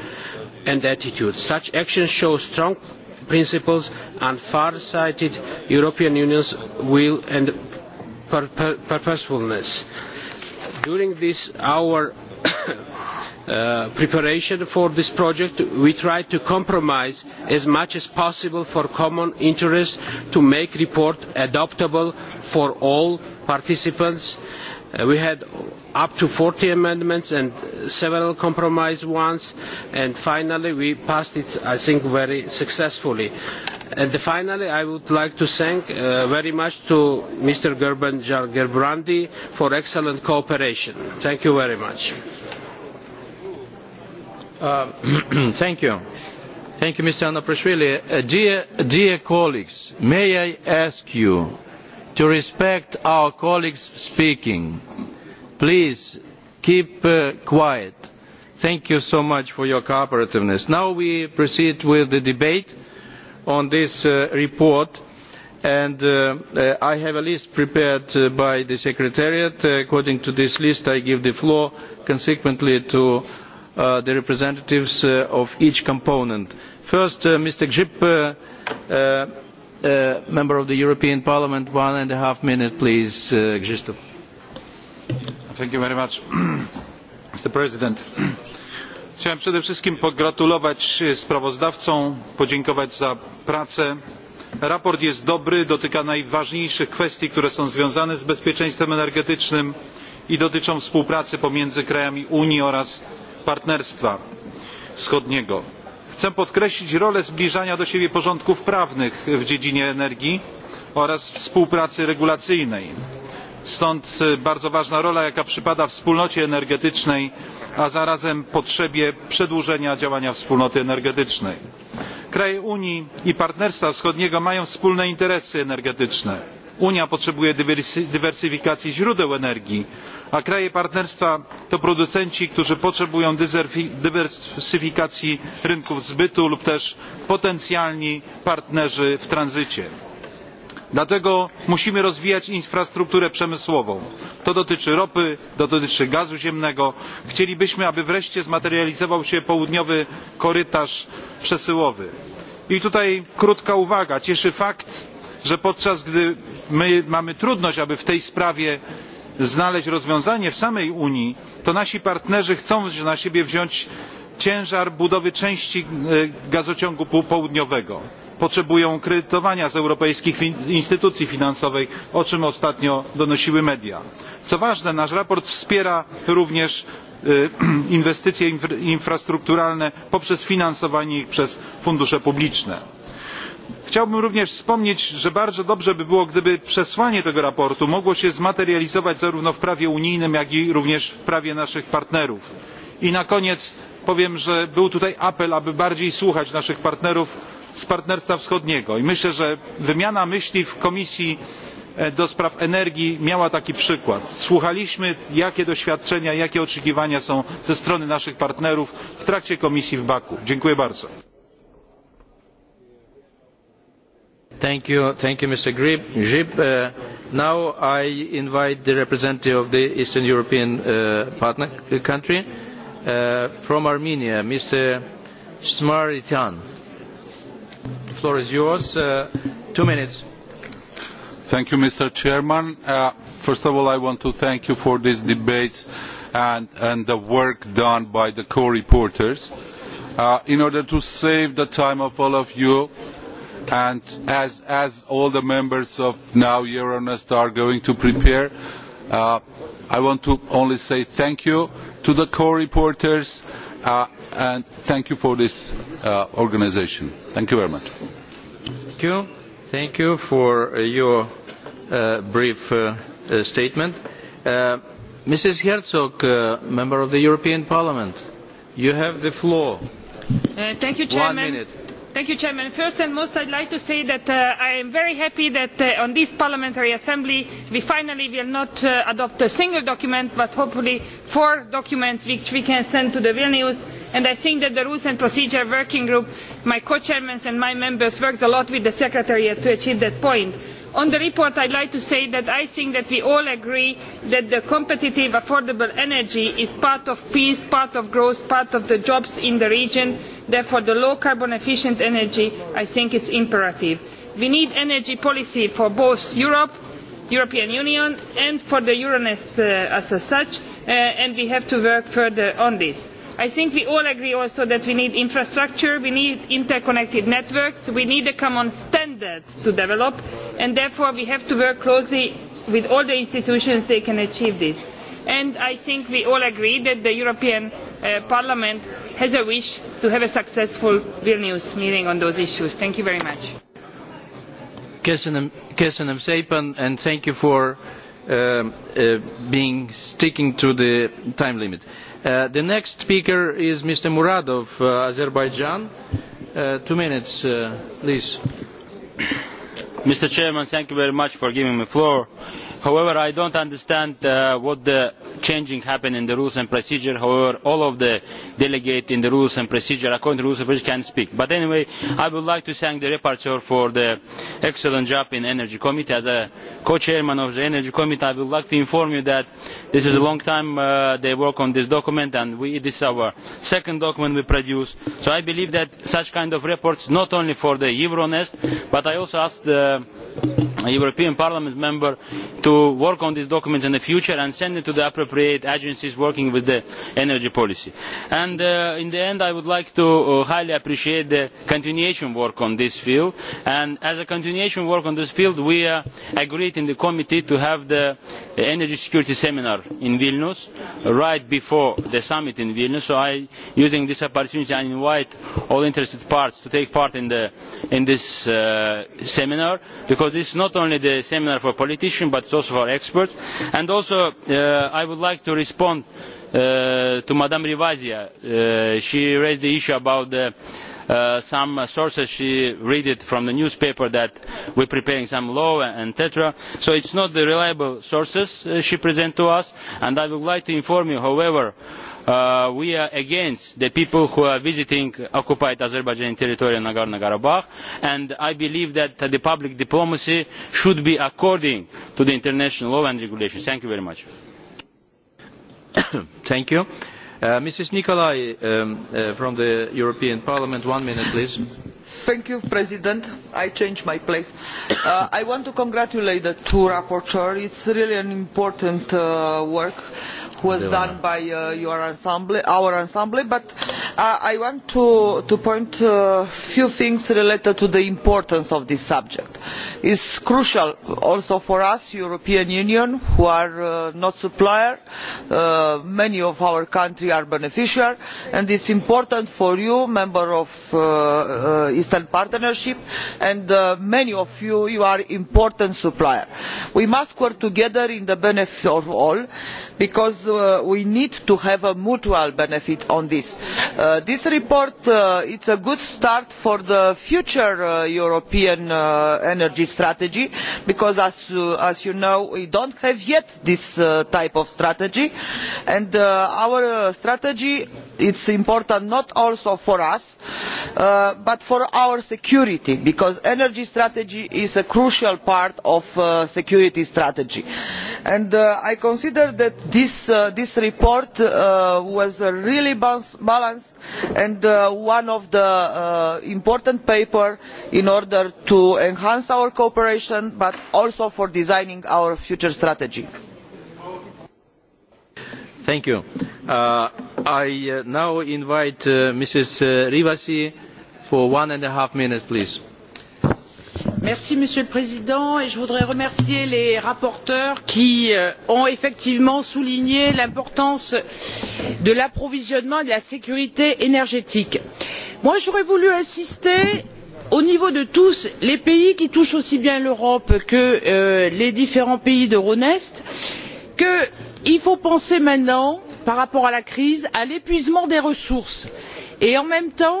and attitudes. Such actions show strong principles and far-sighted European Union's will and purposefulness. During this our Uh, preparation for this project we tried to compromise as much as possible for common interests to make the report adoptable for all participants. Uh, we had up to 40 amendments and several compromise ones and finally we passed it I think very successfully. And finally I would like to thank uh, very much to Mr. Gerben Gerbrandi for excellent cooperation. Thank you very much. Uh, thank you. Thank you Mr. Anaprashvili. Uh, dear, dear colleagues, may I ask you to respect our colleagues speaking please keep uh, quiet. thank you so much for your cooperativeness. now we proceed with the debate on this uh, report and uh, uh i have a list prepared uh, by the secretariat. according to this list i give the floor consequently to the representatives of each component. first mr grzyb member of the european parliament one and a half minute, please. Christoph. chciałem przede wszystkim pogratulować sprawozdawcom podziękować za pracę. sprawozdanie jest dobre dotyka najważniejszych kwestii które są związane z bezpieczeństwem energetycznym i dotyczą współpracy pomiędzy krajami unii oraz partnerstwa wschodniego. chcę podkreślić rolę zbliżania do siebie porządków prawnych w dziedzinie energii oraz współpracy regulacyjnej stąd bardzo ważna rola jaka przypada wspólnocie energetycznej a zarazem potrzebie przedłużenia działania wspólnoty energetycznej. kraje unii i partnerstwa wschodniego mają wspólne interesy energetyczne. unia potrzebuje dywersyfikacji źródeł energii a kraje partnerstwa to producenci którzy potrzebują dywersyfikacji rynków zbytu lub też potencjalni partnerzy w tranzycie dlatego musimy rozwijać infrastrukturę przemysłową to dotyczy ropy to dotyczy gazu ziemnego. chcielibyśmy aby wreszcie zmaterializował się południowy korytarz przesyłowy. i tutaj krótka uwaga cieszy fakt że podczas gdy my mamy trudność aby w tej sprawie znaleźć rozwiązanie w samej unii to nasi partnerzy chcą na siebie wziąć ciężar budowy części e, gazociągu południowego potrzebują kredytowania z europejskich instytucji finansowych o czym ostatnio donosiły media. co ważne nasze sprawozdanie wspiera również inwestycje infrastrukturalne poprzez finansowanie ich przez fundusze publiczne chciałbym również wspomnieć że bardzo dobrze by było gdyby przesłanie tego sprawozdania mogło się zmaterializować zarówno w prawie unijnym jak i również w prawie naszych partnerów. i na koniec powiem że był tutaj apel aby bardziej słuchać naszych partnerów z partnerstwa wschodniego i myślę że wymiana myśli w komisji e, do spraw energii miała taki przykład słuchaliśmy jakie doświadczenia jakie oczekiwania są ze strony naszych partnerów w trakcie komisji w baku. dziękuję bardzo. Mr. President, uh, uh, first of all, I want to thank you for these debates and, the work done by the co-reporters. Uh, in order to save the time of all of you, and as, all the members of now Euronest are going to prepare, I want to only say thank you to the co-reporters, Uh, and thank you for this uh, organisation. Thank you very much. Thank you. Thank you for uh, your brief statement. Mrs. Herzog, member of the European Parliament, you have the floor. thank you, Chairman. One minute first and most i would like to say that uh, i am very happy that in uh, on this parliamentary assembly we finally will not uh, adopt a single document but hopefully four documents which we can send to vilnius and i think that the rules and procedure working group my co chairs and my members worked a lot with the secretariat to achieve that point on the report i would like to say that i think that we all agree that competitive affordable energy is part of peace part of growth part of the jobs in the region therefore low carbon efficient energy i think is imperative. we need energy policy for both europe the european union and for euronest uh, as such uh, and we have to work further on this i think we all agree also that we need infrastructure we need interconnected networks we need a common standard to develop and therefore we have to work closely with all the institutions that can achieve this. And i think we all agree that the european uh, parliament has a wish to have a successful vilnius meeting on those issues. thank you very much. Köszönöm, köszönöm szépen, and thank you for Uh, uh, being sticking to the time limit. Uh, the next speaker is Mr. Muradov, uh, Azerbaijan. Uh, two minutes, uh, please. Mr. Chairman, thank you very much for giving me the floor. Uh, however i do not understand uh, what the changing happened in the rules and procedure. however all of the delegates in the rules and procedure according to the rules and procedure can speak. but anyway i would like to thank the rapporteur for the excellent job in the energy committee. as a co chairman of the energy committee i would like to inform you that this is a long time uh, they work on this document and this is our second document we produce. so i believe that such kind of reports not only for the euronest but i also ask the european parliament member to to work on this document in the future and send it to the appropriate agencies working with the energy policy. And, uh, in the end i would like to uh, highly appreciate the continuation work on this field and as a continuation work on this field we agreed in the committee to have the energy security seminar in vilnius right before the summit in vilnius so i using this opportunity i invite all interested parties to take part in, the, in this uh, seminar because this is not only the seminar for politicians but also for experts. And also uh, i would like to respond uh, to ms rivasi uh, she raised the issue about some sources she read from the newspaper that we are preparing some law etc. so it is not the reliable sources she presents to us and i would like to inform you however that Uh, we are against the people who are visiting occupied azerbaijani territory in nagorno karabakh and i believe that the public diplomacy should be according to the international law and regulations. thank you very much. thank you. Uh, mrs um, uh, from the european parliament one minute please. mr president i changed my place. i want to congratulate the two rapporteurs. it is really an important work was done by uh, your ensemble, our ensemble but uh, i want to, to point a uh, few things related to the importance of this subject. It's crucial also for us european union who are uh, not supplier. supplier uh, many of our countries are beneficiary, and it's important for you member of uh, uh eastern partnership and uh, many of you, you are important supplier. we must work together in the benefit of all because uh, we need to have a mutual benefit on this. Uh, this report uh, is a good start for the future european energy strategy because as, as you know we do not have yet this type of strategy and our strategy is important not only for us but for our security because the energy strategy is a crucial part of the security strategy. And, i consider that Uh, this, report uh, was really balanced and uh, one of the important papers in order to enhance our cooperation but also for designing our future strategy. thank you. i now invite ms rivasi for one and a half minutes please monsieur le président je voudrais remercier les rapporteurs qui euh, ont effectivement souligné l'importance de l'approvisionnement et de la sécurité énergétique. j'aurais voulu insister au niveau de tous les pays qui touchent aussi bien l'europe que euh, les différents pays d'euronest qu'il faut penser maintenant par rapport à la crise à l'épuisement des ressources et en même temps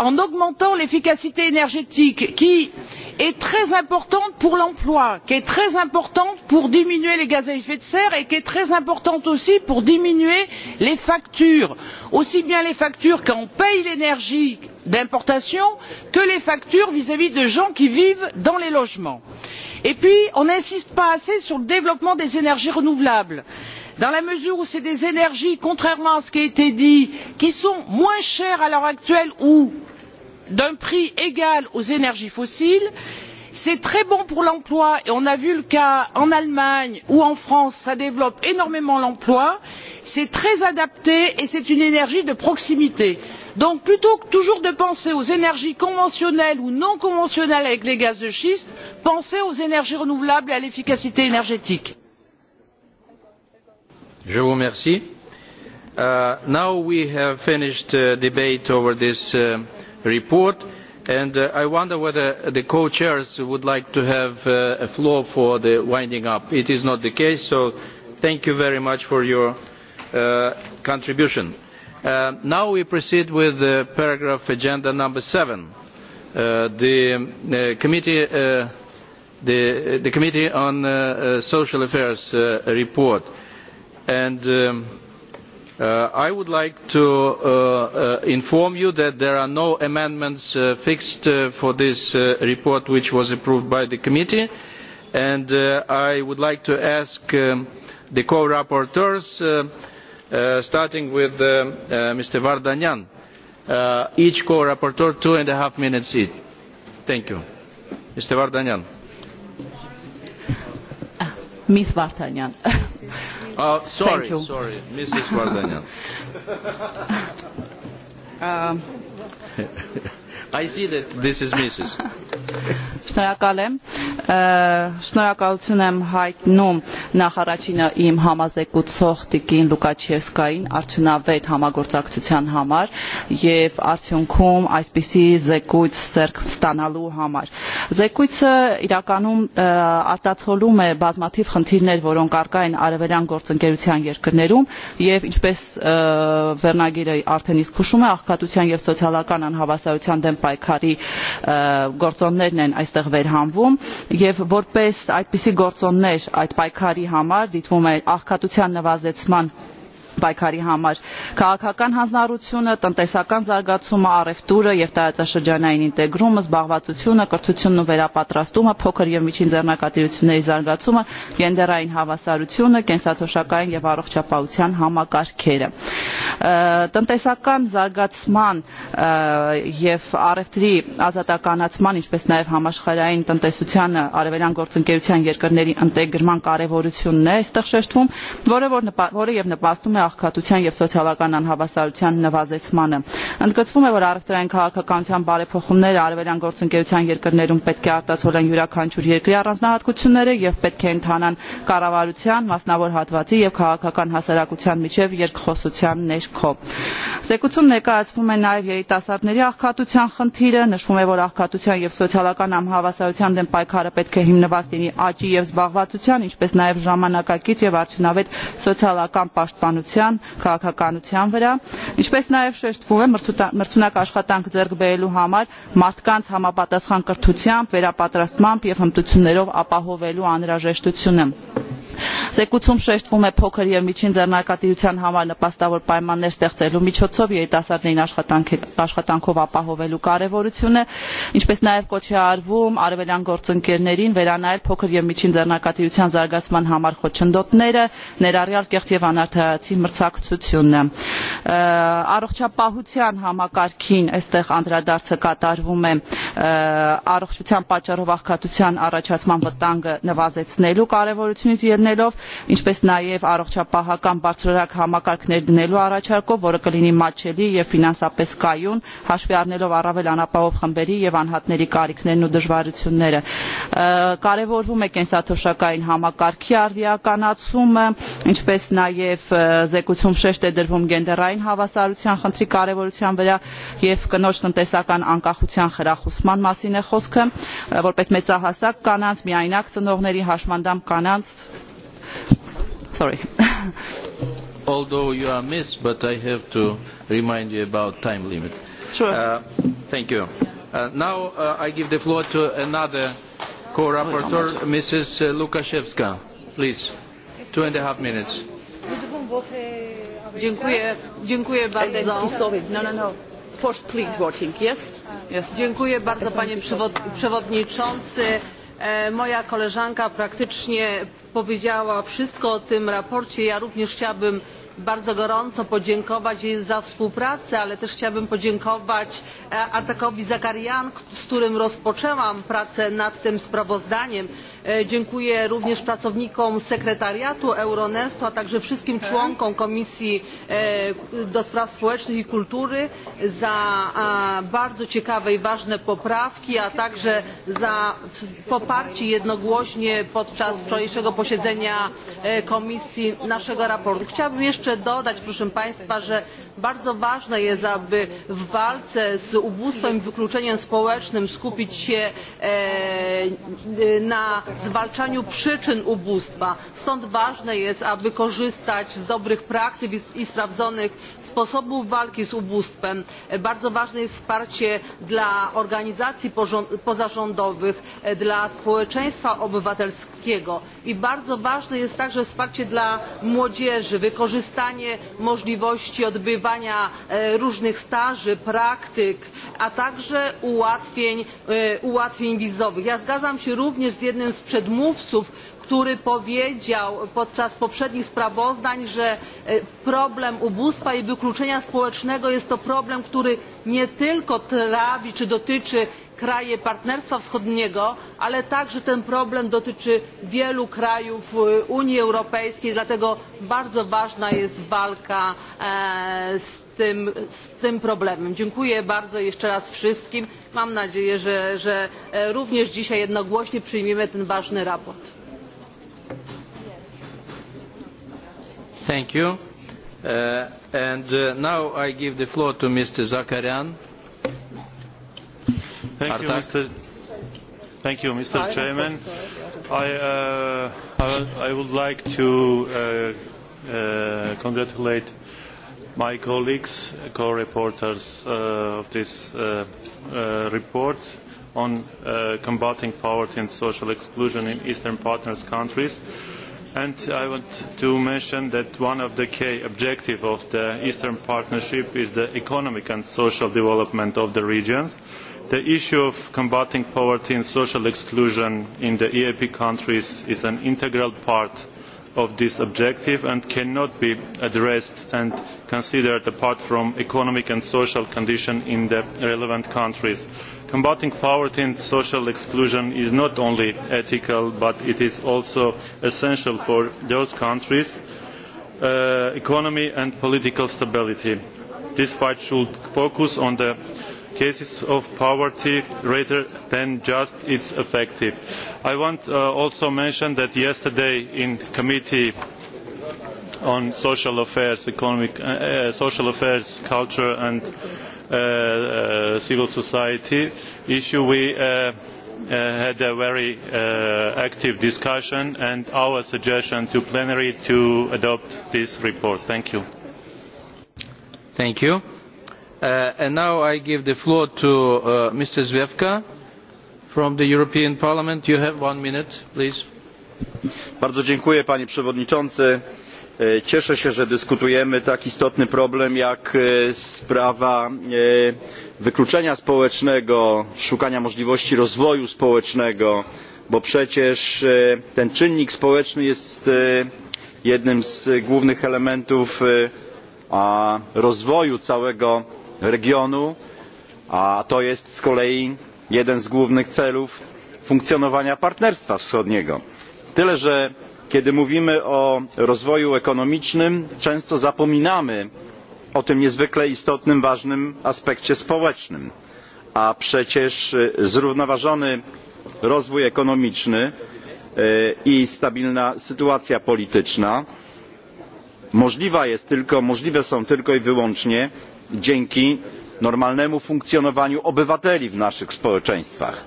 en augmentant l'efficacité énergétique qui est très importante pour l'emploi qui est très importante pour diminuer les gaz à effet de serre et qui est très importante aussi pour diminuer les factures aussi bien les factures quand on paie l'énergie d'importation que les factures vis à vis de gens qui vivent dans les logements. et puis on n'insiste pas assez sur le développement des énergies renouvelables dans la mesure où ce sont des énergies contrairement à ce qui a été dit qui sont moins chères à l'heure actuelle ou d'un prix égal aux énergies fossiles c'est très bon pour l'emploi et on a vu le cas en allemagne ou en france cela développe énormément l'emploi c'est très adapté et c'est une énergie de proximité. donc plutôt que toujours de penser aux énergies conventionnelles ou non conventionnelles avec les gaz de schiste pensez aux énergies renouvelables et à l'efficacité énergétique. je vous remercie. Uh, now we have finished the uh, debate report and uh, i wonder whether the co chairs would like to have the uh, a floor for the winding up. it is not the case so thank you very much for your uh, contribution. now we proceed with paragraph agenda number seven the committee, on social affairs report and um, Uh, I would like to uh, uh, inform you that there are no amendments fixed for this report which was approved by the committee and I would like to ask um, the co-rapporteurs starting with Mr. Vardanyan each co-rapporteur two and a half minutes each. Thank you. Mr. Vardanyan. Ah, Ms. Vardanyan. Uh, sorry, Thank you. sorry, Mrs. Vardanyan. um, Շնորհակալ եմ։ Շնորհակալություն եմ հայտնում նախարարինը իմ համազեկուցող Տիկին Լուկաչևսկային արժանավետ համագործակցության համար եւ արդյունքում այսպիսի զեկույց սերկ ստանալու համար։ Զեկույցը իրականում արտացոլում է բազմաթիվ խնդիրներ, որոնք առկա են արևելյան գործընկերության երկրներում եւ ինչպես վերնագիրը արդեն իսկ հուշում է աղքատության եւ սոցիալական անհավասարության դեմ պայքարի գործոններն են այստեղ վերհանվում եւ որպես այդպիսի գործոններ այդ պայքարի համար դիտվում է աղքատության նվազեցման պայքարի համար քաղաքական հանձնարարությունը տնտեսական զարգացումը առևտուրը եւ տարածաշրջանային ինտեգրումը զբաղվածությունը կրթությունն ու վերապատրաստումը փոքր եւ միջին ձեռնարկատիրությունների զարգացումը գենդերային հավասարությունը կենսաթոշակային եւ առողջապահության համակարգերը տնտեսական զարգացման եւ առևտրի ազատականացման ինչպես նաեւ համաշխարհային տնտեսությանը արևելյան գործընկերության երկրների ինտեգրման կարեւորությունն է այստեղ շեշտվում որը որը եւ նպաստում է աղքատության եւ սոցիալական հավասարության նվազեցմանը։ Ընդգծվում է, որ առևտրային քաղաքականության բարեփոխումները արևելյան գործընկերության երկրներում պետք է արտացոլեն յուրաքանչյուր երկրի առանձնահատկությունները եւ պետք է ընդհանան կառավարության, մասնավոր հատվածի եւ քաղաքական հասարակության միջև երկխոսության ներքո։ Զեկուցում ներկայացվում է նաև երիտասարդների աղքատության խնդիրը, նշվում է, որ աղքատության եւ սոցիալական համհավասարության դեմ պայքարը պետք է հիմնված լինի աճի եւ զբաղվածության, ինչպես նաեւ ժամանակակից եւ արդյունավետ սոցիալական պաշտպանության քաղաքականության քաղաքականության վրա ինչպես նաև շեշտվում է մրցունակ աշխատանք ձեռք բերելու համար մարդկանց համապատասխան կրթությամբ վերապատրաստմամբ և հմտություններով ապահովելու անհրաժեշտությունը զեկուցում շեշտվում է փոքր և միջին ձեռնարկատիրության համար նպաստավոր պայմաններ ստեղծելու միջոցով երիտասարդներին աշխատանքով ապահովելու կարևորությունը ինչպես նաև կոչի արվում արևելյան գործընկերներին վերանայել փոքր և միջին ձեռնարկատիրության զարգացման համար խոչընդոտները ներառյալ կեղծ և անարդարացի մրցակցությունը առողջապահության համակարգին այստեղ անդրադարձը կատարվում է առողջության պատճառով աղքատության առաջացման վտանգը նվազեցնելու կարևորությունից ելնելով ինչպես նաև առողջապահական բարձրորակ համակարգ ներդնելու առաջարկով որը կլինի մատչելի և ֆինանսապես կայուն հաշվի առնելով առավել անապահով խմբերի և անհատների կարիքներն ու դժվարությունները կարևորվում է կենսաթոշակային համակարգի արդիականացումը ինչպես նաև զեկուցում շեշտ է դրվում գենդերային հավասարության խնդրի կարևորության վրա և կնոջ տնտեսական անկախության խրախուսման մասին է խոսքը որպես մեծահասակ կանանց միայնակ ծնողների հաշմանդամ կանանց sorry although you are missed but i have to remind you about time limit sure uh, thank you uh, now uh, i give the floor to another co-rapporteur mrs lukashevska please two and a half minutes Dziękuję, bardzo. panie przewodniczący. E, moja koleżanka praktycznie powiedziała wszystko o tym sprawozdaniu. Ja również chciałabym bardzo gorąco podziękować jej za współpracę ale też chciałabym podziękować e, atakowi zakarian z którym rozpoczęłam pracę nad tym sprawozdaniem. E, dziękuję również pracownikom sekretariatu euronestu a także wszystkim członkom komisji e, do spraw społecznych i kultury za bardzo ciekawe i ważne poprawki a także za poparcie jednogłośnie podczas wczorajszego posiedzenia e, komisji naszego sprawozdania. chciałabym jeszcze dodać proszę państwa że bardzo ważne jest aby w walce z ubóstwem i wykluczeniem społecznym skupić się na zwalczaniu przyczyn ubóstwa stąd ważne jest aby korzystać z dobrych praktyk i sprawdzonych sposobów walki z ubóstwem. bardzo ważne jest wsparcie dla organizacji pozarządowych dla społeczeństwa obywatelskiego i bardzo ważne jest także wsparcie dla młodzieży wykorzystanie możliwości odbywania e, różnych staży praktyk a także ułatwień, e, ułatwień wizowych. ja zgadzam się również z jednym z przedmówców który powiedział podczas poprzednich sprawozdań że e, problem ubóstwa i wykluczenia społecznego jest to problem który nie tylko trawi czy dotyczy kraje partnerstwa wschodniego ale także ten problem dotyczy wielu krajów e, unii europejskiej dlatego bardzo ważna jest walka e, z tym problemem. dziękuję bardzo jeszcze raz wszystkim mam nadzieję że e, również dzisiaj jednogłośnie przyjmiemy to ważne sprawozdanie. Thank you, Mr. Chairman. Uh, I, would like to uh, uh, congratulate my colleagues, co-reporters of this report on combating poverty and social exclusion in Eastern Partners countries. And I want to mention that one of the key objectives of the Eastern Partnership is the economic and social development of the regions the issue of combating poverty and social exclusion in the eap countries is an integral part of this objective and cannot be addressed and considered apart from economic and social conditions in the relevant countries. combating poverty and social exclusion is not only ethical but it is also essential for those countries' uh, economy and political stability. this fight should focus on the cases of poverty rather than just its effective. i want to uh, also mention that yesterday in committee on social affairs, economic, uh, uh social affairs culture and uh, uh civil society issue we uh, had a very active discussion and our suggestion to plenary to adopt this report. thank you. Thank you. Uh, and now I give the floor to uh, Mr. Zwiefka from the European Parliament. You have one minute, please. panie przewodniczący e, cieszę się że dyskutujemy tak istotny problem jak e, sprawa e, wykluczenia społecznego szukania możliwości rozwoju społecznego bo przecież ten czynnik społeczny jest jednym z głównych elementów rozwoju całego regionu a to jest z kolei jeden z głównych celów funkcjonowania partnerstwa wschodniego tyle że kiedy mówimy o rozwoju ekonomicznym często zapominamy o tym niezwykle istotnym ważnym aspekcie społecznym a przecież zrównoważony rozwój ekonomiczny i stabilna sytuacja polityczna możliwa jest tylko możliwe są tylko i wyłącznie dzięki normalnemu funkcjonowaniu obywateli w naszych społeczeństwach.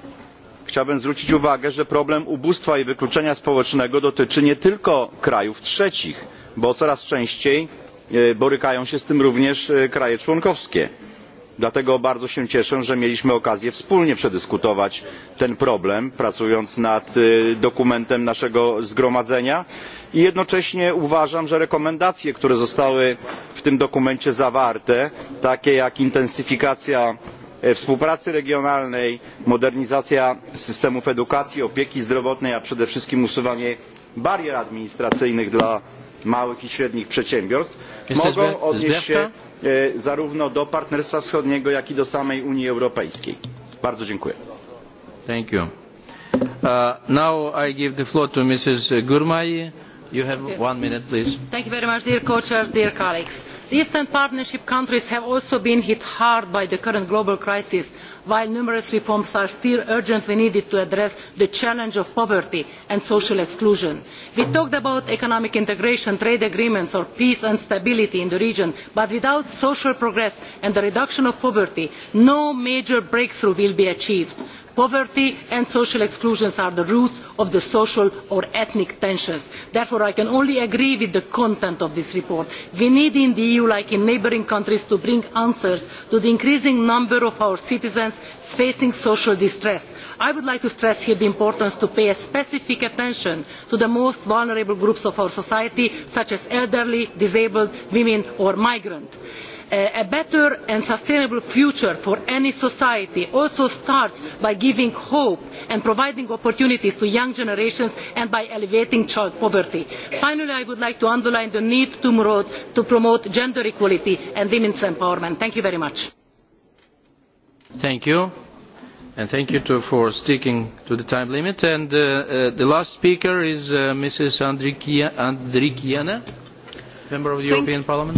chciałbym zwrócić uwagę że problem ubóstwa i wykluczenia społecznego dotyczy nie tylko krajów trzecich bo coraz częściej e, borykają się z tym również e, kraje członkowskie dlatego bardzo się cieszę że mieliśmy okazję wspólnie przedyskutować ten problem pracując nad dokumentem naszego zgromadzenia i jednocześnie uważam że rekomendacje które zostały w tym dokumencie zawarte takie jak intensyfikacja e, współpracy regionalnej modernizacja systemów edukacji opieki zdrowotnej a przede wszystkim usuwanie barier administracyjnych dla małych i średnich przedsiębiorstw mogą odnieść się E, zarówno do partnerstwa wschodniego jak i do samej unii europejskiej. bardzo dziękuję the eastern partnership countries have also been hit hard by the current global crisis while numerous reforms are still urgently needed to address the challenge of poverty and social exclusion. we talked about economic integration trade agreements or peace and stability in the region but without social progress and the reduction of poverty no major breakthrough will be achieved poverty and social exclusion are the roots of the social or ethnic tensions. therefore i can only agree with the content of this report. we need in the eu like in neighbouring countries to bring answers to the increasing number of our citizens facing social distress. i would like to stress here the importance of paying specific attention to the most vulnerable groups of our society such as elderly disabled women or migrants Uh, a better and sustainable future for any society also starts by giving hope and providing opportunities to young generations and by alleviating child poverty. finally i would like to underline the need to promote gender equality and women's empowerment. thank you very much. thank you and thank you too for sticking to the time limit. And uh, uh, the last speaker is uh, Mrs. Andrikiana, member of the thank European Parliament.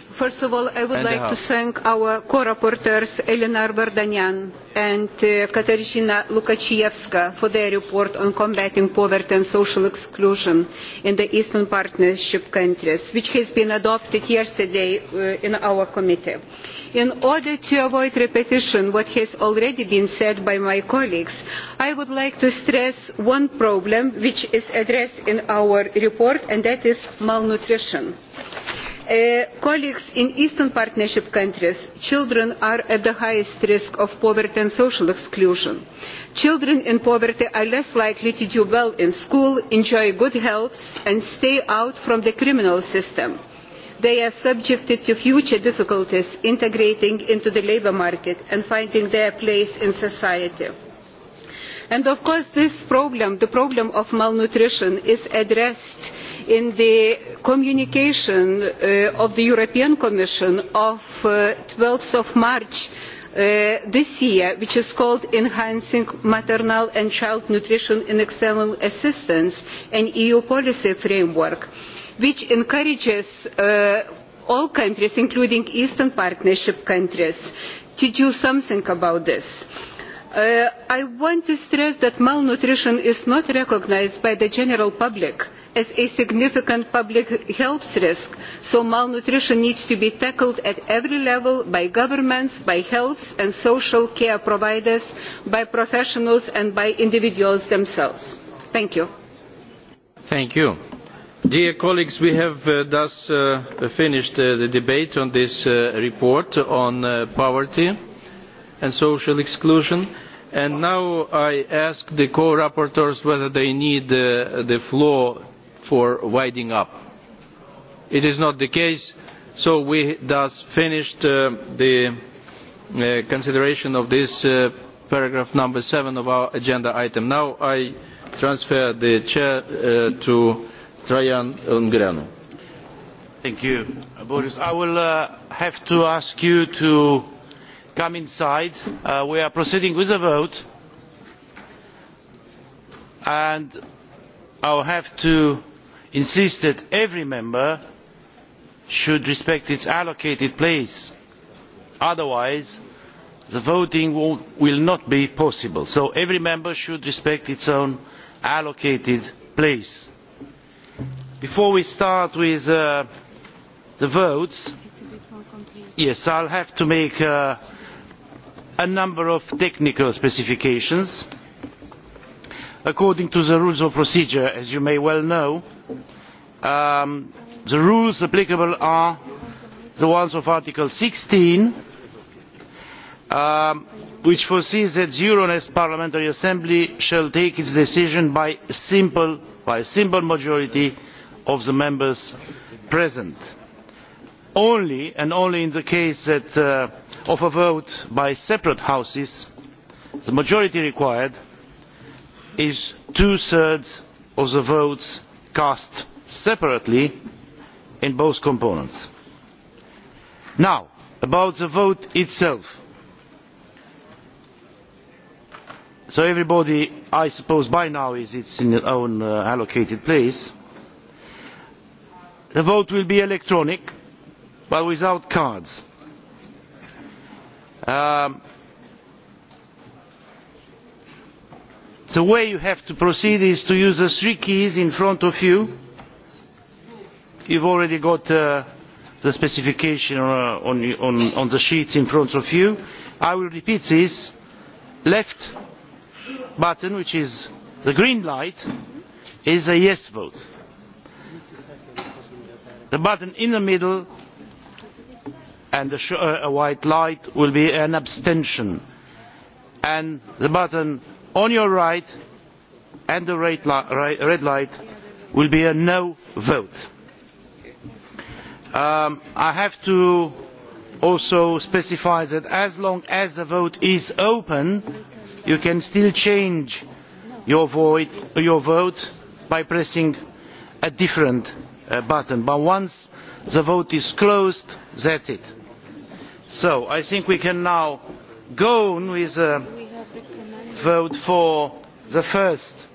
first of all i would like to uh, thank our co rapporteurs elinar vardanyan and uh, Katarzyna lukaevica for their report on combating poverty and social exclusion in the eastern partnership countries which has been adopted yesterday uh, in our committee. in order to avoid repetition of what has already been said by my colleagues i would like to stress one problem which is addressed in our report and that is malnutrition. Uh, colleagues in eastern partnership countries children are at the highest risk of poverty and social exclusion. children in poverty are less likely to do well in school enjoy good health and stay out from the criminal system. they are subjected to future difficulties integrating into the labour market and finding their place in society. And of course this problem the problem of malnutrition is addressed in the communication uh, of the european commission of uh, twelve march uh, this year which is called enhancing maternal and child nutrition in external assistance an eu policy framework' which encourages all countries including eastern partnership countries to do something about this. i want to stress that malnutrition is not recognised by the general public as a significant public health risk so malnutrition needs to be tackled at every level by governments by health and social care providers by professionals and by individuals themselves. thank you. Thank you. Dear colleagues, we have uh, thus uh, finished uh, the debate on this report on poverty and social exclusion. And now I ask the co-rapporteurs whether they need the floor for winding up. it is not the case so we thus finished uh, the uh, consideration of this uh, paragraph number seven of our agenda item. now i transfer the chair uh, to trajan ungureanu. thank you boris. i will uh, have to ask you to come inside. Uh, we are proceeding with a vote and i will have to insists that every member should respect its allocated place otherwise the voting will not be possible so every member should respect its own allocated place. before we start with uh, the votes i will have to make uh, a number of technical specifications. according to the rules of procedure as you may well know Um, the rules applicable are the ones of article sixteen um, which provides that the euronest parliamentary assembly shall take its decision by, a simple majority of the members present only and only in the case uh, of a vote by separate houses the majority required is two thirds of the votes cast separately in both components. now about the vote itself so everybody i suppose by now is in its own uh, allocated place. the vote will be electronic but without cards. Um, the way you have to proceed is to use the three keys in front of you you've already got uh, the specification uh, on, the sheets in front of you. i will repeat this left button which is the green light is a yes vote. the button in the middle and the uh, a white light will be an abstention and the button on your right and the red light will be a no vote. Um, i have to also specify that as long as the vote is open you can still change your, vote by pressing a different uh, button but once the vote is closed that is it. so i think we can now go on with the vote for the first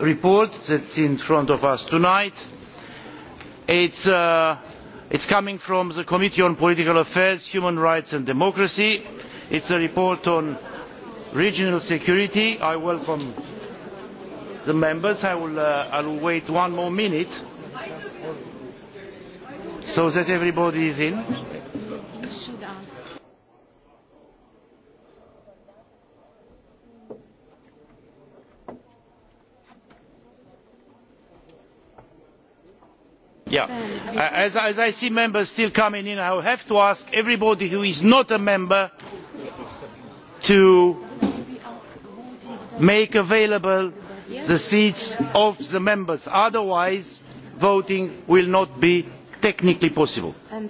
report that is in front of us tonight. it is uh, it is coming from the committee on political affairs human rights and democracy. it is a report on regional security. i welcome the members. i will uh, will wait one more minute so that everybody is in. Uh, as, i see members still coming in i will have to ask everybody who is not a member to make available the seats of the members otherwise voting will not be technically possible. Uh,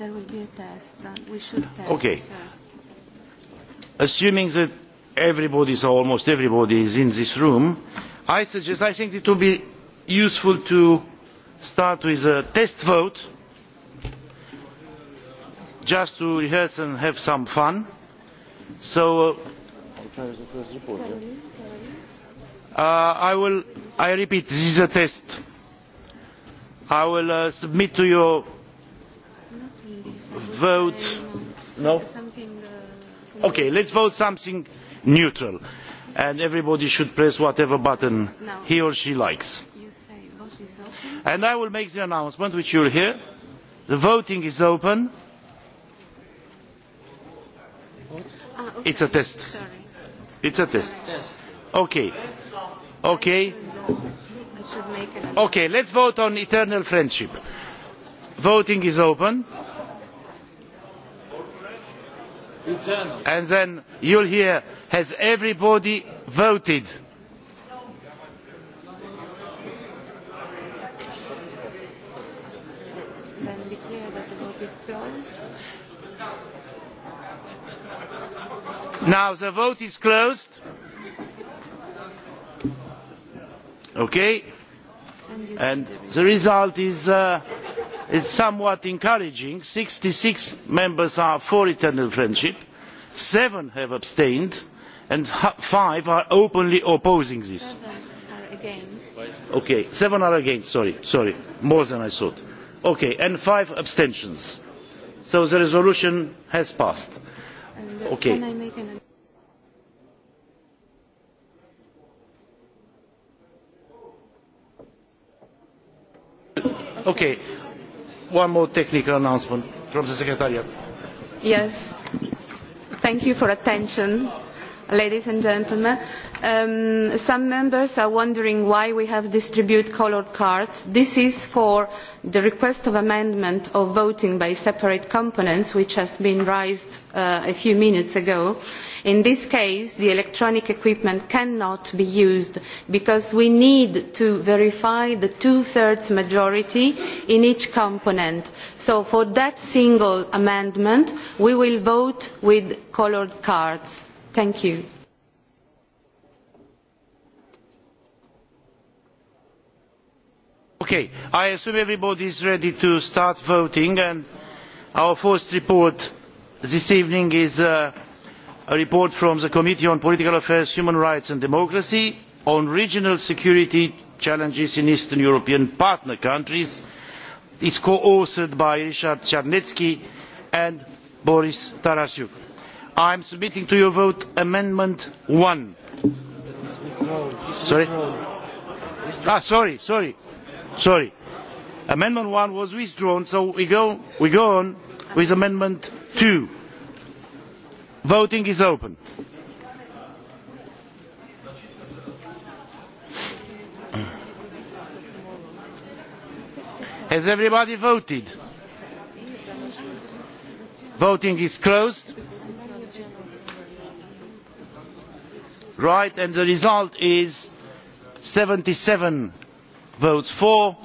okay. assuming that everybody or almost everybody is in this room i suggest i think it would be useful to start with a test vote just to rehearse and have some fun. So uh, uh, I will, I repeat, this is a test. I will uh, submit to your vote. No. Okay, let's vote something neutral, and everybody should press whatever button he or she likes and i will make the announcement which you will hear. the voting is open. Ah, it is a test. it okay let us vote on eternal friendship. voting is open. and then you will hear has everybody voted? now the vote is closed okay and the result is uh, it's somewhat encouraging sixty six members are for eternal friendship seven have abstained and five are openly opposing this. Okay, seven are against sorry sorry more than i thought okay and five abstentions so the resolution has passed. Okay. Can I make an Okay. One more technical announcement from the Secretariat. Yes. Thank you for attention ladies and gentlemen. Um, some members are wondering why we have distributed coloured cards. This is for the request of amendment of voting by separate components, which has been raised uh, a few minutes ago. In this case, the electronic equipment cannot be used because we need to verify the two-thirds majority in each component. So for that single amendment, we will vote with coloured cards Thank you. Okay, I assume everybody is ready to start voting and our first report this evening is uh, a report from the Committee on Political Affairs, Human Rights and Democracy on regional security challenges in Eastern European partner countries. It's co-authored by Richard Czarnecki and Boris Tarasiuk i am submitting to your vote amendment one sorry? Ah, sorry sorry sorry amendment one was withdrawn so we go, we go on with amendment two voting is open. has everybody voted? voting is closed. right and the result is seventy seven votes for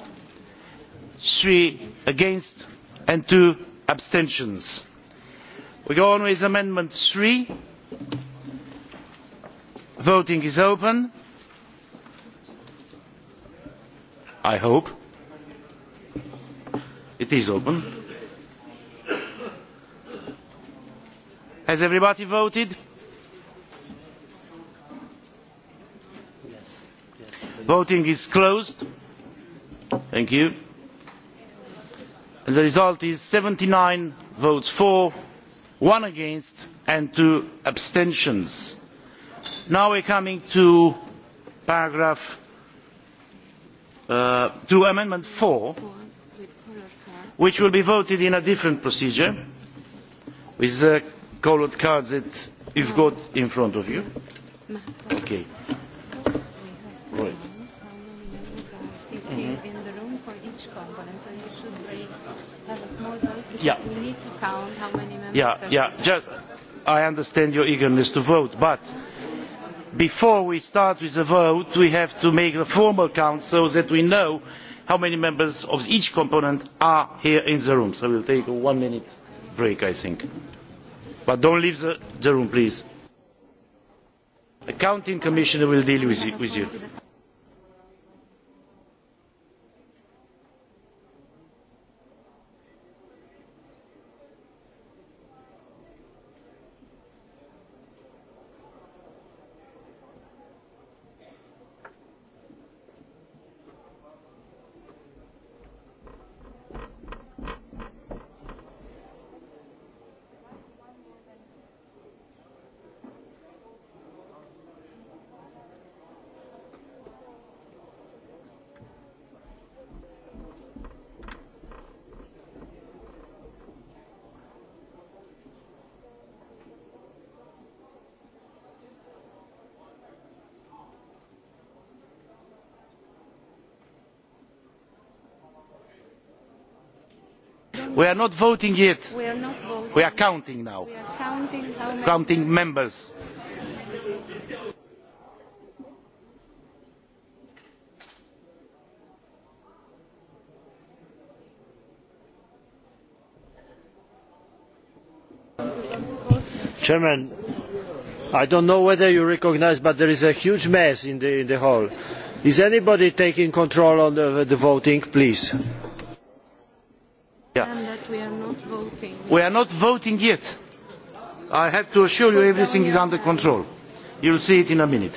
three against and two abstentions. we go on with amendment three voting is open i hope it is open. has everybody voted? voting is closed thank you and the result is seventy nine votes for one against and two abstentions. now we are coming to paragraph uh, to amendment four which will be voted in a different procedure with the coloured cards that you have got in front of you. Okay. yeah. we need to count how many members yeah, are yeah. Just, I understand your eagerness to vote, but before we start with the vote, we have to make the formal count so that we know how many members of each component are here in the room. So we'll take a one-minute break, I think. But don't leave the, the room, please. The counting commissioner will deal with you. With you. not voting yet. We are, counting now. counting, members. chairman i don't know whether you recognise but there is a huge mess in the, in the hall. is anybody taking control of the voting please? we are not voting yet. i have to assure you everything is under control. you will see it in a minute.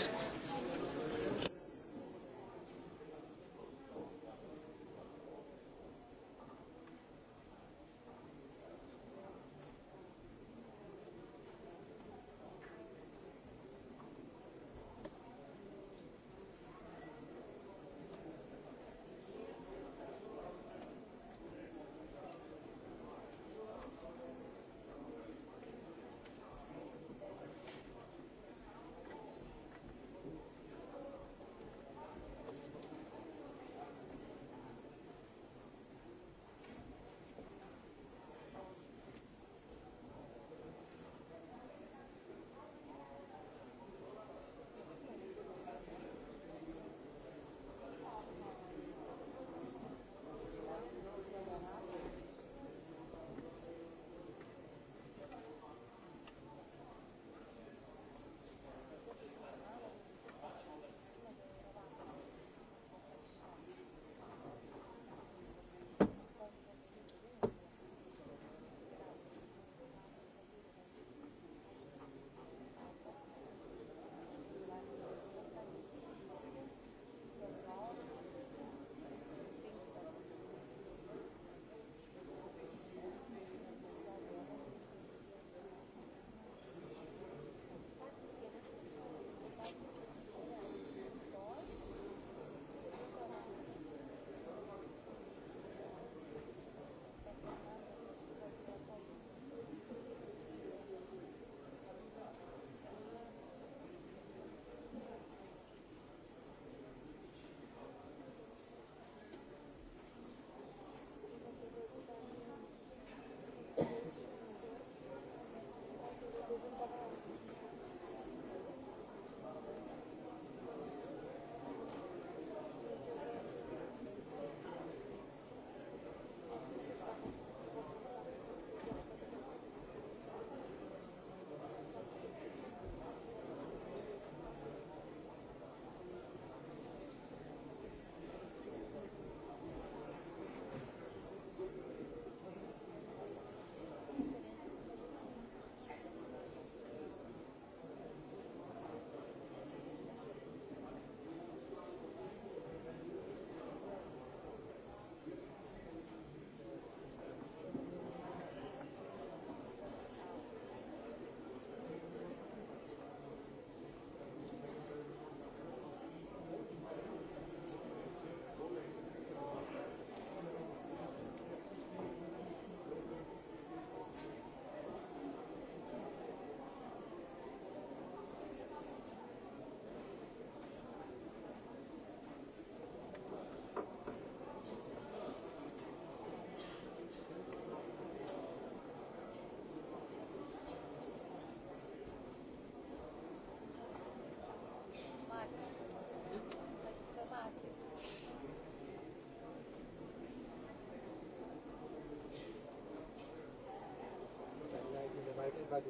What?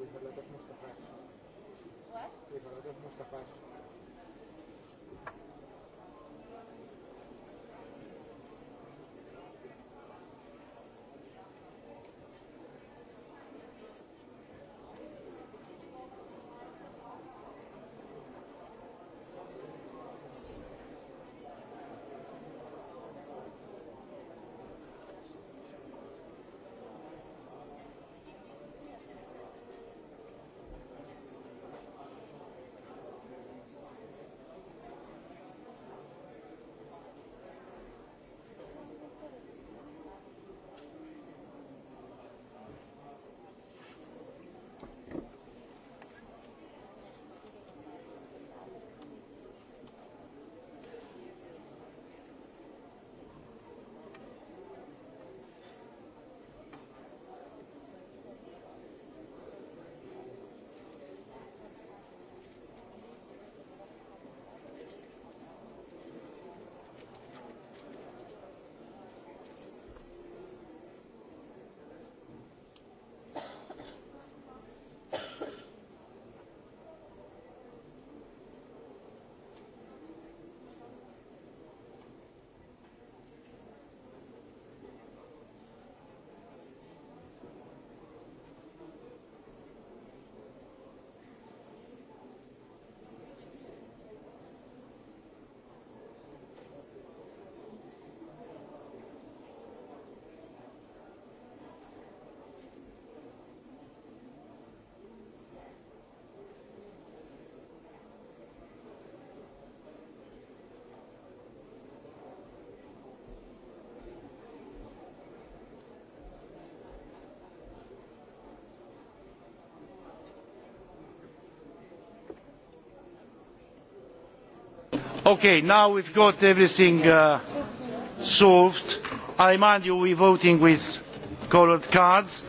Okay, now we've got everything uh, solved. I remind you we're voting with coloured cards.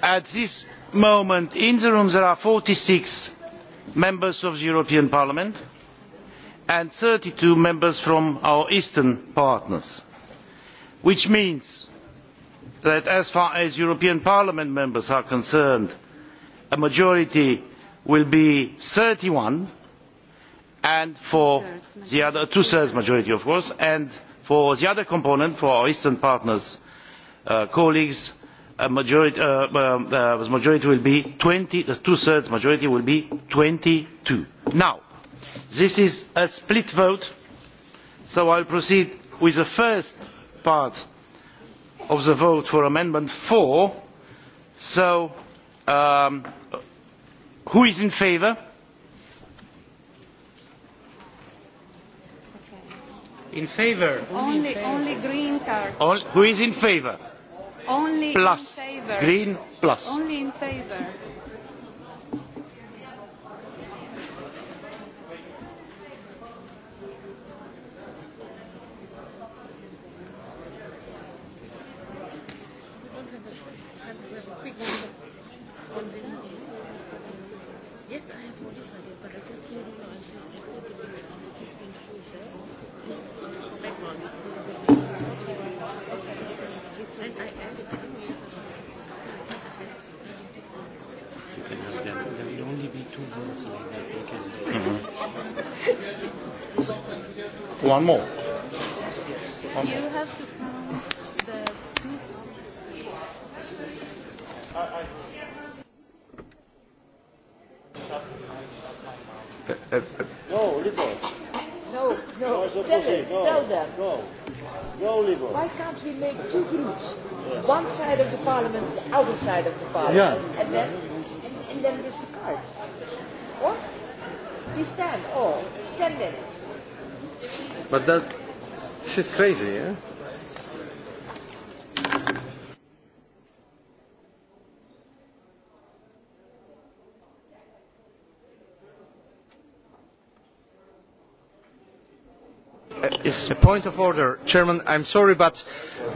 At this moment in the room there are 46 members of the European Parliament and 32 members from our eastern partners, which means that as far as European Parliament members are concerned, a majority will be 31 and for the other two thirds majority of course and for the other component for our eastern partners uh, colleagues a uh, um, uh, majority, will be twenty the two thirds majority will be twenty two. now this is a split vote so i will proceed with the first part of the vote for amendment four so um, who is in favour? In favor. Only, only green card. All, who is in favor? Only plus. in favor. Green plus. Only in favor. one more. One you more. have to count the two. Go, Libor. No, no. no tell, them. go. tell them. Go. Go, Libor. Why can't we make two groups? Yes. One side of the parliament, the other side of the parliament, yeah. and then and, and then there's the cards. What? We stand Oh, ten minutes. But that, this is crazy, yeah? Uh, it's a point of order. Chairman, I'm sorry, but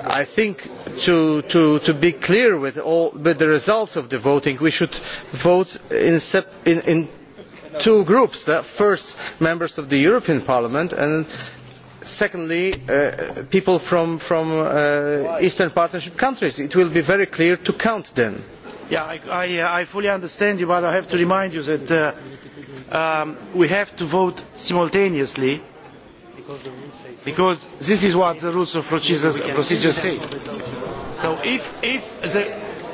I think to, to, to be clear with, all, with the results of the voting, we should vote in, in, in two groups. The first, members of the European Parliament, and secondly uh, people from, uh, eastern partnership countries it will be very clear to count them. Yeah, I, uh, fully understand you but i have to remind you that um, we have to vote simultaneously because this is what the rules of procedure say. so if,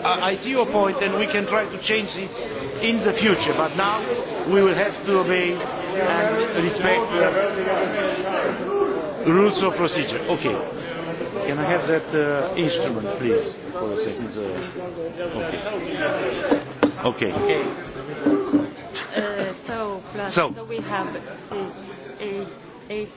i see your point and we can try to change this in the future but now we will have to obey and respect. Rules of procedure. Okay. Can I have that uh, instrument, please, for a second? Uh, okay. Okay. okay. Uh, so, plus, so. so we have six, eight, eight.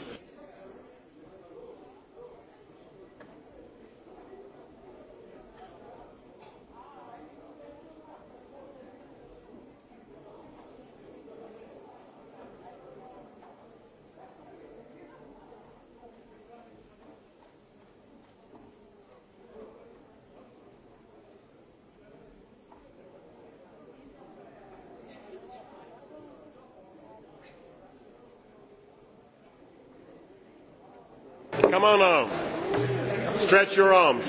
Come on now. Stretch your arms.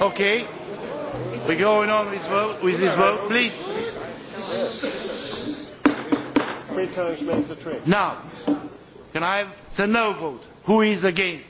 Okay. We're going on with, vote, with this vote, please. Three times makes the trick. Now, can I have the no vote? Who is against?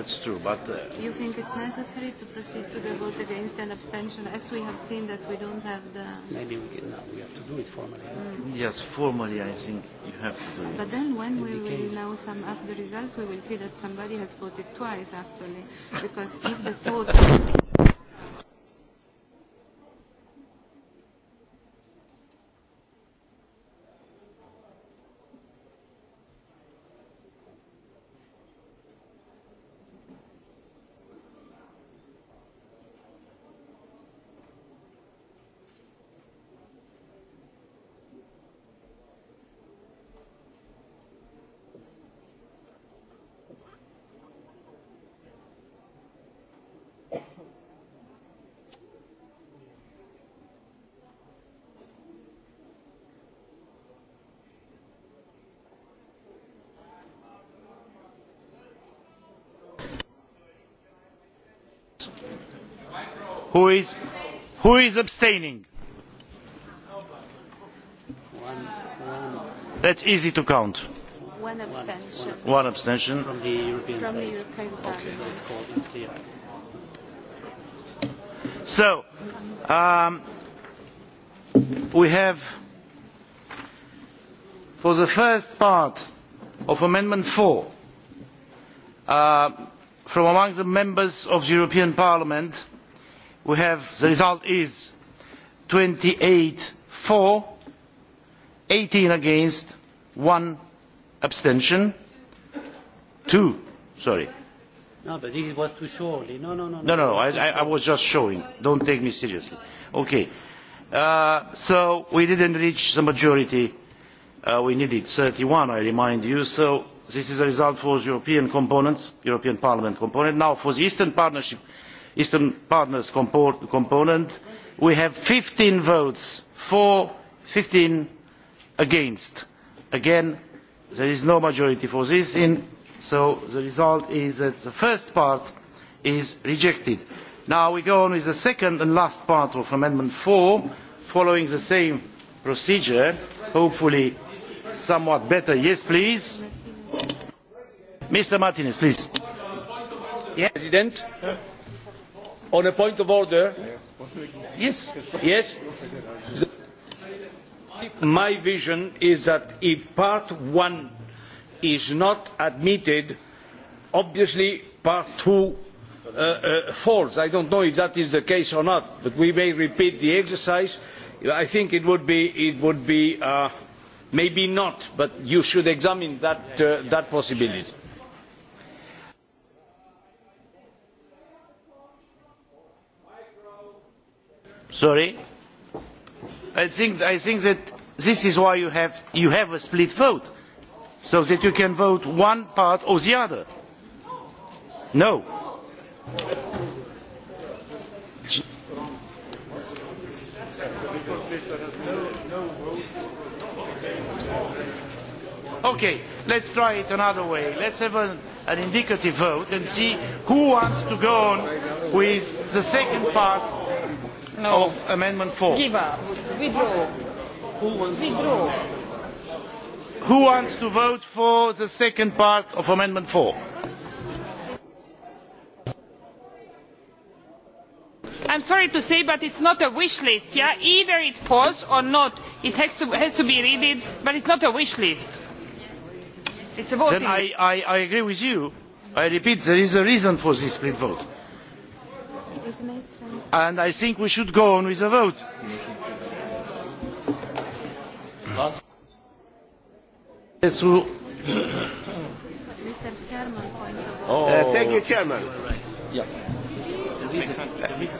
that's true, but... Uh, you think it's necessary to proceed to the vote against an abstention, as we have seen that we don't have the... Maybe we can, no, we have to do it formally. Mm. Yes, formally I think you have to do it. But then when In we the will case... some of the results, we will see that somebody has voted twice, actually, because if the total... who is abstaining? that is easy to count one abstention one abstention from the european, from okay. so um, we have for the first part of amendment four uh, from among the members of the european parliament we have the result is twenty eight for eighteen against one abstention two sorry no but it was too shortly. no no no no no I, was just showing don't take me seriously okay uh, so we didn't reach the majority uh, we needed 31 I remind you so this is the result for the European component European Parliament component now for the Eastern Partnership eastern partners component we have fifteen votes for fifteen against. again there is no majority for this so the result is that the first part is rejected. now we go on with the second and last part of amendment four following the same procedure hopefully somewhat better. yes please. mr martinez please on a point of order yes yes my vision is that if part one is not admitted obviously part two uh, uh, falls. i do not know if that is the case or not but we may repeat the exercise. i think it would be, it would be uh, maybe not but you should examine that, that possibility. sorry i think, that this is why you have, a split vote so that you can vote one part or the other. no. okay let us try it another way let us have an indicative vote and see who wants to go on with the second part no. of Amendment 4? Give up. Withdraw. Who wants Withdraw. To vote? Who wants to vote for the second part of Amendment 4? I'm sorry to say but it's not a wish list yeah? either it falls or not it has to, has to be read but it's not a wish list It's a voting then I, I, i agree with you i repeat there is a reason for this split vote and i think we should go on with the vote. Oh. Uh, thank you chairman. Without without mm-hmm.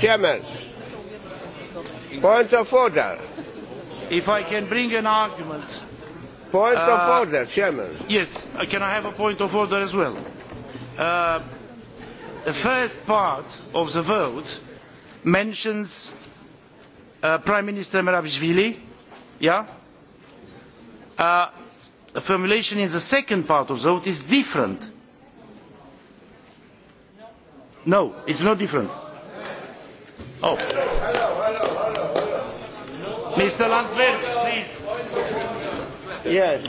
Chairman? Point of order. If I can bring an argument. Point uh, of order, Chairman. Yes, uh, can I have a point of order as well? Uh, the first part of the vote mentions uh, Prime Minister Meravishvili. Yeah? Uh, the formulation in the second part of the vote is different. No, it's not different. Oh. Hello, hello, hello, hello. Mr. Landwehr, please. Yes.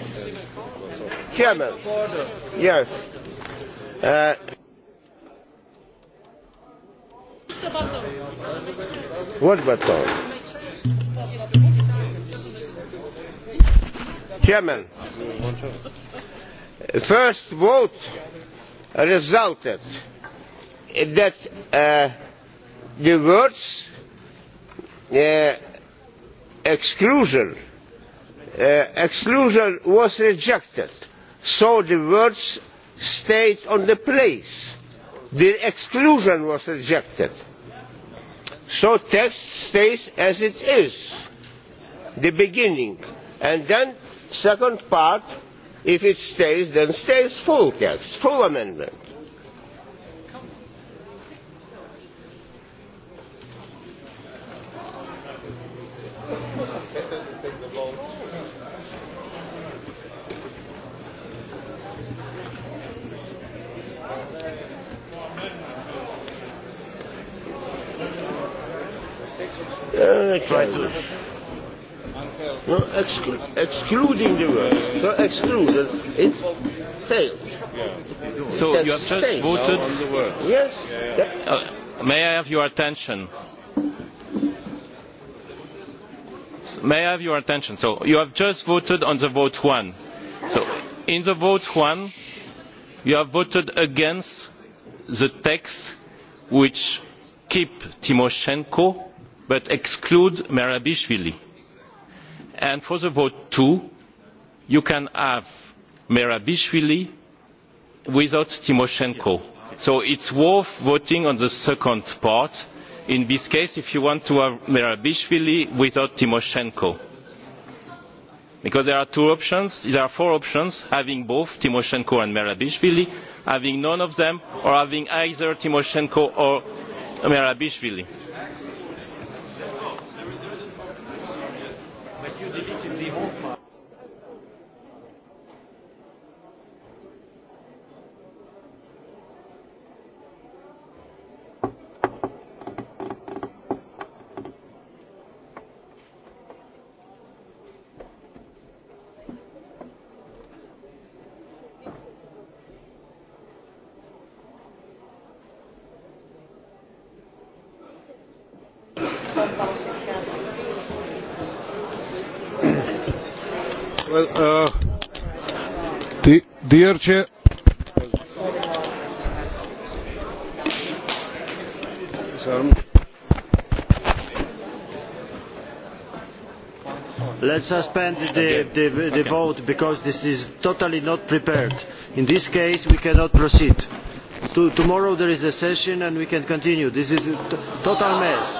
Chairman. Yes. Uh, what button? Chairman. First vote resulted that uh, the words uh, exclusion uh, exclusion was rejected so the words stayed on the place the exclusion was rejected so text stays as it is the beginning and then second part if it stays then stays full text full amendment No, exclu- excluding the word. So excluded, it failed. Yeah. So That's you have just failed. voted. No, on the word. Yes. Yeah, yeah. Uh, may I have your attention? May I have your attention? So you have just voted on the vote one. So in the vote one, you have voted against the text which keep Timoshenko but exclude merabishvili and for the vote two you can have merabishvili without tymoshenko so it is worth voting on the second part in this case if you want to have merabishvili without tymoshenko because there are two options there are four options having both tymoshenko and merabishvili having none of them or having either tymoshenko or merabishvili. Churchill. Let's suspend the, the, the vote because this is totally not prepared. In this case, we cannot proceed. To, tomorrow there is a session and we can continue. This is a total mess.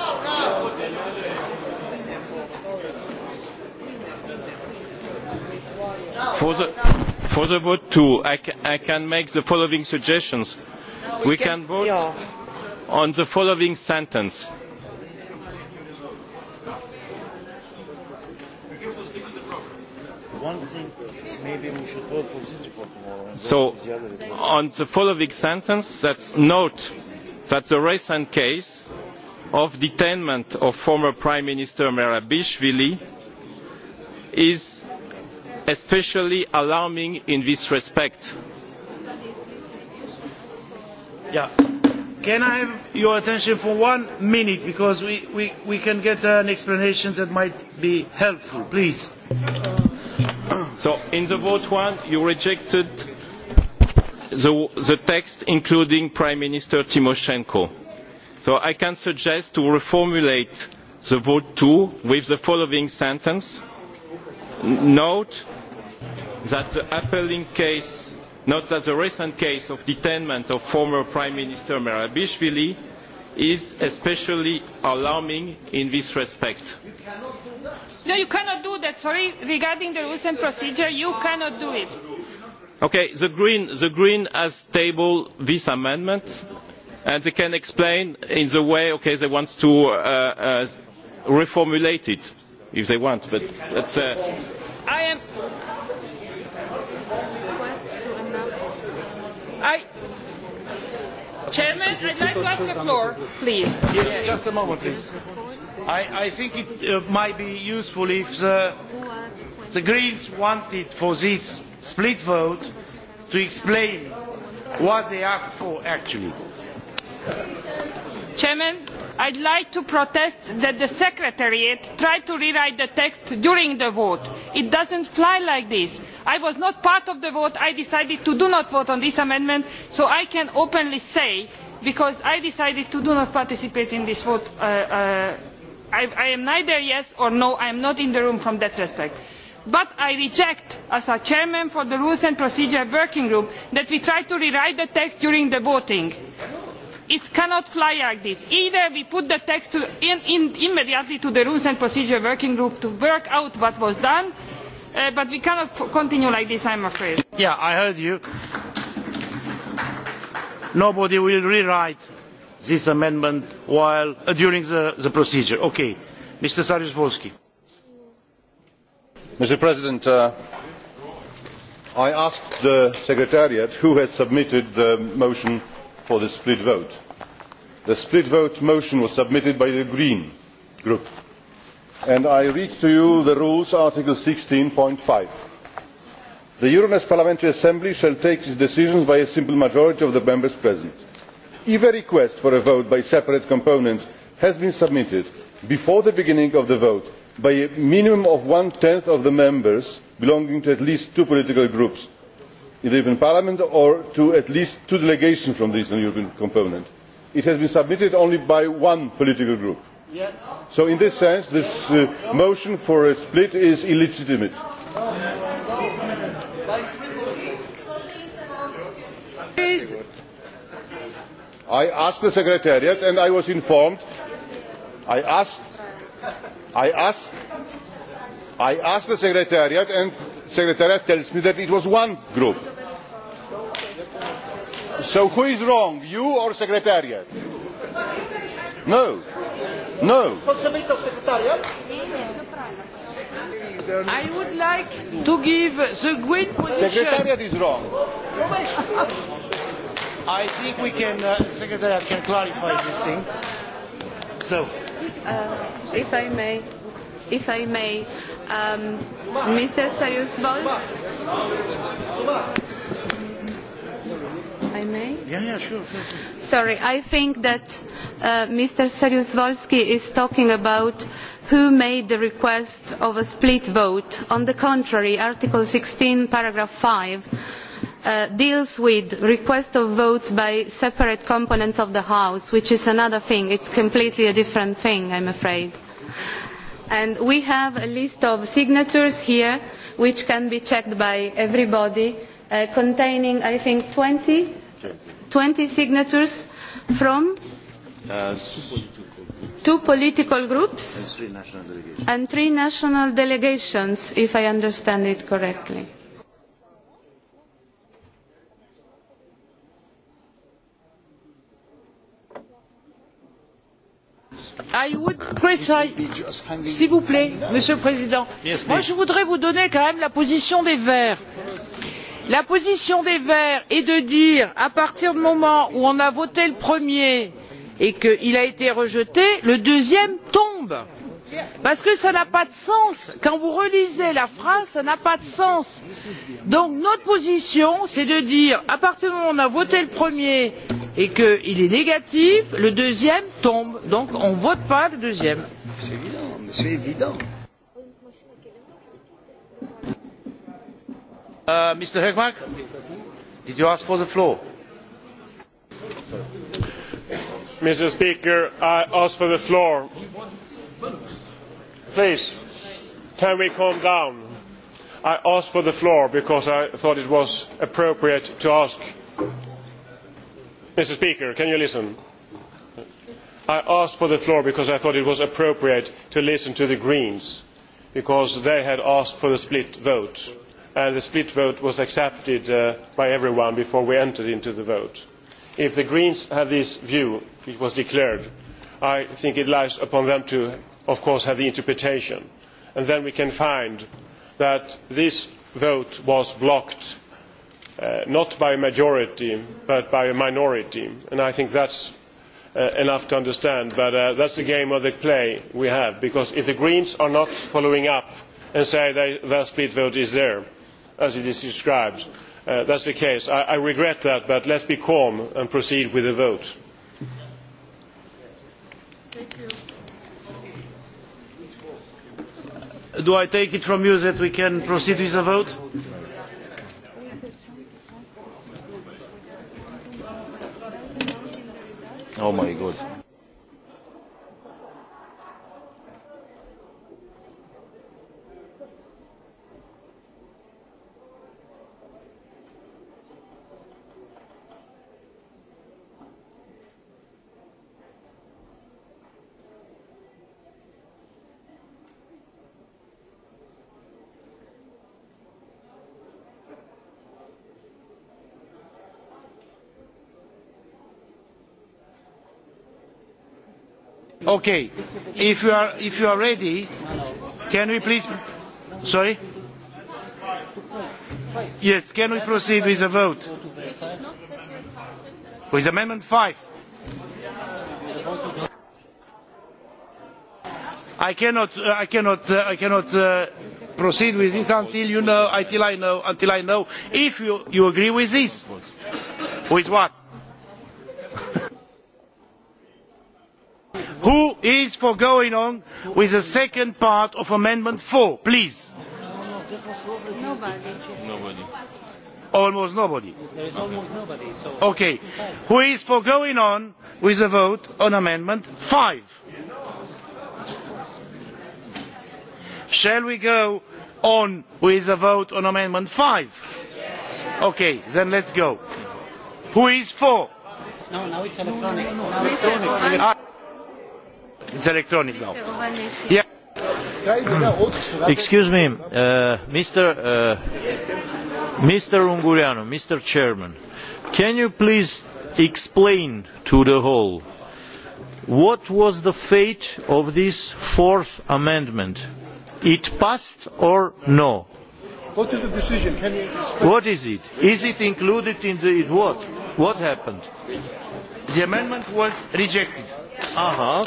Vorsitzender for the vote too I, i can make the following suggestions we, can, vote on the following sentence so on the following sentence that's note that the recent case of detainment of former prime minister merabishvili is especially alarming in this respect. Yeah. Can I have your attention for one minute because we, we, we can get an explanation that might be helpful, please. So in the vote one, you rejected the, the text including Prime Minister Timoshenko. So I can suggest to reformulate the vote two with the following sentence. Note that the appalling case not that the recent case of detainment of former prime minister merabishvili is especially alarming in this respect. no you cannot do that sorry regarding the rules and procedure you cannot do it. okay the green the green has tabled this amendment and they can explain in the way okay they want to uh, uh, reformulate it if they want but that's uh, I, Chairman, I'd like to ask the floor, please. Yes, just a moment, please. I, think it uh, might be useful if the, the Greens wanted for this split vote to explain what they asked for, actually. Chairman, i would like to protest that the secretariat tried to rewrite the text during the vote. it does not fly like this. i was not part of the vote i decided to not vote on this amendment so i can openly say because i decided to not participate in this vote that uh, uh, I, am neither yes nor no i am not in the room from that respect but i reject as a chairman for the rules and procedure working group that we tried to rewrite the text during the voting it cannot fly like this. either we put the text in, immediately to the rules and procedure working group to work out what was done uh, but we cannot continue like this i am afraid. yeah i heard you. nobody will rewrite this amendment while uh, during the, procedure. okay. mr saryusz wolski. mr president uh, i asked the secretariat who has submitted the motion for the split vote. the split vote motion was submitted by the green group and i read to you the rules article. sixteen five the euronest parliamentary assembly shall take its decisions by a simple majority of the members present. if a request for a vote by separate components has been submitted before the beginning of the vote by a minimum of one tenth of the members belonging to at least two political groups in the european parliament or to at least two delegations from the eastern european component. it has been submitted only by one political group so in this sense this uh, motion for a split is illegitimate. i asked the secretariat and i was informed I asked the secretariat and secretariat tells me that it was one group. so who is wrong you or secretariat? no no. I would like to give the green position. Secretariat is wrong. I think we can, uh, Secretariat can clarify this thing. So. Uh, if I may if I may, um, Mr. Sarius Volsk. I may? Yeah, yeah, sure, sure, sure. Sorry, I think that uh, Mr. Sarius Volsky is talking about who made the request of a split vote. On the contrary, Article 16, paragraph 5, Uh, deals with request of votes by separate components of the house which is another thing It's completely a different thing I'm afraid and we have a list of signatures here which can be checked by everybody uh, containing i think 20 20 signatures from two political groups and three national delegations if i understand it correctly. s'il vous plaît monsieur le président Moi, je voudrais vous donner quand même la position des verts. la position des verts est de dire à partir du moment où on a voté le premier et qu'il a été rejeté le deuxième tombe parce que cela n'a pas de sens quand vous relisez la phrase cela n'a pas de sens. donc notre position c'est de dire à partir du moment où on a voté le premier et qu'il est négatif le deuxième tombe donc on ne vote pas le deuxième. c'est évident c'est évident. Uh, Mr. Hökmark, did you ask for the floor? Mr. Speaker, I asked for the floor please can we calm down? i asked for the floor because i thought it was appropriate to ask mr speaker can you listen? i asked for the floor because i thought it was appropriate to listen to the greens because they had asked for a split vote and the split vote was accepted uh, by everyone before we entered into the vote. if the greens have this view which was declared i think it lies upon them to of course have the interpretation and then we can find that this vote was blocked uh, not by a majority but by a minority and i think that is uh, enough to understand but uh, that is the game of the play we have because if the greens are not following up and say they, their split vote is there as it is described that is the case. i regret that but let us be calm and proceed with the vote. do i take it from you that we can proceed with the vote? oh my god. Okay. If you are if you are ready, can we please? Sorry. Yes. Can we proceed with the vote? With Amendment Five. I cannot. Uh, I cannot. Uh, I cannot. Uh, proceed with this until you know until i know until i know if you, you agree with this with what is for going on with the second part of amendment four please. Nobody. Almost nobody. okay. Who is for going on with the vote on amendment five? Shall we go on with the vote on amendment five? Okay, then let's go. Who is for? No, now it's electronic. Now it's electronic. Ah. Excuse me, uh, Mr. Uh, Mr. Unguriano, Mr. Chairman, can you please explain to the whole what was the fate of this fourth amendment? It passed or no? What is the decision? Can you explain? What is it? Is it included in the what? What happened? The amendment was rejected. Uh,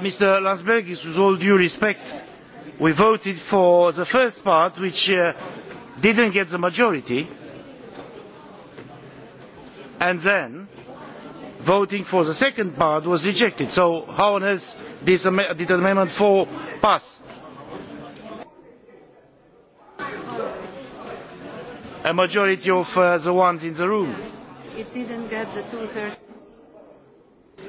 Mr. Landsbergis, with all due respect, we voted for the first part, which uh, didn't get the majority. And then voting for the second part was rejected so how on earth did amendment four pass? a majority of uh, the ones in the room. Yes. it didn't get the two thirds.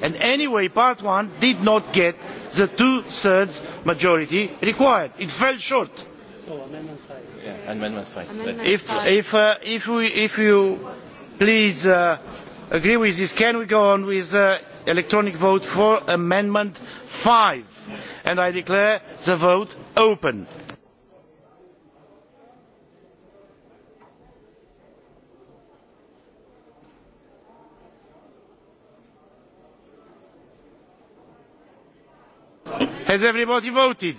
and anyway part one did not get the two thirds majority required. it fell short. so amendment five. Yeah, amendment five. Amendment if, five. If, uh, if, we, if you please. Uh, agree with this can we go on with the uh, electronic vote for amendment five and i declare the vote open. has everybody voted?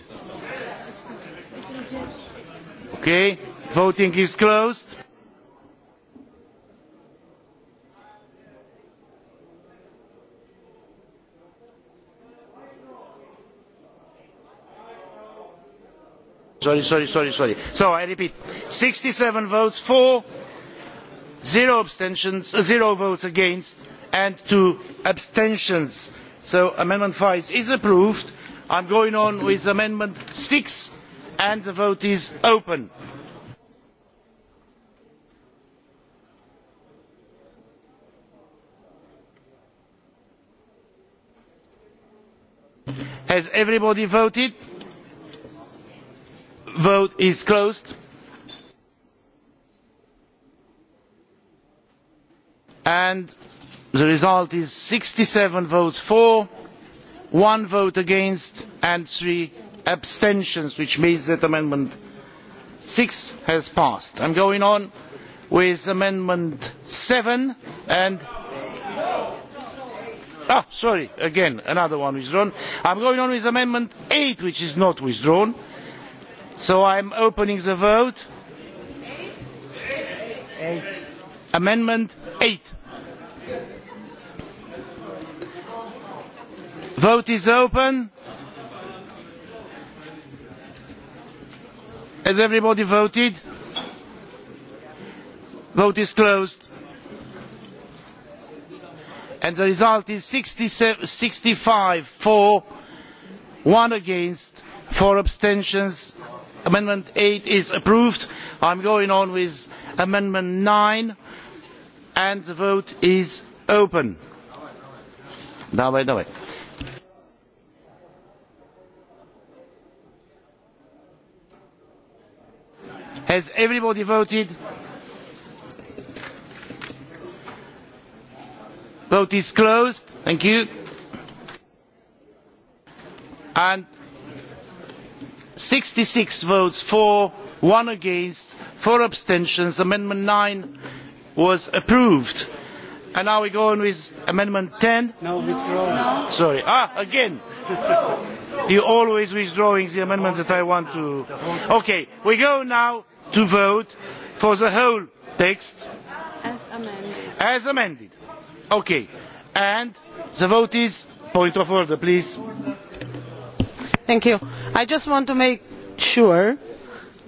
okay voting is closed sorry, sorry, sorry, sorry. So I repeat, 67 votes for, zero abstentions, uh, zero votes against, and two abstentions. So Amendment 5 is approved. I'm going on with Amendment 6, and the vote is open. Has everybody voted? vote is closed and the result is sixty seven votes for one vote against and three abstentions which means that amendment six has passed. i am going on with amendment seven and ah, sorry again another one withdrawn. i am going on with amendment eight which is not withdrawn so i am opening the vote. on amendment eight the vote is open. has everybody voted? the vote is closed and the result is sixty five for one against four abstentions amendment eight is approved. i am going on with amendment nine and the vote is open. has everybody voted? vote is closed. thank you sixty six votes for one against four abstentions amendment nine was approved and now we go on with amendment ten sorry ah again you always withdrawing the amendments that i want to okay we go now to vote for the whole text as amended as amended okay and the vote is point of order please i just want to make sure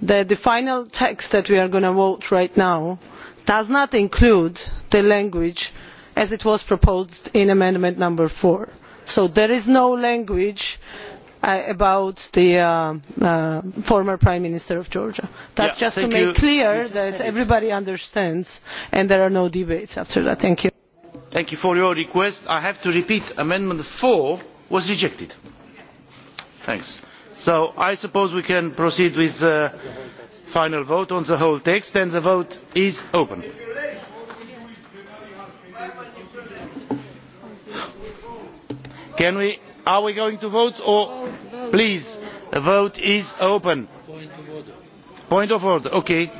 that the final text that we are going to vote on right now does not include the language as it was proposed in amendment four so there is no language uh, about the uh, uh, former prime minister of georgia. that is just to make you. clear that everybody understands and there are no debates after that. thank you. thank you for your request. i have to repeat amendment four was rejected. So I suppose we can proceed with the final vote on the whole text and the vote is open. are we going to vote or please the vote is open. Point of order. ok.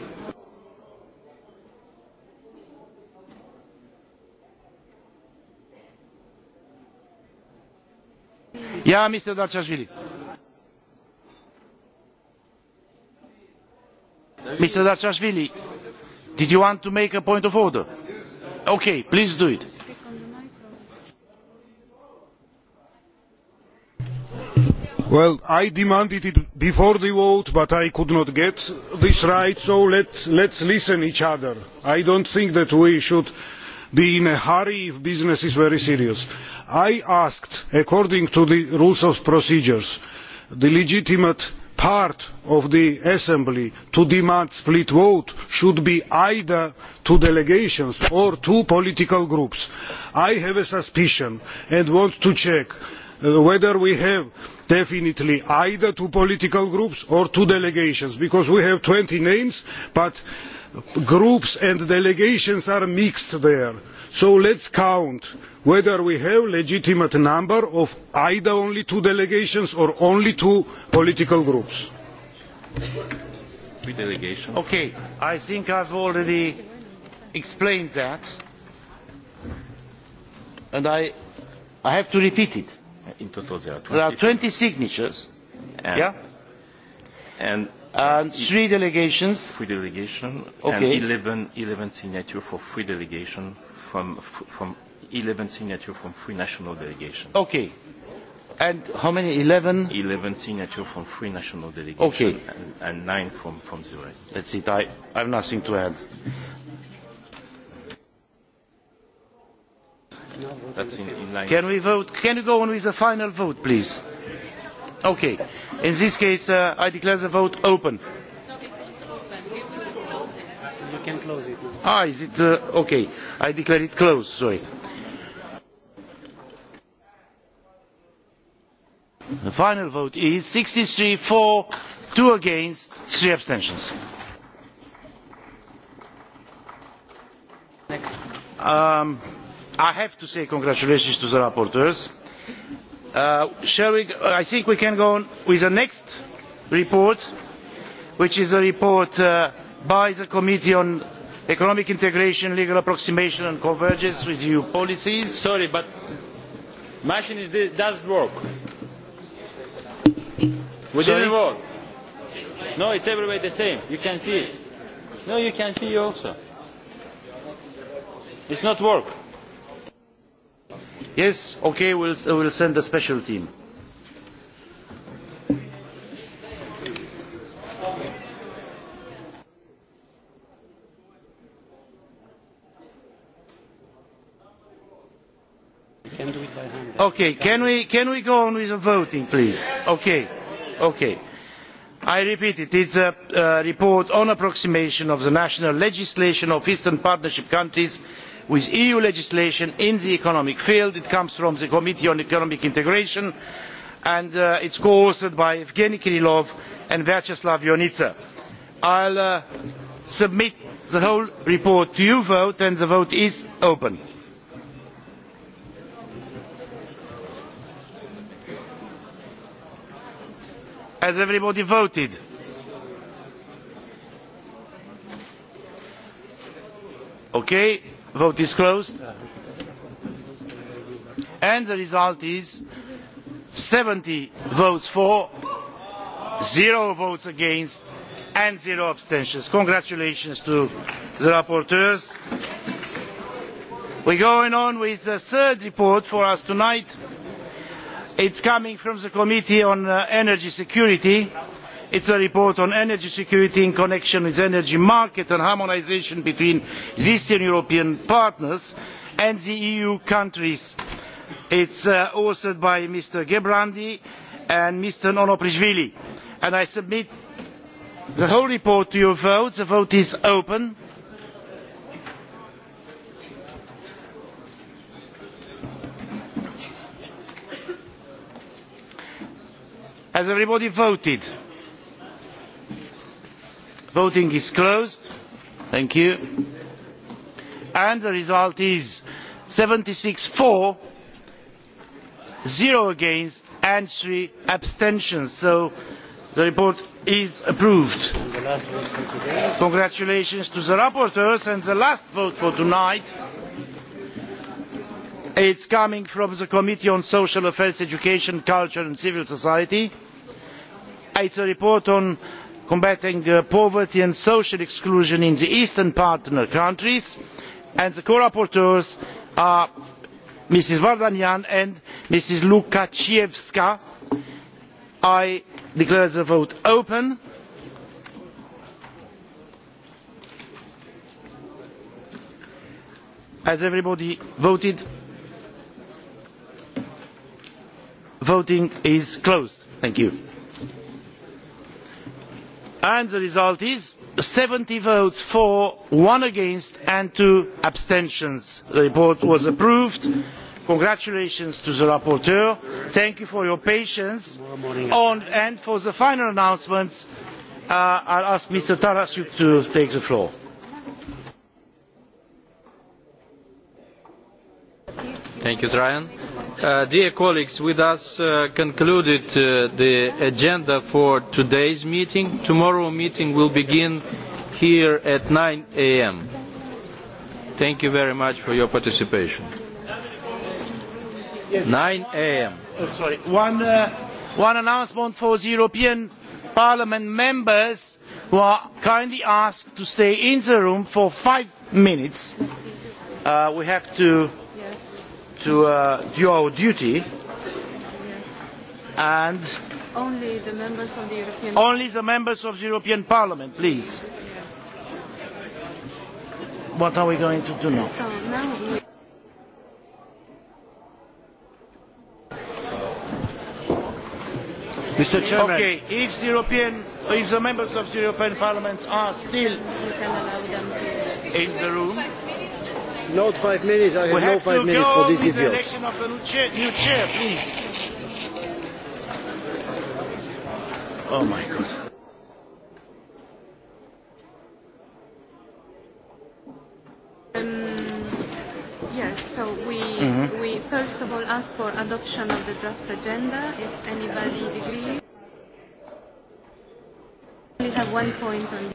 Mr. Darchashvili, did you want to make a point of order? Okay, please do it. Well, I demanded it before the vote, but I could not get this right, so let, let's listen each other. I don't think that we should be in a hurry if business is very serious. I asked, according to the rules of procedures, the legitimate part of the assembly to demand a split vote should be either two delegations or two political groups. i have a suspicion and want to check uh, whether we have definitely either two political groups or two delegations because we have twenty names but groups and delegations are mixed there so let us count whether we have a legitimate number of either only two delegations or only two political groups. Okay, i think i have already explained that and i, have to repeat it. in total there are twenty, signatures and, yeah? and, e- three delegations okay. and eleven signatures for three delegations from eleven signatures from three national delegations. Okay. And how many? Eleven. Eleven signatures from three national delegations. Okay. And, and nine from, from the rest. That's it. I, I have nothing to add. That's in, in line. Can we vote? Can you go on with the final vote, please? Okay. In this case, uh, I declare the vote open. Ah, is it uh, okay? I declare it closed. Sorry. the final vote is sixty three for two against three abstentions. Um, i have to say congratulations to the rapporteurs. Uh, we, i think we can go on with the next report which is a report uh, by the committee on economic integration legal approximation and convergence with eu policies. sorry but the does work. Would Sorry? didn't vote. No, it's everywhere the same. You can see it. No, you can see you also. It's not work. Yes, okay, we'll, uh, we'll send a special team. okay can we can we go on with the voting please okay i repeat it is a report on approximation of the national legislation of eastern partnership countries with eu legislation in the economic field. it comes from the committee on economic integration and uh, it is co authored by evgeny kirilov and vyacheslav ionita. i will uh, submit the whole report to your vote and the vote is open. Has everybody voted? Okay, vote is closed. And the result is 70 votes for, zero votes against, and zero abstentions. Congratulations to the rapporteurs. We're going on with the third report for us tonight it is coming from the committee on uh, energy security it is a report on energy security in connection with the energy market and harmonisation between eastern european partners and the eu countries. it is authored uh, by mr gerbrandy and mr onoprishvili and i submit the whole report to your vote. the vote is open. has everybody voted? voting is closed Thank you. and the result is seventy six for zero against and three abstentions so the report is approved. congratulations to the rapporteurs and the last vote for tonight it is coming from the committee on social affairs education culture and civil society. it is a report on combating uh, poverty and social exclusion in the eastern partner countries and the co rapporteurs are mrs Vardanyan and mrs lukaevica. i declare the vote open. has everybody voted? voting is closed. thank you. and the result is seventy votes for one against and two abstentions. the report was approved. congratulations to the rapporteur. thank you for your patience and for the final announcements. i uh, will ask mr tarasyuk to take the floor. thank you, Uh, dear colleagues, we thus uh, concluded uh, the agenda for today's meeting. Tomorrow meeting will begin here at 9 a.m. Thank you very much for your participation. 9 a.m. Oh, sorry. One, uh, one announcement for the European Parliament members who are kindly asked to stay in the room for five minutes. Uh, we have to to uh, do our duty and only the members of the European, only the members of the European Parliament, please. Yes. What are we going to do now? So now we Mr. Chairman. Okay, if the, European, if the members of the European Parliament are still in the room, not five minutes. I have, have no five minutes for this the election of the new chair, new chair, please. Oh my God. Um, yes, so we, mm-hmm. we first of all ask for adoption of the draft agenda. If anybody agrees, we have one point on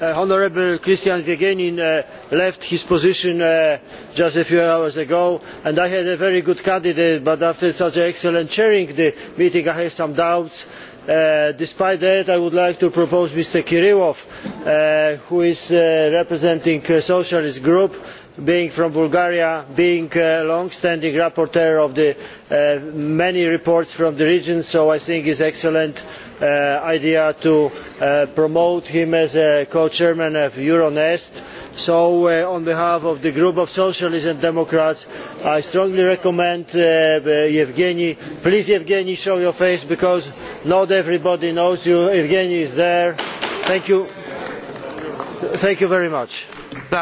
Uh, honourable christian gueguenin uh, left his position uh, just a few hours ago and i had a very good candidate but after such an excellent chairing of the meeting i have some doubts. despite that i would like to propose mr kirilov who is representing the socialist group being from bulgaria being a long standing rapporteur of many reports from the region so i think he is an excellent Uh, idea to uh, promote him as a co chair of euronest so uh, on behalf of the group of socialists and democrats i strongly recommend yevgeny please yevgeny show your face because not everybody knows you. yevgeny is there. thank you, thank you very much.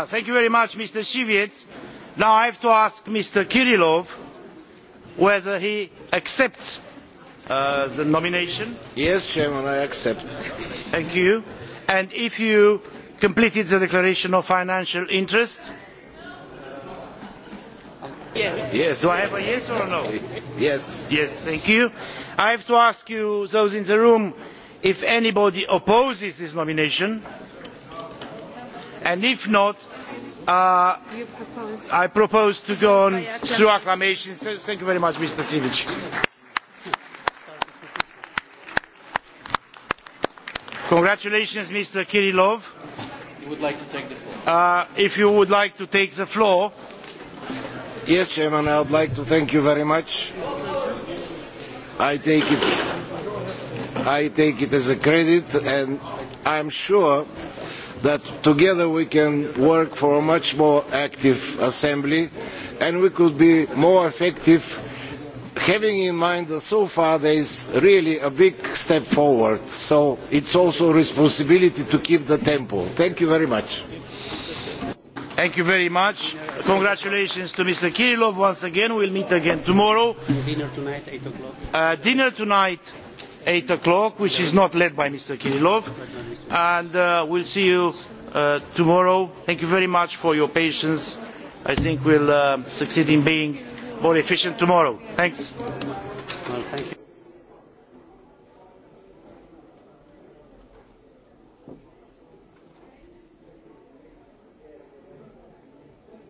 thank you very much mr siwiec. now i have to ask mr kirilov whether he accepts Uh, the nomination? Yes, Chairman, I accept. Thank you. And if you completed the declaration of financial interest? Yes. Do I have a yes or a no? Yes. Yes, thank you. I have to ask you, those in the room, if anybody opposes this nomination. And if not, uh, I propose to go on through acclamations. Thank you very much, Mr. Sivic. Congratulations, Mr. Kirillov. would like to take the floor. Uh, if you would like to take the floor. Yes, Chairman, I would like to thank you very much. I take it, I take it as a credit, and I'm sure that together we can work for a much more active assembly, and we could be more effective having in mind that so far there is really a big step forward so it is also a responsibility to keep the tempo. thank you very much. thank you very much. congratulations to mr kirilov once again. we will meet again tomorrow. dinner tonight at o'clock. Uh, dinner tonight eight o'clock which is not led by mr kirilov and uh, we will see you uh, tomorrow. thank you very much for your patience. i think we will uh, succeed in being more efficient tomorrow. thanks.